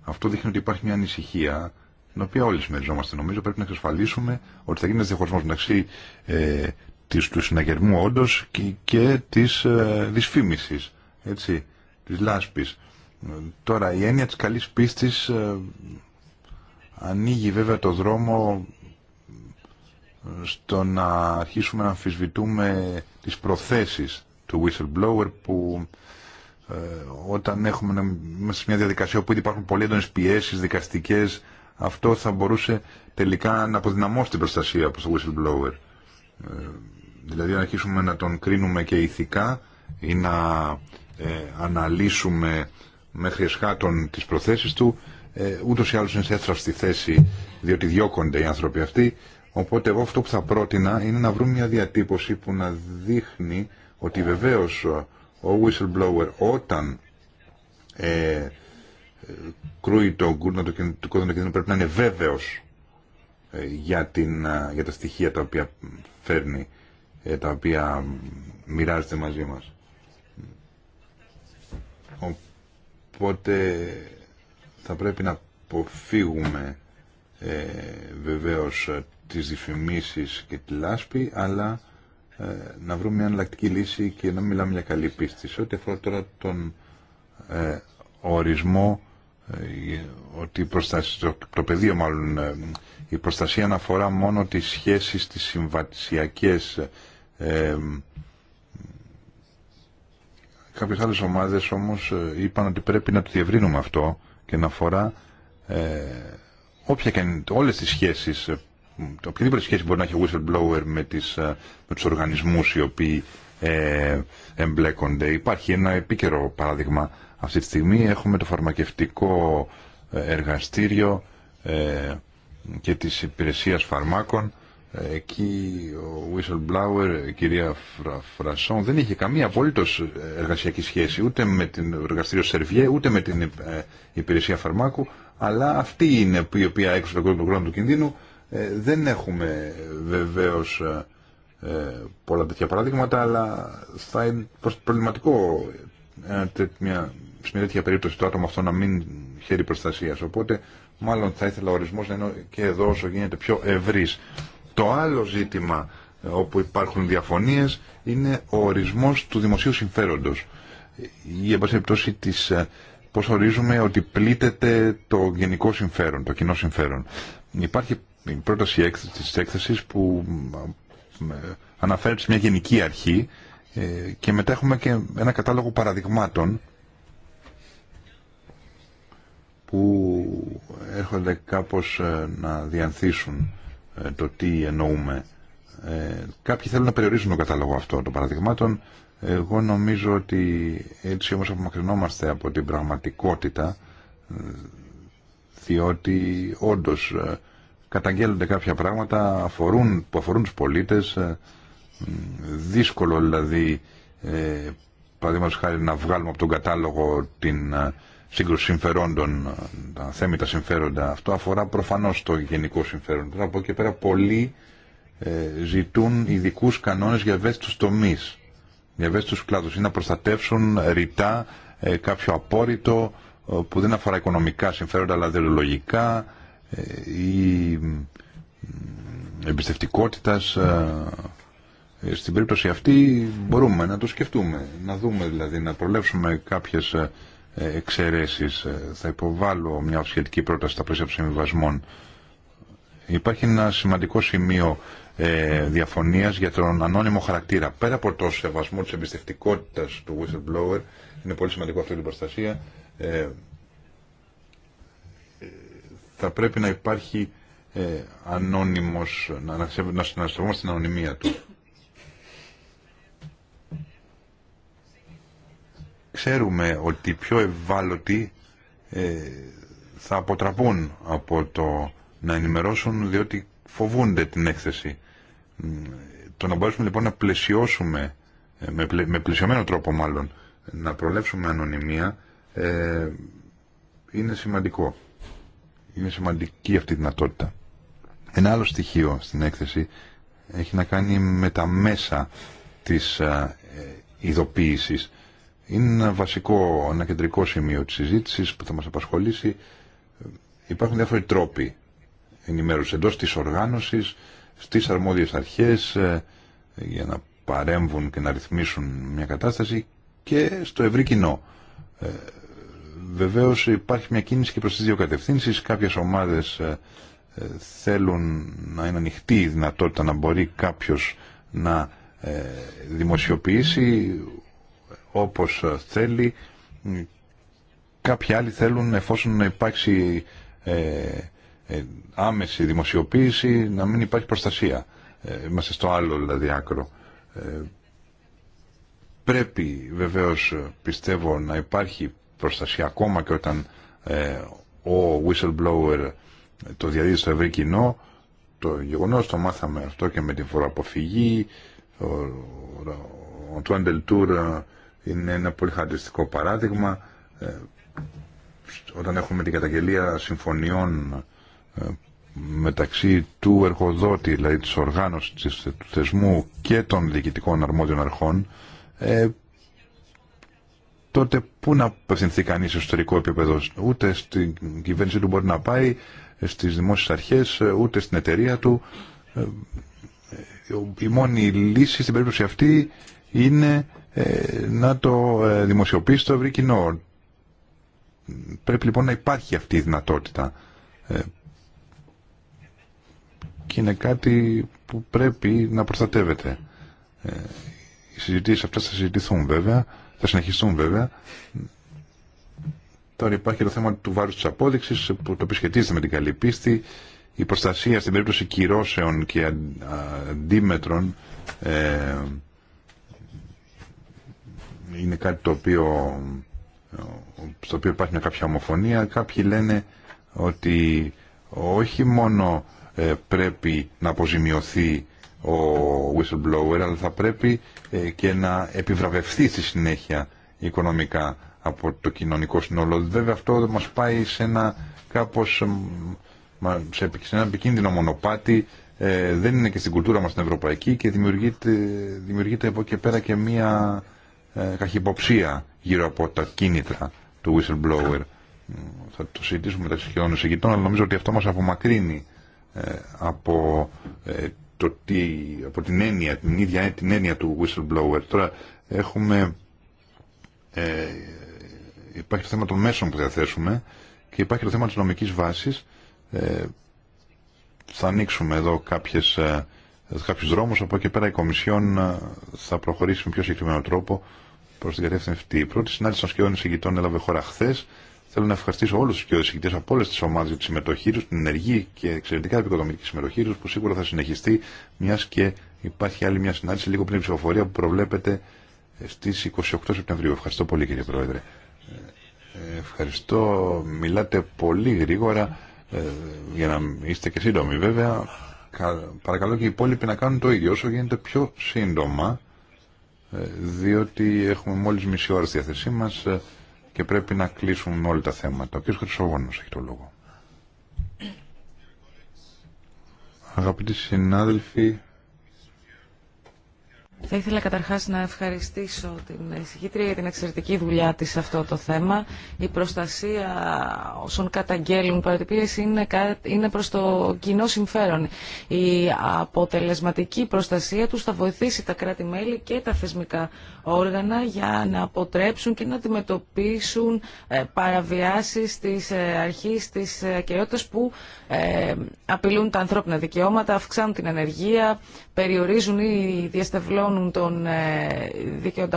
Αυτό δείχνει ότι υπάρχει μια ανησυχία την οποία όλοι συμμεριζόμαστε. Νομίζω πρέπει να εξασφαλίσουμε ότι θα γίνει ένα διαχωρισμό μεταξύ ε, της, του συναγερμού όντω και, και τη ε, δυσφήμιση. Έτσι της λάσπης. Τώρα, η έννοια της καλής πίστης ε, ανοίγει βέβαια το δρόμο ε, στο να αρχίσουμε να αμφισβητούμε τις προθέσεις του whistleblower που ε, όταν έχουμε μέσα σε μια διαδικασία όπου υπάρχουν πολύ έντονες πιέσεις δικαστικές αυτό θα μπορούσε τελικά να αποδυναμώσει την προστασία από το whistleblower. δηλαδή να αρχίσουμε να τον κρίνουμε και ηθικά ή να ε, αναλύσουμε μέχρι εσχάτων τις προθέσεις του, ε, ούτως ή άλλως είναι σε έθραυστη θέση, διότι διώκονται οι άνθρωποι αυτοί. Οπότε εγώ αυτό που θα πρότεινα είναι να βρούμε μια διατύπωση που να δείχνει ότι βεβαίως ε, ο whistleblower όταν ε, κρούει το κούρνο του κίνδυνου πρέπει να είναι βέβαιος ε, για, την, για τα στοιχεία τα οποία φέρνει, τα οποία μοιράζεται μαζί μας. Οπότε θα πρέπει να αποφύγουμε ε, βεβαίως τις διφημίσεις και τη λάσπη, αλλά ε, να βρούμε μια εναλλακτική λύση και να μιλάμε για καλή πίστη. Σε ό,τι αφορά τώρα τον ε, ορισμό ε, ότι το, πεδίο μάλλον η προστασία αναφορά μόνο τις σχέσεις τις συμβατισιακές Κάποιες άλλες ομάδες όμως ε, είπαν ότι πρέπει να το διευρύνουμε αυτό και να αφορά ε, όποια και όλες τις σχέσεις, ε, οποιαδήποτε σχέση μπορεί να έχει whistleblower με, τις, ε, με τους οργανισμούς οι οποίοι εμπλέκονται. Υπάρχει ένα επίκαιρο παράδειγμα αυτή τη στιγμή. Έχουμε το φαρμακευτικό εργαστήριο και της υπηρεσίας φαρμάκων Εκεί ο whistleblower, η κυρία Φρα, Φρασόν, δεν είχε καμία απολύτω ε, εργασιακή σχέση ούτε με την εργαστήριο Σερβιέ, ούτε με την ε, υπηρεσία φαρμάκου, αλλά αυτή είναι η οποία έξω από τον κρόνο του κινδύνου. Ε, δεν έχουμε βεβαίως πολλά τέτοια παράδειγματα, αλλά θα είναι προβληματικό μια, σε μια τέτοια περίπτωση το άτομο αυτό να μην χαίρει προστασία. Οπότε μάλλον θα ήθελα ο ορισμό να είναι και εδώ όσο γίνεται πιο ευρύ. Το άλλο ζήτημα ε, όπου υπάρχουν διαφωνίες είναι ο ορισμός του δημοσίου συμφέροντος. Η εμπασχεπτώση της ε, πώς ορίζουμε ότι πλήττεται το γενικό συμφέρον, το κοινό συμφέρον. Υπάρχει η πρόταση της έκθεσης που ε, αναφέρεται σε μια γενική αρχή και μετά έχουμε και ένα κατάλογο παραδειγμάτων που έρχονται κάπως να διανθίσουν ε, το τι εννοούμε. Ε, κάποιοι θέλουν να περιορίσουν τον κατάλογο αυτό των παραδειγμάτων. Εγώ νομίζω ότι έτσι όμως απομακρυνόμαστε από την πραγματικότητα διότι όντως ε, καταγγέλλονται κάποια πράγματα αφορούν, που αφορούν τους πολίτες ε, δύσκολο δηλαδή ε, παραδείγματος χάρη να βγάλουμε από τον κατάλογο την σύγκρουση συμφερόντων, τα θέμητα συμφέροντα. Αυτό αφορά προφανώς το γενικό συμφέρον. Τώρα από εκεί και πέρα πολλοί ε, ζητούν ειδικού κανόνες για ευαίσθητου τομεί, για ευαίσθητου κλάδου ή να προστατεύσουν ρητά ε, κάποιο απόρριτο ε, που δεν αφορά οικονομικά συμφέροντα αλλά δελολογικά ή εμπιστευτικότητας. Στην περίπτωση αυτή μπορούμε να το σκεφτούμε, να δούμε δηλαδή, να προλέψουμε κάποιες εξαιρέσει. Ε, θα υποβάλω μια σχετική πρόταση στα πλαίσια των συμβιβασμών. Υπάρχει ένα σημαντικό σημείο ε, διαφωνίας για τον ανώνυμο χαρακτήρα. Πέρα από το σεβασμό της εμπιστευτικότητας του whistleblower, είναι πολύ σημαντικό αυτή την προστασία, ε, ε, θα πρέπει να υπάρχει ε, ανώνυμος, να, να, να, να την ανωνυμία του. ξέρουμε ότι οι πιο ευάλωτοι ε, θα αποτραπούν από το να ενημερώσουν διότι φοβούνται την έκθεση. Το να μπορέσουμε λοιπόν να πλαισιώσουμε, ε, με, πλαισιωμένο τρόπο μάλλον, να προλέψουμε ανωνυμία ε, είναι σημαντικό. Είναι σημαντική αυτή η δυνατότητα. Ένα άλλο στοιχείο στην έκθεση έχει να κάνει με τα μέσα της ε, ειδοποίησης. Είναι ένα βασικό, ένα κεντρικό σημείο της συζήτησης που θα μας απασχολήσει. Υπάρχουν διάφοροι τρόποι ενημέρωση εντός της οργάνωσης, στις αρμόδιες αρχές ε, για να παρέμβουν και να ρυθμίσουν μια κατάσταση και στο ευρύ κοινό. Ε, βεβαίως υπάρχει μια κίνηση και προς τις δύο κατευθύνσεις. Κάποιες ομάδες ε, θέλουν να είναι ανοιχτή η δυνατότητα να μπορεί κάποιος να δημοσιοποιήσει όπως θέλει. Κάποιοι άλλοι θέλουν εφόσον να υπάρξει ε, άμεση δημοσιοποίηση να μην υπάρχει προστασία. Ε, είμαστε στο άλλο δηλαδή άκρο. Πρέπει βεβαίως πιστεύω να υπάρχει προστασία ακόμα και όταν ο whistleblower το διαδίδει στο ευρύ κοινό. Το γεγονός το μάθαμε αυτό και με την φοροαποφυγή. Ο Αντουάν είναι ένα πολύ χαρακτηριστικό παράδειγμα. Ε, όταν έχουμε την καταγγελία συμφωνιών ε, μεταξύ του εργοδότη, δηλαδή της οργάνωσης του θεσμού και των διοικητικών αρμόδιων αρχών, ε, τότε πού να απευθυνθεί κανείς στο εσωτερικό επίπεδο, ούτε στην κυβέρνηση του μπορεί να πάει, στις δημόσιες αρχές, ούτε στην εταιρεία του. Η μόνη λύση στην περίπτωση αυτή είναι ε, να το ε, δημοσιοποιήσει το ευρύ κοινό. Πρέπει λοιπόν να υπάρχει αυτή η δυνατότητα. Ε, και είναι κάτι που πρέπει να προστατεύεται. Οι συζητήσεις αυτές θα συζητηθούν βέβαια, θα συνεχιστούν βέβαια. Τώρα υπάρχει το θέμα του βάρους της απόδειξης, που το οποίο με την καλή πίστη. Η προστασία στην περίπτωση κυρώσεων και αντίμετρων είναι κάτι το οποίο, στο οποίο υπάρχει μια κάποια ομοφωνία. Κάποιοι λένε ότι όχι μόνο ε, πρέπει να αποζημιωθεί ο whistleblower, αλλά θα πρέπει ε, και να επιβραβευτεί στη συνέχεια οικονομικά από το κοινωνικό σύνολο. Βέβαια αυτό μας πάει σε ένα κάπως σε ένα επικίνδυνο μονοπάτι ε, δεν είναι και στην κουλτούρα μας την ευρωπαϊκή και δημιουργείται, δημιουργείται από εκεί πέρα και μία ε, καχυποψία γύρω από τα κίνητρα του whistleblower. Θα το συζητήσουμε μεταξύ χειρών εισηγητών, αλλά νομίζω ότι αυτό μας απομακρύνει ε, από, ε, το τι, από την έννοια, την ίδια την έννοια του whistleblower. Τώρα έχουμε, ε, υπάρχει το θέμα των μέσων που διαθέσουμε και υπάρχει το θέμα της νομικής βάσης. Ε, θα ανοίξουμε εδώ κάποιες Κάποιου δρόμου από εκεί πέρα η Κομισιόν ε, θα προχωρήσει με πιο συγκεκριμένο τρόπο προ την κατεύθυνση αυτή. Η πρώτη συνάντηση των σκιών εισηγητών έλαβε χώρα χθε. Θέλω να ευχαριστήσω όλου του σκιών εισηγητέ από όλε τι ομάδε για τη συμμετοχή του, την ενεργή και εξαιρετικά επικοδομητική συμμετοχή του, που σίγουρα θα συνεχιστεί μια και υπάρχει άλλη μια συνάντηση λίγο πριν ψηφοφορία που προβλέπεται στι 28 Σεπτεμβρίου. Ευχαριστώ πολύ κύριε Πρόεδρε. Ε, ευχαριστώ. Μιλάτε πολύ γρήγορα, ε, για να είστε και σύντομοι βέβαια παρακαλώ και οι υπόλοιποι να κάνουν το ίδιο όσο γίνεται πιο σύντομα ε, διότι έχουμε μόλις μισή ώρα στη διάθεσή μας ε, και πρέπει να κλείσουμε όλα τα θέματα. Ο κ. Χρυσογόνος έχει το λόγο. Αγαπητοί συνάδελφοι,
θα ήθελα καταρχάς να ευχαριστήσω την εισηγήτρια για την εξαιρετική δουλειά της σε αυτό το θέμα. Η προστασία όσων καταγγέλουν παρατυπίες είναι, είναι προς το κοινό συμφέρον. Η αποτελεσματική προστασία τους θα βοηθήσει τα κράτη-μέλη και τα θεσμικά όργανα για να αποτρέψουν και να αντιμετωπίσουν ε, παραβιάσεις της ε, αρχής της ε, ακαιρεότητας που απειλούν τα ανθρώπινα δικαιώματα, αυξάνουν την ενεργία, περιορίζουν ή διαστευλώνουν τον ε, δίκαιο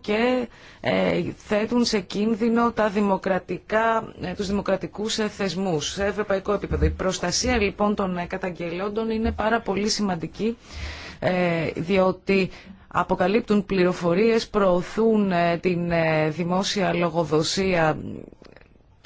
και ε, θέτουν σε κίνδυνο τα δημοκρατικά, ε, τους δημοκρατικούς θεσμούς σε ευρωπαϊκό επίπεδο. Η προστασία λοιπόν των καταγγελόντων είναι πάρα πολύ σημαντική διότι αποκαλύπτουν πληροφορίες, προωθούν την δημόσια λογοδοσία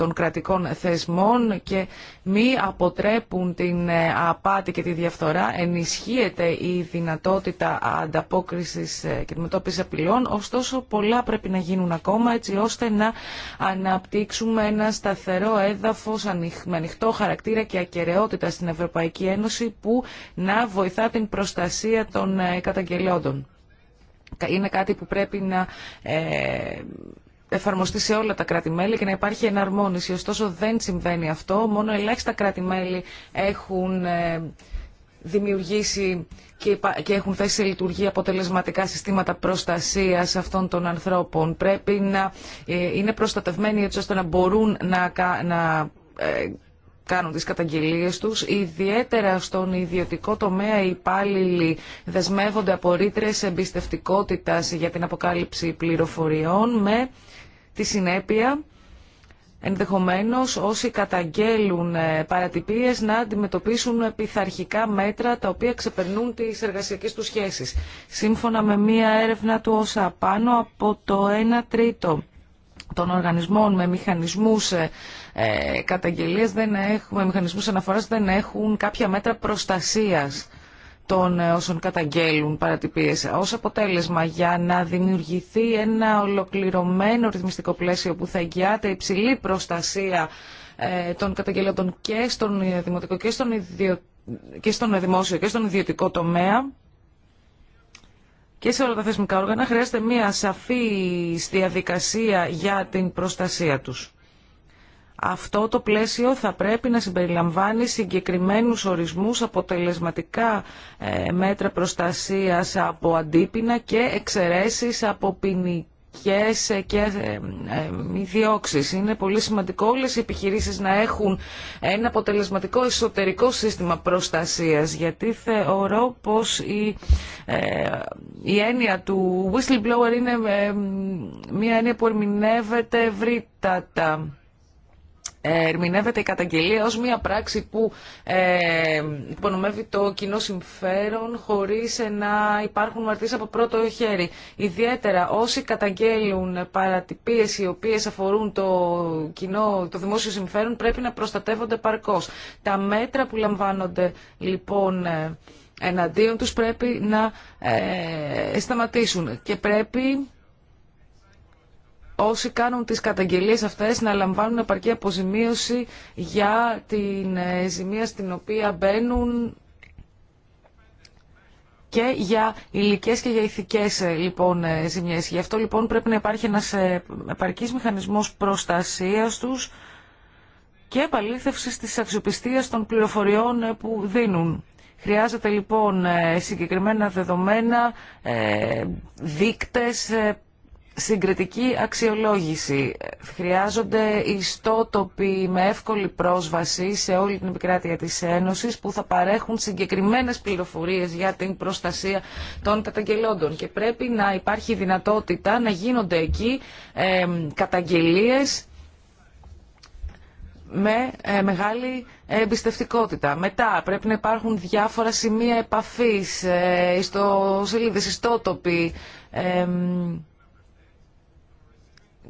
των κρατικών θεσμών και μη αποτρέπουν την ε, απάτη και τη διαφθορά, ενισχύεται η δυνατότητα ανταπόκρισης ε, και αντιμετώπισης απειλών, ωστόσο πολλά πρέπει να γίνουν ακόμα έτσι ώστε να αναπτύξουμε ένα σταθερό έδαφος με ανοιχτό χαρακτήρα και ακαιρεότητα στην Ευρωπαϊκή Ένωση που να βοηθά την προστασία των ε, καταγγελόντων. Είναι κάτι που πρέπει να εφαρμοστεί σε όλα τα κράτη-μέλη και να υπάρχει εναρμόνιση. Ωστόσο δεν συμβαίνει αυτό. Μόνο ελάχιστα κράτη-μέλη έχουν ε, δημιουργήσει και έχουν θέσει σε λειτουργία αποτελεσματικά συστήματα προστασίας αυτών των ανθρώπων. Πρέπει να ε, είναι προστατευμένοι έτσι ώστε να μπορούν να, να ε, κάνουν τις καταγγελίες τους. Ιδιαίτερα στον ιδιωτικό τομέα οι υπάλληλοι δεσμεύονται από ρήτρες εμπιστευτικότητας για την αποκάλυψη πληροφοριών με τη συνέπεια ενδεχομένως όσοι καταγγέλουν ε, παρατυπίες να αντιμετωπίσουν πειθαρχικά μέτρα τα οποία ξεπερνούν τις εργασιακές τους σχέσεις. Σύμφωνα με μία έρευνα του οσα πάνω από το 1 τρίτο των οργανισμών με μηχανισμούς ε, ε, καταγγελίας, δεν έχουμε, μηχανισμούς αναφοράς δεν έχουν κάποια μέτρα προστασίας των ε, όσων καταγγέλουν παρατυπίες ως αποτέλεσμα για να δημιουργηθεί ένα ολοκληρωμένο ρυθμιστικό πλαίσιο που θα εγγυάται υψηλή προστασία ε, των καταγγελόντων και στον ε, δημοτικό και στον, και στον δημόσιο και στον ιδιωτικό τομέα και σε όλα τα θεσμικά όργανα χρειάζεται μια σαφή διαδικασία για την προστασία τους αυτό το πλαίσιο θα πρέπει να συμπεριλαμβάνει συγκεκριμένους ορισμούς, αποτελεσματικά ε, μέτρα προστασίας από αντίπεινα και εξαιρέσεις από ποινικές ε, και ε, μη διώξεις. Είναι πολύ σημαντικό όλες οι επιχειρήσεις να έχουν ένα αποτελεσματικό εσωτερικό σύστημα προστασίας γιατί θεωρώ πως η, έννοια του whistleblower είναι μια έννοια που ερμηνεύεται ευρύτατα ε, ερμηνεύεται η καταγγελία ως μια πράξη που ε, υπονομεύει το κοινό συμφέρον χωρίς να υπάρχουν μαρτύρες από πρώτο χέρι. Ιδιαίτερα όσοι καταγγέλουν παρατυπίες οι οποίες αφορούν το, κοινό, το δημόσιο συμφέρον πρέπει να προστατεύονται παρκώς. Τα μέτρα που λαμβάνονται λοιπόν ε, εναντίον τους πρέπει να ε, σταματήσουν και πρέπει όσοι κάνουν τις καταγγελίες αυτές να λαμβάνουν επαρκή αποζημίωση για την ε, ζημία στην οποία μπαίνουν και για υλικές και για ηθικές ε, λοιπόν, ε, ζημιές. Γι' αυτό λοιπόν πρέπει να υπάρχει ένας επαρκής μηχανισμός προστασίας τους και επαλήθευσης της αξιοπιστίας των πληροφοριών που δίνουν. Χρειάζεται λοιπόν συγκεκριμένα δεδομένα, δείκτες, συγκριτική αξιολόγηση. Χρειάζονται ιστότοποι με εύκολη πρόσβαση σε όλη την επικράτεια της Ένωσης που θα παρέχουν συγκεκριμένες πληροφορίες για την προστασία των καταγγελόντων και πρέπει να υπάρχει δυνατότητα να γίνονται εκεί ε, καταγγελίες με ε, μεγάλη εμπιστευτικότητα. Μετά πρέπει να υπάρχουν διάφορα σημεία επαφής, ε, ιστοσελίδες, ιστότοποι,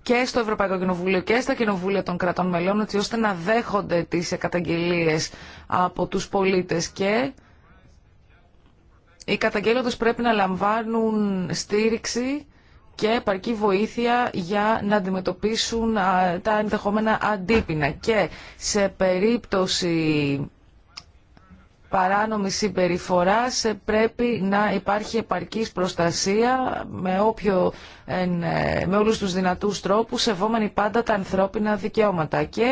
και στο Ευρωπαϊκό Κοινοβούλιο και στα Κοινοβούλια των κρατών μελών έτσι ώστε να δέχονται τις καταγγελίες από τους πολίτες και οι καταγγέλλοντες πρέπει να λαμβάνουν στήριξη και επαρκή βοήθεια για να αντιμετωπίσουν τα ενδεχόμενα αντίπεινα και σε περίπτωση παράνομης συμπεριφορά. πρέπει να υπάρχει επαρκής προστασία με, όποιο, ε, με όλους τους δυνατούς τρόπους σεβόμενοι πάντα τα ανθρώπινα δικαιώματα και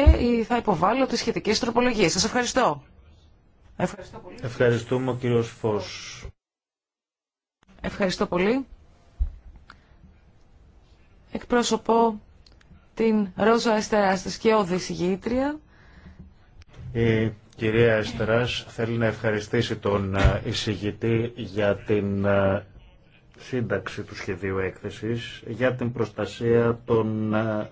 θα υποβάλω τις σχετικές τροπολογίες. Σας ευχαριστώ. Ευχαριστώ
πολύ. Ευχαριστούμε κύριος Φως.
Ευχαριστώ πολύ. Εκπρόσωπο την Ρόζα Αστερά, τη και Δησηγήτρια
κυρία Εστράς θέλει να ευχαριστήσει τον ε, εισηγητή για την ε, σύνταξη του σχεδίου έκθεσης, για την προστασία των ε,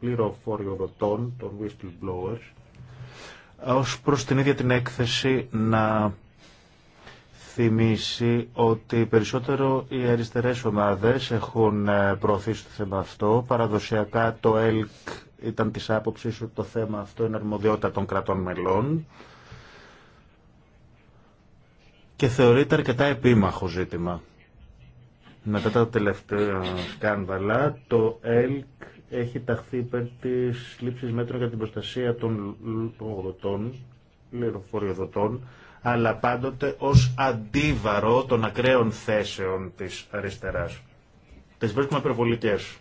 πληροφοριοδοτών, των whistleblowers, ως προς την ίδια την έκθεση να θυμίσει ότι περισσότερο οι αριστερές ομάδες έχουν προωθήσει το θέμα αυτό. Παραδοσιακά το ΕΛΚ ήταν της άποψης ότι το θέμα αυτό είναι αρμοδιότητα των κρατών μελών και θεωρείται αρκετά επίμαχο ζήτημα. Μετά τα τελευταία σκάνδαλα, το ΕΛΚ έχει ταχθεί υπέρ της λήψη μέτρων για την προστασία των λογοδοτών, λεωφοριοδοτών, αλλά πάντοτε ως αντίβαρο των ακραίων θέσεων της αριστεράς. Τις βρίσκουμε προβολικές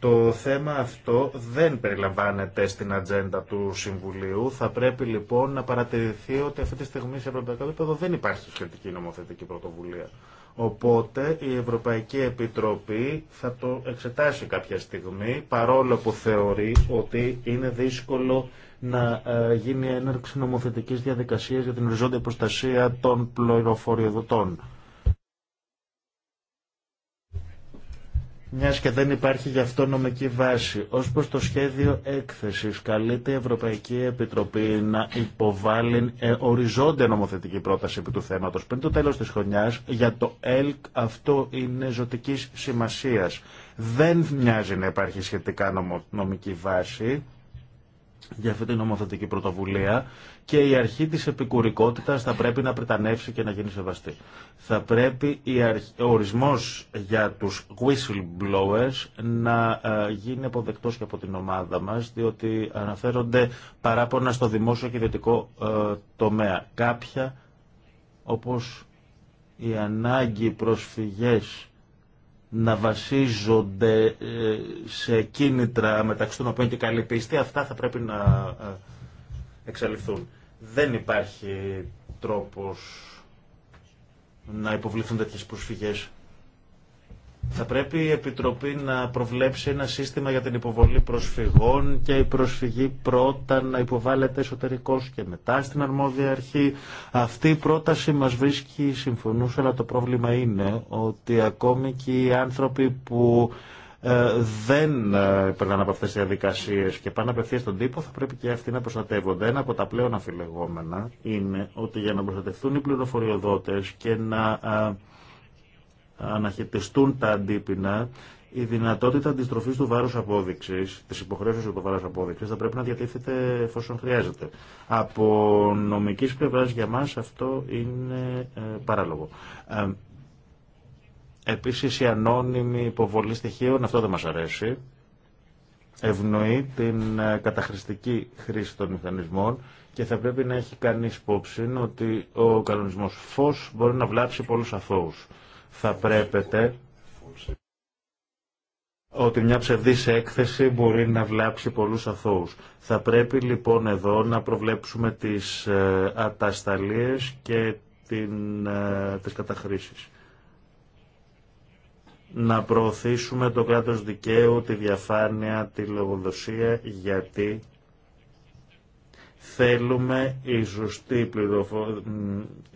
το θέμα αυτό δεν περιλαμβάνεται στην ατζέντα του Συμβουλίου. Θα πρέπει λοιπόν να παρατηρηθεί ότι αυτή τη στιγμή σε ευρωπαϊκό επίπεδο δεν υπάρχει σχετική νομοθετική πρωτοβουλία. Οπότε η Ευρωπαϊκή Επιτροπή θα το εξετάσει κάποια στιγμή, παρόλο που θεωρεί ότι είναι δύσκολο να ε, γίνει έναρξη νομοθετικής διαδικασίας για την οριζόντια προστασία των πληροφοριοδοτών. μιας και δεν υπάρχει γι' αυτό νομική βάση. Ως προς το σχέδιο έκθεσης, καλείται η Ευρωπαϊκή Επιτροπή να υποβάλει ε, οριζόντια νομοθετική πρόταση επί του θέματος πριν το τέλος της χρονιάς. Για το ΕΛΚ αυτό είναι ζωτικής σημασίας. Δεν μοιάζει να υπάρχει σχετικά νομική βάση για αυτή την νομοθετική πρωτοβουλία και η αρχή της επικουρικότητας θα πρέπει να πρετανεύσει και να γίνει σεβαστή. Θα πρέπει ο ορισμός για τους whistleblowers να ε, γίνει αποδεκτός και από την ομάδα μας, διότι αναφέρονται παράπονα στο δημόσιο και ιδιωτικό ε, τομέα. Κάποια, όπως η ανάγκη προσφυγές να βασίζονται ε, σε κίνητρα μεταξύ των οποίων και καλή πίστη, αυτά θα πρέπει να ε, εξαλειφθούν. Δεν υπάρχει τρόπος να υποβληθούν τέτοιες προσφυγές θα πρέπει η Επιτροπή να προβλέψει ένα σύστημα για την υποβολή προσφυγών και η προσφυγή πρώτα να υποβάλλεται εσωτερικώ και μετά στην αρμόδια αρχή. Αυτή η πρόταση μα βρίσκει συμφωνούσα, αλλά το πρόβλημα είναι ότι ακόμη και οι άνθρωποι που ε, δεν ε, περνάνε από αυτέ τι διαδικασίε και πάνε απευθεία στον τύπο, θα πρέπει και αυτοί να προστατεύονται. Ένα από τα πλέον αφιλεγόμενα είναι ότι για να προστατευτούν οι πληροφοριοδότε και να ε, αναχαιτιστούν τα αντίπεινα, η δυνατότητα αντιστροφή του βάρου απόδειξη, τη υποχρέωση του βάρου απόδειξη, θα πρέπει να διατίθεται εφόσον χρειάζεται. Από νομική πλευρά για μα αυτό είναι ε, παράλογο. Ε, Επίση η ανώνυμη υποβολή στοιχείων, αυτό δεν μα αρέσει. Ευνοεί την ε, καταχρηστική χρήση των μηχανισμών και θα πρέπει να έχει κανεί υπόψη ότι ο κανονισμό φω μπορεί να βλάψει πολλού αθώου θα πρέπετε ότι μια ψευδής έκθεση μπορεί να βλάψει πολλούς αθώους. Θα πρέπει λοιπόν εδώ να προβλέψουμε τις ε, ατασταλίες και την, ε, τις καταχρήσεις. Να προωθήσουμε το κράτος δικαίου, τη διαφάνεια, τη λογοδοσία, γιατί Θέλουμε οι ζωστοί πληροφο...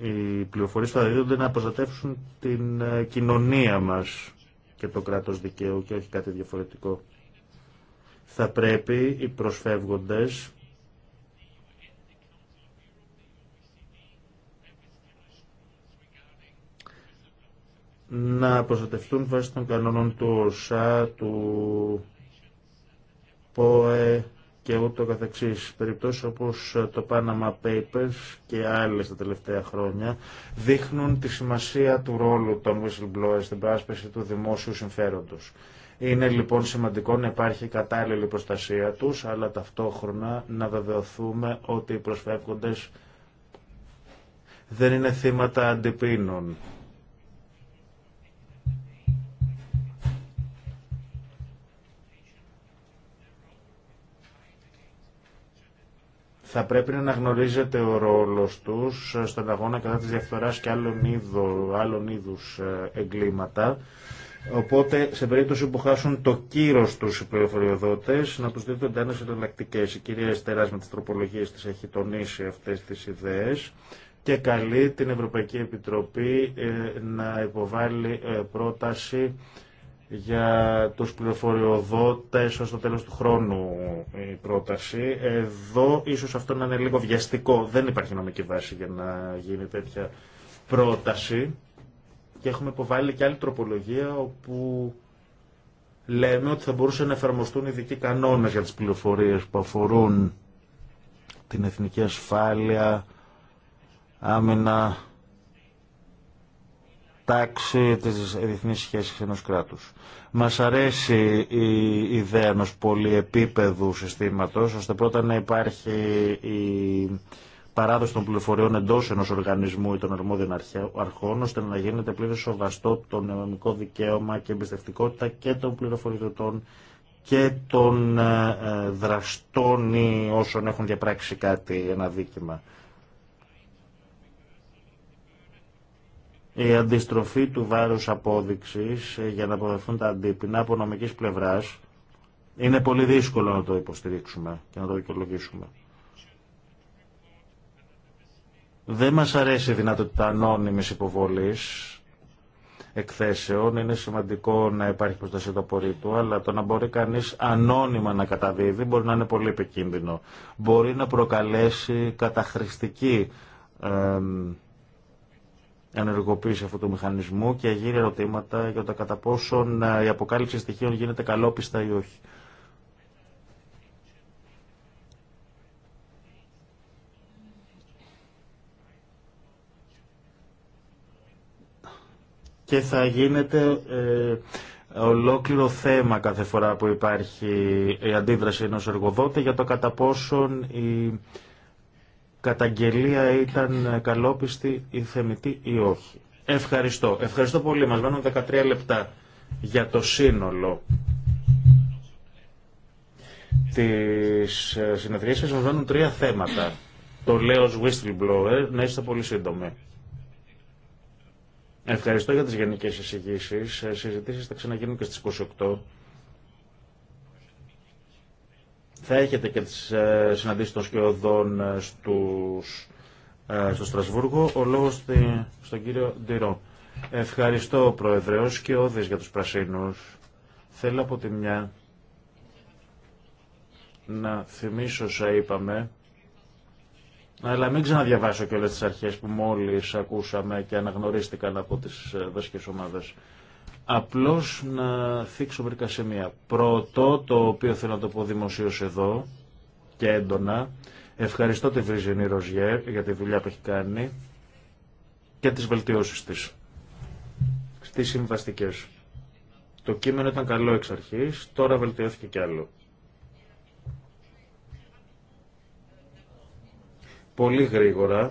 οι πληροφορίες που θα δίδονται να προστατεύσουν την ε, κοινωνία μας και το κράτος δικαίου και όχι κάτι διαφορετικό. Θα πρέπει οι προσφεύγοντες να προστατευτούν βάσει των κανόνων του ΟΣΑ, του ΠΟΕ και ούτω καθεξής. περιπτώσει όπως ε, το Panama Papers και άλλες τα τελευταία χρόνια δείχνουν τη σημασία του ρόλου των whistleblowers στην πράσπιση του δημόσιου συμφέροντος. Είναι λοιπόν σημαντικό να υπάρχει κατάλληλη προστασία τους, αλλά ταυτόχρονα να βεβαιωθούμε ότι οι προσφεύγοντες δεν είναι θύματα αντιπίνων θα πρέπει να αναγνωρίζεται ο ρόλο τους στον αγώνα κατά της διαφθοράς και άλλων, είδου, άλλων είδους ε, εγκλήματα. Οπότε, σε περίπτωση που χάσουν το κύρος τους οι πληροφοριοδότες, να τους δίνουν έντανες εναλλακτικέ. Η κυρία Εστεράς με τις τροπολογίες της έχει τονίσει αυτές τις ιδέες και καλεί την Ευρωπαϊκή Επιτροπή ε, να υποβάλει ε, πρόταση για τους πληροφοριοδότες ως το τέλος του χρόνου η πρόταση. Εδώ ίσως αυτό να είναι λίγο βιαστικό. Δεν υπάρχει νομική βάση για να γίνει τέτοια πρόταση. Και έχουμε υποβάλει και άλλη τροπολογία όπου λέμε ότι θα μπορούσαν να εφαρμοστούν ειδικοί κανόνες για τις πληροφορίες που αφορούν την εθνική ασφάλεια, άμενα τάξη της διεθνής σχέσης ενός κράτους. Μας αρέσει η ιδέα ενός πολυεπίπεδου συστήματος, ώστε πρώτα να υπάρχει η παράδοση των πληροφοριών εντό ενό οργανισμού ή των αρμόδιων αρχών, ώστε να γίνεται πλήρω σοβαστό το νομικό δικαίωμα και εμπιστευτικότητα και των πληροφοριτών και των ε, ε, δραστών ή όσων έχουν διαπράξει κάτι, ένα δίκημα. Η αντιστροφή του βάρους απόδειξης ε, για να αποδεχθούν τα αντίπεινα από νομικής πλευράς είναι πολύ δύσκολο να το υποστηρίξουμε και να το δικαιολογήσουμε. Δεν μας αρέσει η δυνατότητα ανώνυμης υποβολής εκθέσεων. Είναι σημαντικό να υπάρχει προστασία του απορρίτου, αλλά το να μπορεί κανείς ανώνυμα να καταδίδει μπορεί να είναι πολύ επικίνδυνο. Μπορεί να προκαλέσει καταχρηστική ενεργοποίηση αυτού του μηχανισμού και γύρει ερωτήματα για το κατά πόσον ε, η αποκάλυψη στοιχείων γίνεται καλόπιστα ή όχι. Και θα γίνεται ε, ολόκληρο θέμα κάθε φορά που υπάρχει η αντίδραση ενός εργοδότη για το κατά πόσον η καταγγελία ήταν καλόπιστη ή θεμητή ή όχι. Ευχαριστώ. Ευχαριστώ πολύ. Μας μένουν 13 λεπτά για το σύνολο της ε, συνεδρίας σας. Μας μένουν τρία θέματα. Το λέω ως whistleblower, να είστε πολύ σύντομοι. Ευχαριστώ για τις γενικές εισηγήσεις. Ε, συζητήσεις θα ξαναγίνουν και στις 28. Θα έχετε και τις ε, συναντήσεις των σκιωδών ε, στους, ε, στο Στρασβούργο. Ο λόγος στη, στον κύριο Ντυρό. Ευχαριστώ, Πρόεδρε, ως σκιώδης για τους Πρασίνους. Θέλω από τη μια να θυμίσω όσα είπαμε, αλλά μην ξαναδιαβάσω και όλες τις αρχές που μόλις ακούσαμε και αναγνωρίστηκαν από τις δασικές ομάδες. Απλώς να θίξω μερικά σημεία. Πρώτο, το οποίο θέλω να το πω δημοσίω εδώ και έντονα, ευχαριστώ τη Βρυζινή Ροζιέρ για τη δουλειά που έχει κάνει και τις βελτιώσεις της στις συμβαστικές. Το κείμενο ήταν καλό εξ αρχής, τώρα βελτιώθηκε κι άλλο. Πολύ γρήγορα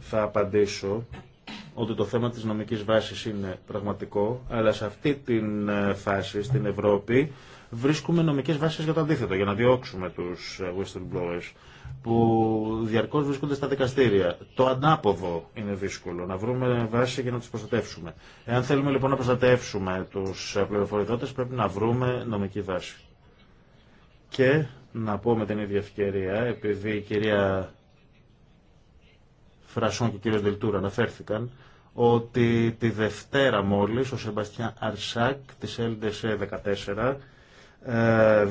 θα απαντήσω ότι το θέμα της νομικής βάσης είναι πραγματικό, αλλά σε αυτή την ε, φάση στην Ευρώπη βρίσκουμε νομικές βάσεις για το αντίθετο, για να διώξουμε τους ε, whistleblowers που διαρκώς βρίσκονται στα δικαστήρια. Το ανάποδο είναι δύσκολο, να βρούμε βάση για να τους προστατεύσουμε. Εάν θέλουμε λοιπόν να προστατεύσουμε τους ε, πληροφοριδότες πρέπει να βρούμε νομική βάση. Και να πω με την ίδια ευκαιρία, επειδή η κυρία Φρασόν και ο κύριος Δελτούρα αναφέρθηκαν, ότι τη Δευτέρα μόλις ο Σεμπαστιάν Αρσάκ της LDC 14 ε,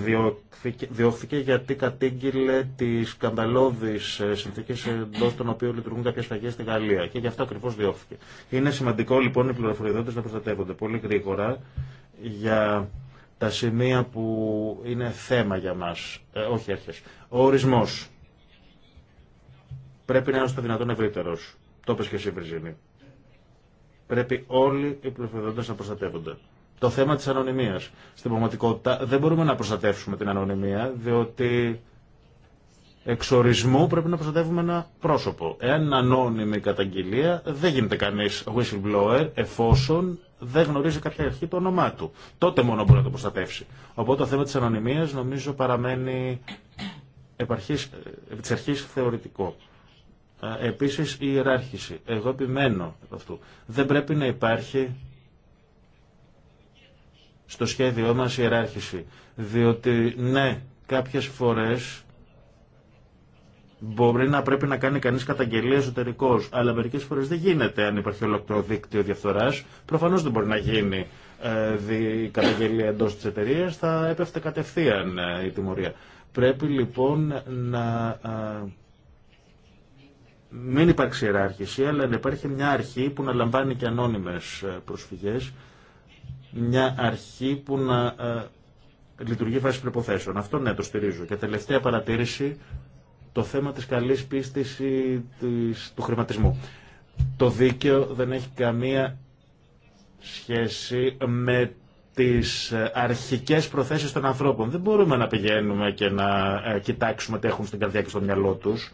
διώχθηκε γιατί κατήγγειλε τι σκανδαλώδει ε, συνθήκε εντό των οποίων λειτουργούν κάποιε φαγέ στη Γαλλία. Και γι' αυτό ακριβώ διώχθηκε. Είναι σημαντικό λοιπόν οι πληροφοριδότε να προστατεύονται πολύ γρήγορα για τα σημεία που είναι θέμα για μα. Ε, όχι έρχε. Ο ορισμό πρέπει να είναι όσο το δυνατόν ευρύτερο. Το είπε και εσύ, Βρυζίνη. Πρέπει όλοι οι πληροφοριοδότε να προστατεύονται. Το θέμα τη ανωνυμία. Στην πραγματικότητα δεν μπορούμε να προστατεύσουμε την ανωνυμία, διότι εξ ορισμού πρέπει να προστατεύουμε ένα πρόσωπο. Εάν ανώνυμη καταγγελία δεν γίνεται κανεί whistleblower εφόσον δεν γνωρίζει κάποια αρχή το όνομά του. Τότε μόνο μπορεί να το προστατεύσει. Οπότε το θέμα τη ανωνυμία νομίζω παραμένει επί ε, τη αρχή θεωρητικό. Επίσης η ιεράρχηση. Εγώ επιμένω από αυτού. Δεν πρέπει να υπάρχει στο σχέδιό μας ιεράρχηση. Διότι ναι, κάποιες φορές μπορεί να πρέπει να κάνει κανείς καταγγελία εσωτερικός, αλλά μερικές φορές δεν γίνεται αν υπάρχει ολοκληρό δίκτυο διαφθοράς. Προφανώς δεν μπορεί να γίνει ε, η καταγγελία εντός της εταιρεία, θα έπεφτε κατευθείαν ε, η τιμωρία. Πρέπει λοιπόν να μην υπάρξει ιεράρχηση, αλλά να υπάρχει μια αρχή που να λαμβάνει και ανώνυμες ε, προσφυγές, μια αρχή που να ε, λειτουργεί βάσει προποθέσεων. Αυτό ναι, το στηρίζω. Και τελευταία παρατήρηση, το θέμα της καλής πίστης του χρηματισμού. Το δίκαιο δεν έχει καμία σχέση με τις ε, αρχικές προθέσεις των ανθρώπων. Δεν μπορούμε να πηγαίνουμε και να κοιτάξουμε τι έχουν στην καρδιά και στο μυαλό τους.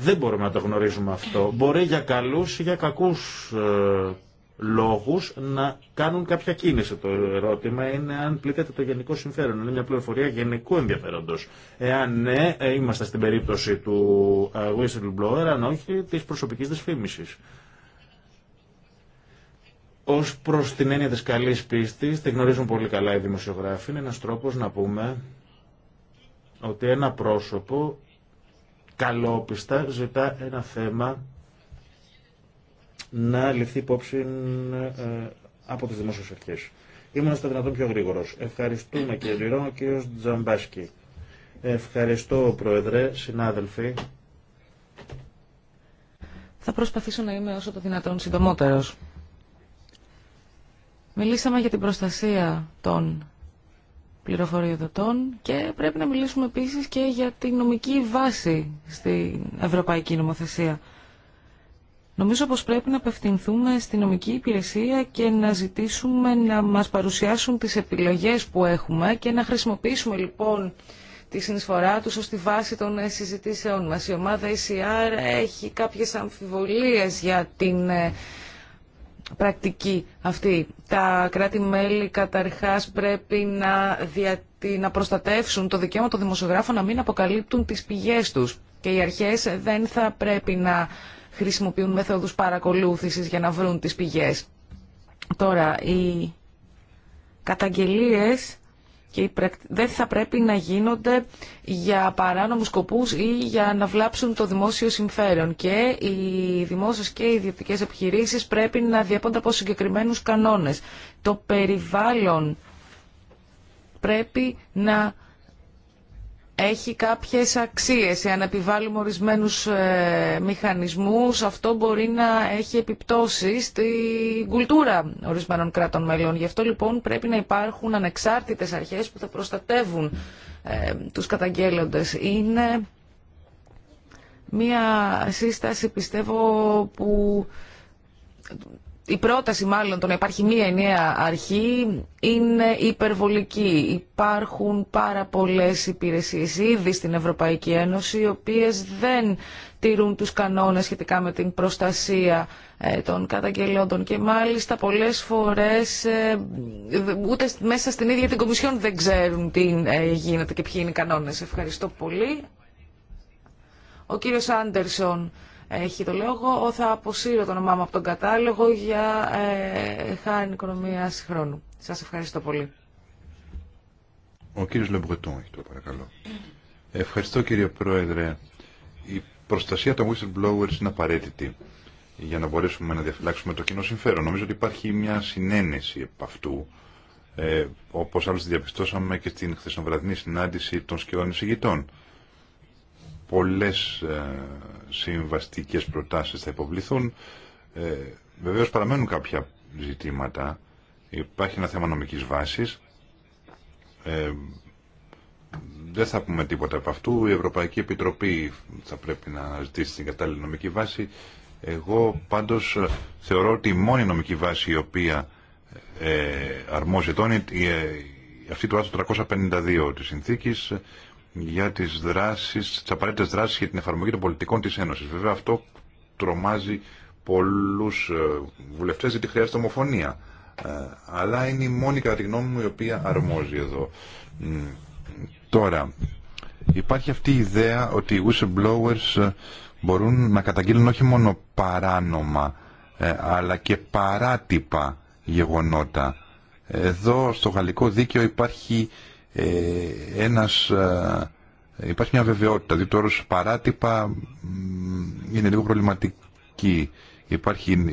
Δεν μπορούμε να το γνωρίζουμε αυτό. Μπορεί για καλούς ή για κακούς ε, λόγους να κάνουν κάποια κίνηση. Το ερώτημα είναι αν πλήττεται το γενικό συμφέρον. Είναι μια πληροφορία γενικού ενδιαφέροντος. Εάν ναι, ε, είμαστε στην περίπτωση του ε, whistleblower, αν όχι της προσωπικής δυσφήμισης. Ω προ την έννοια τη καλή πίστη, τη γνωρίζουν πολύ καλά οι δημοσιογράφοι. Είναι ένα τρόπο να πούμε ότι ένα πρόσωπο καλόπιστα ζητά ένα θέμα να ληφθεί υπόψη ε, από τις δημόσιες αρχές. Ήμουν στα δυνατόν πιο γρήγορος. Ευχαριστούμε και ο κύριος Τζαμπάσκι. Ευχαριστώ Πρόεδρε, συνάδελφοι.
Θα προσπαθήσω να είμαι όσο το δυνατόν συντομότερος. Μιλήσαμε για την προστασία των πληροφοριοδοτών και πρέπει να μιλήσουμε επίσης και για τη νομική βάση στην Ευρωπαϊκή Νομοθεσία. Νομίζω πως πρέπει να απευθυνθούμε στη νομική υπηρεσία και να ζητήσουμε να μας παρουσιάσουν τις επιλογές που έχουμε και να χρησιμοποιήσουμε λοιπόν τη συνεισφορά τους ως τη βάση των συζητήσεών μας. Η ομάδα ECR έχει κάποιες αμφιβολίες για την ε, πρακτική αυτή. Τα κράτη-μέλη καταρχάς πρέπει να, δια... να προστατεύσουν το δικαίωμα των δημοσιογράφων να μην αποκαλύπτουν τις πηγές τους και οι αρχές δεν θα πρέπει να χρησιμοποιούν μεθόδους παρακολούθησης για να βρουν τις πηγές. Τώρα, οι καταγγελίες και δεν θα πρέπει να γίνονται για παράνομου σκοπούς ή για να βλάψουν το δημόσιο συμφέρον. Και οι δημόσιε και οι ιδιωτικές επιχειρήσει πρέπει να διαπώνται από συγκεκριμένου κανόνες. Το περιβάλλον πρέπει να έχει κάποιες αξίες. Εάν επιβάλλουμε ορισμένους ε, μηχανισμούς, αυτό μπορεί να έχει επιπτώσει στην κουλτούρα ορισμένων κράτων μελών. Γι' αυτό λοιπόν πρέπει να υπάρχουν ανεξάρτητες αρχές που θα προστατεύουν ε, τους καταγγέλλοντες. Είναι μία σύσταση πιστεύω που η πρόταση μάλλον το να υπάρχει μία ενιαία αρχή είναι υπερβολική. Υπάρχουν πάρα πολλές υπηρεσίες ήδη στην Ευρωπαϊκή Ένωση οι οποίες δεν τηρούν τους κανόνες σχετικά με την προστασία ε, των καταγγελόντων και μάλιστα πολλές φορές ε, ούτε μέσα στην ίδια την Κομισιόν δεν ξέρουν τι ε, γίνεται και ποιοι είναι οι κανόνες. Ευχαριστώ πολύ. Ο κύριος Άντερσον έχει το λόγο, θα αποσύρω το όνομά μου από τον κατάλογο για ε, χάρη οικονομία χρόνου. Σας ευχαριστώ πολύ.
Ο κύριος Λεμπρετόν έχει το παρακαλώ. Ευχαριστώ κύριε Πρόεδρε. Η προστασία των whistleblowers είναι απαραίτητη για να μπορέσουμε να διαφυλάξουμε το κοινό συμφέρον. Νομίζω ότι υπάρχει μια συνένεση από αυτού, ε, όπως άλλωστε διαπιστώσαμε και στην χθεσινοβραδινή συνάντηση των σκιών εισηγητών πολλές ε, συμβαστικές προτάσεις θα υποβληθούν. Ε, βεβαίως παραμένουν κάποια ζητήματα. Υπάρχει ένα θέμα νομικής βάσης. Ε, δεν θα πούμε τίποτα από αυτού. Η Ευρωπαϊκή Επιτροπή θα πρέπει να ζητήσει την κατάλληλη νομική βάση. Εγώ πάντως ε, θεωρώ ότι η μόνη νομική βάση η οποία ε, αρμόζει ε, η, αυτή του άρθρου 352 της συνθήκης για τις δράσεις, τις απαραίτητες δράσεις για την εφαρμογή των πολιτικών της Ένωσης. Βέβαια αυτό τρομάζει πολλούς ε, βουλευτές γιατί χρειάζεται ομοφωνία. Ε, αλλά είναι η μόνη κατά τη γνώμη μου η οποία αρμόζει εδώ. Τώρα, υπάρχει αυτή η ιδέα ότι οι whistleblowers ε, μπορούν να καταγγείλουν όχι μόνο παράνομα αλλά και παράτυπα γεγονότα. Εδώ στο γαλλικό δίκαιο υπάρχει ε, ένας, υπάρχει μια βεβαιότητα, διότι το όρος παράτυπα είναι λίγο προβληματική. Υπάρχει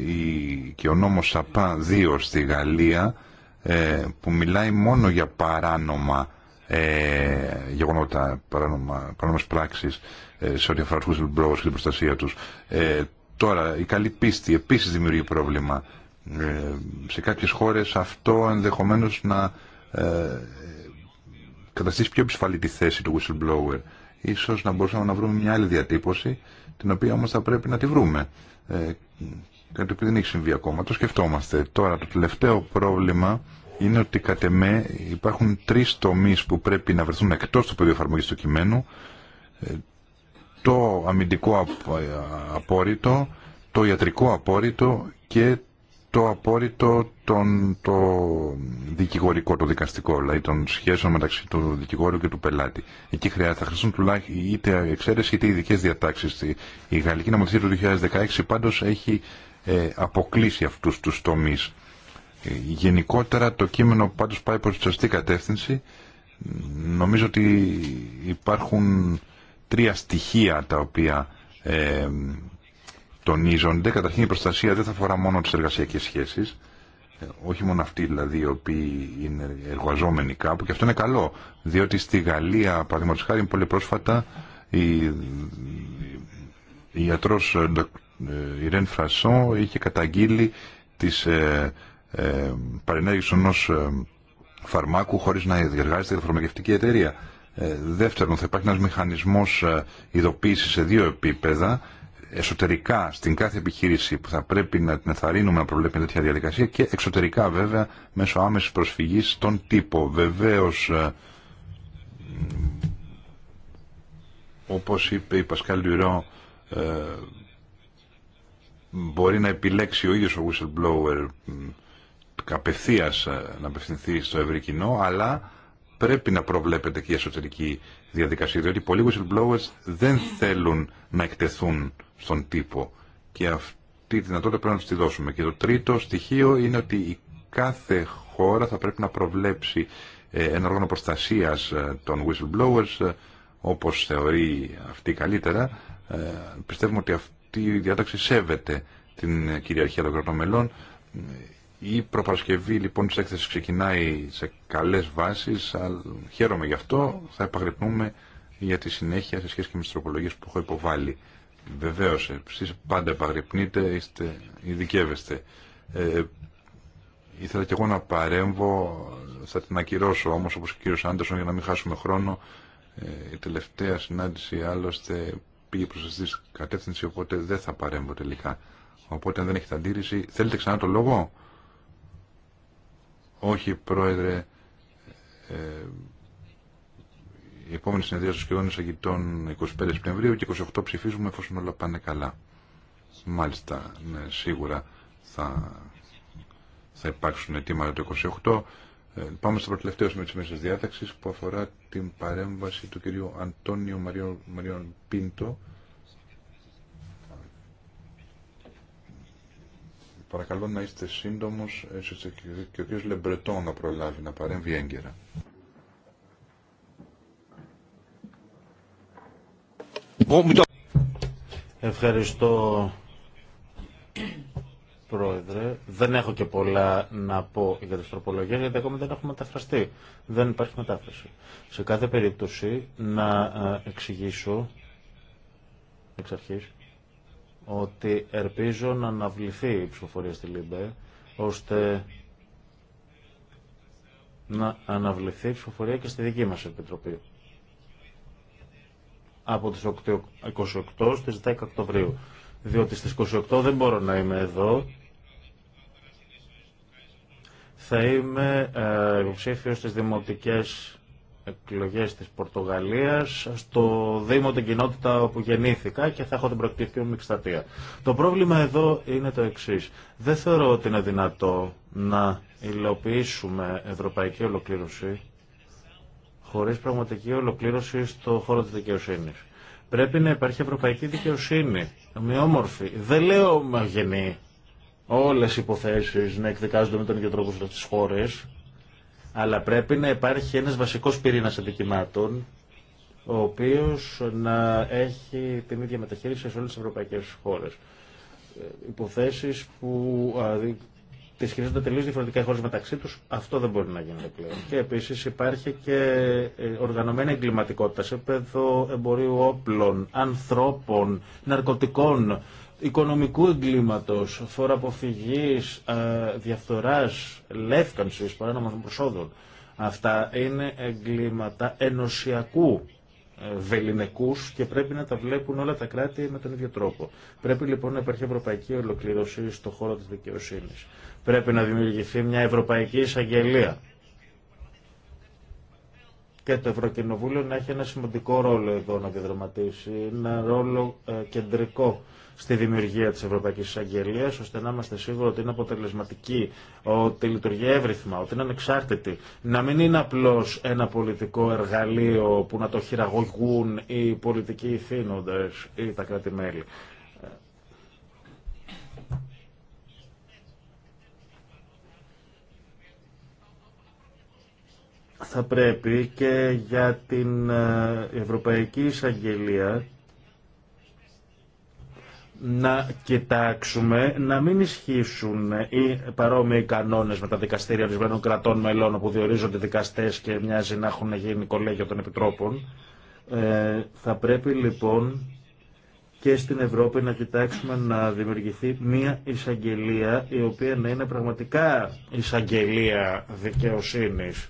και ο νόμος ΣΑΠΑ 2 στη Γαλλία ε, που μιλάει μόνο για παράνομα ε, γεγονότα, παράνομα, παράνομες πράξεις ε, σε ό,τι αφορά τους και την προστασία τους. τώρα, η καλή πίστη επίσης δημιουργεί πρόβλημα. σε κάποιες χώρες αυτό ενδεχομένως να καταστήσει πιο επισφαλή τη θέση του whistleblower. Ίσως να μπορούσαμε να βρούμε μια άλλη διατύπωση, την οποία όμως θα πρέπει να τη βρούμε. Ε, κάτι που δεν έχει συμβεί ακόμα. Το σκεφτόμαστε. Τώρα το τελευταίο πρόβλημα είναι ότι κατ' εμέ υπάρχουν τρεις τομείς που πρέπει να βρεθούν εκτός του πεδίου εφαρμογής του κειμένου. Ε, το αμυντικό ε, απόρριτο, το ιατρικό απόρριτο και το απόρριτο τον, το δικηγορικό, το δικαστικό, δηλαδή των σχέσεων μεταξύ του δικηγόρου και του πελάτη. Εκεί χρειάζεται, θα χρειαστούν τουλάχιστον είτε εξαίρεση είτε ειδικέ διατάξει. Η Γαλλική Νομοθεσία του 2016 πάντω έχει ε, αποκλείσει αυτού του τομεί. Ε, γενικότερα το κείμενο πάντως πάει προς τη σωστή κατεύθυνση. Νομίζω ότι υπάρχουν τρία στοιχεία τα οποία ε, τονίζονται. Καταρχήν η προστασία δεν θα αφορά μόνο τις εργασιακές σχέσεις. Ε, όχι μόνο αυτοί δηλαδή οι οποίοι είναι εργαζόμενοι κάπου και αυτό είναι καλό διότι στη Γαλλία παραδείγματος χάρη πολύ πρόσφατα η, η γιατρός η Ρεν Φρασόν είχε καταγγείλει τις ε, ε, ε, φαρμάκου χωρίς να διεργάζεται η φαρμακευτική εταιρεία. Ε, δεύτερον, θα υπάρχει ένας μηχανισμός ειδοποίησης σε δύο επίπεδα εσωτερικά στην κάθε επιχείρηση που θα πρέπει να την εθαρρύνουμε να προβλέπει τέτοια διαδικασία και εξωτερικά βέβαια μέσω άμεσης προσφυγής στον τύπο. Βεβαίως, ε, όπως είπε η Πασκάλ Λουρό, ε, μπορεί να επιλέξει ο ίδιος ο whistleblower απευθείας ε, να απευθυνθεί στο ευρύ κοινό, αλλά πρέπει να προβλέπεται και η εσωτερική διαδικασία, διότι πολλοί whistleblowers δεν θέλουν να εκτεθούν στον τύπο. Και αυτή τη δυνατότητα πρέπει να τη δώσουμε. Και το τρίτο στοιχείο είναι ότι η κάθε χώρα θα πρέπει να προβλέψει ε, ένα όργανο προστασία ε, των whistleblowers, ε, όπως θεωρεί αυτή καλύτερα. Πιστεύουμε ότι αυτή η διάταξη σέβεται την κυριαρχία των κρατών μελών. Η προπαρασκευή λοιπόν της έκθεσης ξεκινάει σε καλές βάσεις, χαίρομαι γι' αυτό, θα επαγρυπνούμε για τη συνέχεια σε σχέση και με τις τροπολογίες που έχω υποβάλει. Βεβαίω, εσεί πάντα επαγρυπνείτε, είστε, ειδικεύεστε. Ε, ήθελα κι εγώ να παρέμβω, θα την ακυρώσω όμω όπω και ο κύριο Άντερσον για να μην χάσουμε χρόνο. Ε, η τελευταία συνάντηση άλλωστε πήγε προ αυτή κατεύθυνση, οπότε δεν θα παρέμβω τελικά. Οπότε αν δεν έχετε αντίρρηση, θέλετε ξανά το λόγο. Όχι, πρόεδρε. Ε, η επόμενη συνεδρία του σχεδόν εισαγητών 25 Σεπτεμβρίου και 28 ψηφίζουμε εφόσον όλα πάνε καλά. Μάλιστα, ναι, σίγουρα θα, θα υπάρξουν αιτήματα το 28. Ε, πάμε στο προτελευταίο σημείο της μέσης διάταξης που αφορά την παρέμβαση του κυρίου Αντώνιου Μαριών, Μαριών Πίντο. Παρακαλώ να είστε σύντομος και ο κύριος Λεμπρετό να προλάβει να παρέμβει έγκαιρα.
Ευχαριστώ, Πρόεδρε. Δεν έχω και πολλά να πω για τις τροπολογίες, γιατί ακόμα δεν έχουμε μεταφραστεί. Δεν υπάρχει μετάφραση. Σε κάθε περίπτωση, να ε, εξηγήσω εξ αρχής, ότι ελπίζω να αναβληθεί η ψηφοφορία στη ΛΥΜΠΕ, ώστε να αναβληθεί η ψηφοφορία και στη δική μας Επιτροπή από τις 28 στις 10 Οκτωβρίου. Διότι στις 28 δεν μπορώ να είμαι εδώ. Θα είμαι ε, υποψήφιος στις δημοτικές εκλογές της Πορτογαλίας στο Δήμο την κοινότητα όπου γεννήθηκα και θα έχω την προεκτική μου εξτατεία. Το πρόβλημα εδώ είναι το εξής. Δεν θεωρώ ότι είναι δυνατό να υλοποιήσουμε ευρωπαϊκή ολοκλήρωση χωρίς πραγματική ολοκλήρωση στο χώρο τη δικαιοσύνη. Πρέπει να υπάρχει ευρωπαϊκή δικαιοσύνη, ομοιόμορφη. Δεν λέω ομογενή. όλες οι υποθέσεις να εκδικάζονται με τον ίδιο τρόπο στις χώρες, αλλά πρέπει να υπάρχει ένας βασικός πυρήνα αντικειμάτων, ο οποίο να έχει την ίδια μεταχείριση σε όλε τι ευρωπαϊκέ χώρε. Ε, υποθέσεις που τις χειρίζονται τελείως διαφορετικά οι χώρες μεταξύ τους, αυτό δεν μπορεί να γίνεται πλέον. Και επίσης υπάρχει και ε, οργανωμένη εγκληματικότητα σε επίπεδο εμπορίου όπλων, ανθρώπων, ναρκωτικών, οικονομικού εγκλήματος, φόρα αποφυγής, ε, διαφθοράς, λεύκανσης, παράνομων προσόδων. Αυτά είναι εγκλήματα ενωσιακού ε, βεληνικούς και πρέπει να τα βλέπουν όλα τα κράτη με τον ίδιο τρόπο. Πρέπει λοιπόν να υπάρχει ευρωπαϊκή ολοκλήρωση στον χώρο της δικαιοσύνης. Πρέπει να δημιουργηθεί μια ευρωπαϊκή εισαγγελία. Και το Ευρωκοινοβούλιο να έχει ένα σημαντικό ρόλο εδώ να διαδραματίσει, ένα ρόλο ε, κεντρικό στη δημιουργία της Ευρωπαϊκής Εισαγγελίας, ώστε να είμαστε σίγουροι ότι είναι αποτελεσματική, ότι λειτουργεί εύρυθμα, ότι είναι ανεξάρτητη. Να μην είναι απλώς ένα πολιτικό εργαλείο που να το χειραγωγούν οι πολιτικοί ηθήνοντες ή τα κράτη-μέλη. θα πρέπει και για την ε, Ευρωπαϊκή Εισαγγελία να κοιτάξουμε να μην ισχύσουν οι παρόμοιοι κανόνες με τα δικαστήρια ορισμένων κρατών μελών όπου διορίζονται δικαστές και μοιάζει να έχουν γίνει κολέγιο των επιτρόπων. Ε, θα πρέπει λοιπόν και στην Ευρώπη να κοιτάξουμε να δημιουργηθεί μια εισαγγελία η οποία να είναι πραγματικά εισαγγελία δικαιοσύνης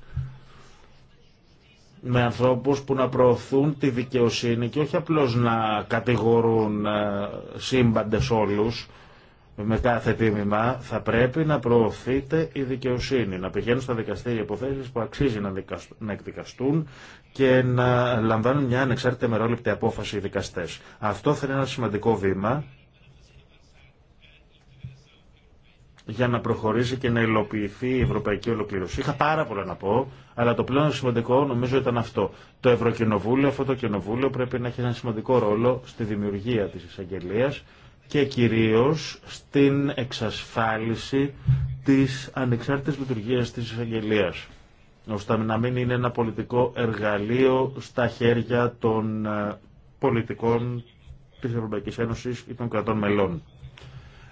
με ανθρώπους που να προωθούν τη δικαιοσύνη και όχι απλώς να κατηγορούν ε, σύμπαντες όλους με κάθε τίμημα, θα πρέπει να προωθείτε η δικαιοσύνη, να πηγαίνουν στα δικαστήρια υποθέσεις που αξίζει να, εκδικαστούν και να λαμβάνουν μια ανεξάρτητη μερόληπτη απόφαση οι δικαστές. Αυτό θα είναι ένα σημαντικό βήμα για να προχωρήσει και να υλοποιηθεί η ευρωπαϊκή ολοκλήρωση. Είχα πάρα πολλά να πω, αλλά το πλέον σημαντικό νομίζω ήταν αυτό. Το Ευρωκοινοβούλιο, αυτό το κοινοβούλιο πρέπει να έχει ένα σημαντικό ρόλο στη δημιουργία της εισαγγελία και κυρίως στην εξασφάλιση της ανεξάρτητης λειτουργίας της εισαγγελία ώστε να μην είναι ένα πολιτικό εργαλείο στα χέρια των ε, πολιτικών της Ευρωπαϊκής Ένωσης ή των κρατών μελών.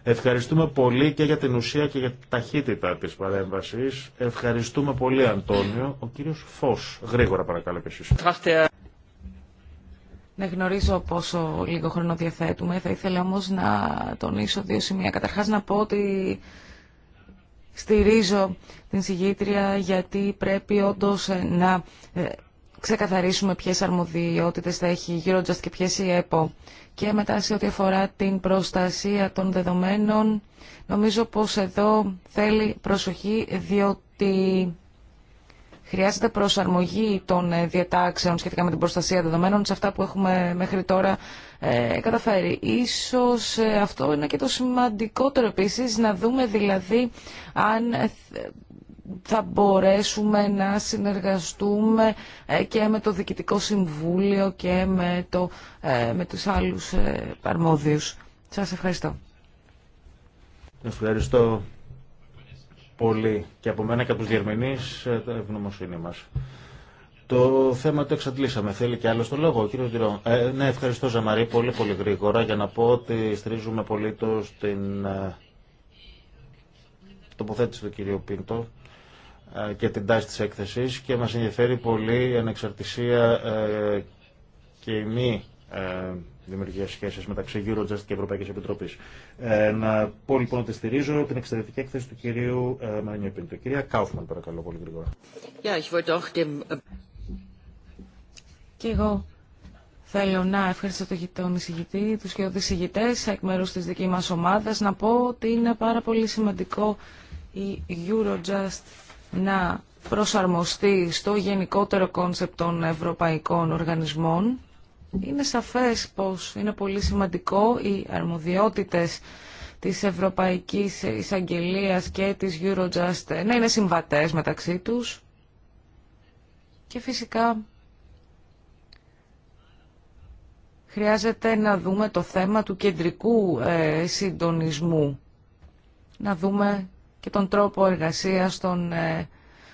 Ευχαριστούμε πολύ και για την ουσία και για την ταχύτητα τη παρέμβαση. Ευχαριστούμε πολύ, Αντώνιο. Ο κύριος Φως, γρήγορα παρακαλώ και
εσεί.
Ναι, γνωρίζω πόσο λίγο χρόνο διαθέτουμε. Θα ήθελα όμως να τονίσω δύο σημεία. Καταρχάς να πω ότι στηρίζω την συγγήτρια γιατί πρέπει όντω ε, να ε, ξεκαθαρίσουμε ποιες αρμοδιότητες θα έχει η Eurojust και ποιες η ΕΠΟ. Και μετά σε ό,τι αφορά την προστασία των δεδομένων, νομίζω πως εδώ θέλει προσοχή διότι χρειάζεται προσαρμογή των ε, διατάξεων σχετικά με την προστασία δεδομένων σε αυτά που έχουμε μέχρι τώρα ε, καταφέρει. Ίσως ε, αυτό είναι και το σημαντικότερο επίσης, να δούμε δηλαδή αν θα μπορέσουμε να συνεργαστούμε ε, και με το Διοικητικό Συμβούλιο και με, το, ε, με τους άλλους ε, αρμόδιους. Σας ευχαριστώ.
Ευχαριστώ πολύ και από μένα και από τους διερμηνείς ευγνωμοσύνη μας. Το θέμα το εξαντλήσαμε. Θέλει και άλλο το λόγο, κύριο ναι, ευχαριστώ Ζαμαρή πολύ πολύ γρήγορα για να πω ότι στρίζουμε πολύ την τοποθέτηση του κυρίου Πίντο ε, και την τάση της έκθεσης και μας ενδιαφέρει πολύ η ανεξαρτησία ε, και η μη ε, δημιουργία σχέσεις μεταξύ Eurojust και Ευρωπαϊκής Επιτροπής. να πω λοιπόν ότι στηρίζω την εξαιρετική έκθεση του κυρίου ε, Μαρνιού κυρία Κάουφμαν παρακαλώ πολύ γρήγορα.
Äh, και εγώ Θέλω να ευχαριστώ τον εισηγητή, του και εισηγητές εκ μέρους της δική μας ομάδας να πω ότι είναι πάρα πολύ σημαντικό η Eurojust να προσαρμοστεί στο γενικότερο κόνσεπτ των ευρωπαϊκών οργανισμών. Είναι σαφές πως είναι πολύ σημαντικό οι αρμοδιότητες της Ευρωπαϊκής Εισαγγελίας και της Eurojust να είναι συμβατές μεταξύ τους και φυσικά χρειάζεται να δούμε το θέμα του κεντρικού ε, συντονισμού, να δούμε και τον τρόπο εργασίας των ε,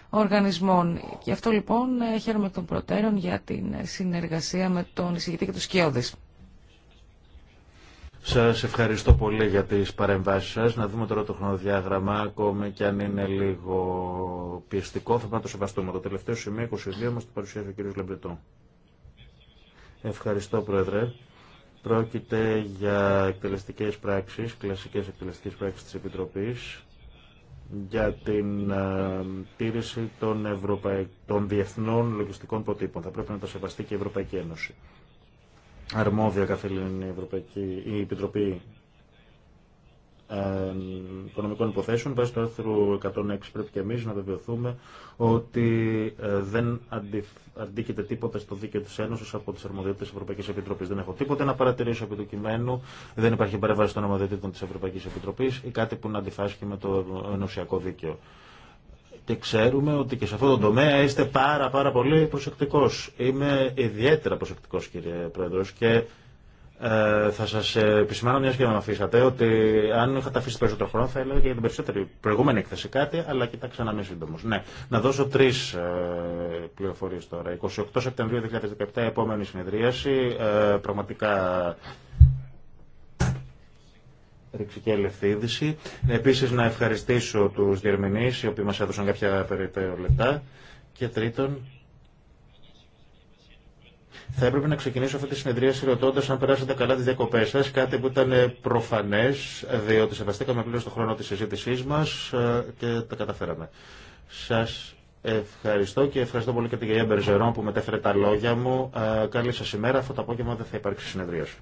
οργανισμών. Γι' αυτό λοιπόν ε, χαίρομαι των προτέρων για την ε, συνεργασία με τον εισηγητή και τους Σκιώδης.
Σας ευχαριστώ πολύ για τις παρεμβάσεις σας. Να δούμε τώρα το χρονοδιάγραμμα, ακόμη και αν είναι λίγο πιεστικό, θα πρέπει το σεβαστούμε. Το τελευταίο σημείο 22 μας το παρουσιάζει ο κ. Λεμπρετό. Ευχαριστώ, Πρόεδρε. Πρόκειται για εκτελεστικές πράξεις, κλασικές εκτελεστικές πράξεις της Επιτροπής για την ε, τήρηση των, Ευρωπαϊ... διεθνών λογιστικών προτύπων. Θα πρέπει να τα σεβαστεί και η Ευρωπαϊκή Ένωση. Αρμόδια καθ' η, Ευρωπαϊκή... η Επιτροπή ε, οικονομικών Υποθέσεων, βάσει του άρθρου 106 πρέπει και εμείς να βεβαιωθούμε ότι ε, δεν αντίκειται τίποτα στο δίκαιο της Ένωσης από τις αρμοδιότητες της Ευρωπαϊκής Επιτροπής. Δεν έχω τίποτα να παρατηρήσω επί του κειμένου, δεν υπάρχει παρέμβαση των αρμοδιότητων της Ευρωπαϊκής Επιτροπής ή κάτι που να αντιφάσχει με το ενωσιακό δίκαιο. Και ξέρουμε ότι και σε αυτό το τομέα είστε πάρα πάρα πολύ προσεκτικός. Είμαι ιδιαίτερα προσεκτικό κύριε Πρόεδρος και ε, θα σα επισημάνω, μια και με αφήσατε, ότι αν είχατε αφήσει περισσότερο χρόνο θα έλεγα και για την περισσότερη προηγούμενη έκθεση κάτι, αλλά κοιτάξτε να μην σύντομο. Ναι, να δώσω τρει ε, πληροφορίε τώρα. 28 Σεπτεμβρίου 2017, επόμενη συνεδρίαση. Ε, πραγματικά ρηξικέλευτη είδηση. Επίση, να ευχαριστήσω του διερμηνεί, οι οποίοι μα έδωσαν κάποια περιπέτεια λεπτά. Και τρίτον, θα έπρεπε να ξεκινήσω αυτή τη συνεδρία ρωτώντα αν περάσατε καλά τι διακοπέ σα, κάτι που ήταν ε, προφανέ, διότι σεβαστήκαμε πλήρω τον χρόνο τη συζήτησή μα ε, και τα καταφέραμε. Σα ευχαριστώ και ευχαριστώ πολύ και την κυρία Μπερζερόν που μετέφερε τα λόγια μου. Ε, καλή
σα ημέρα. Αυτό το απόγευμα δεν θα υπάρξει συνεδρίαση.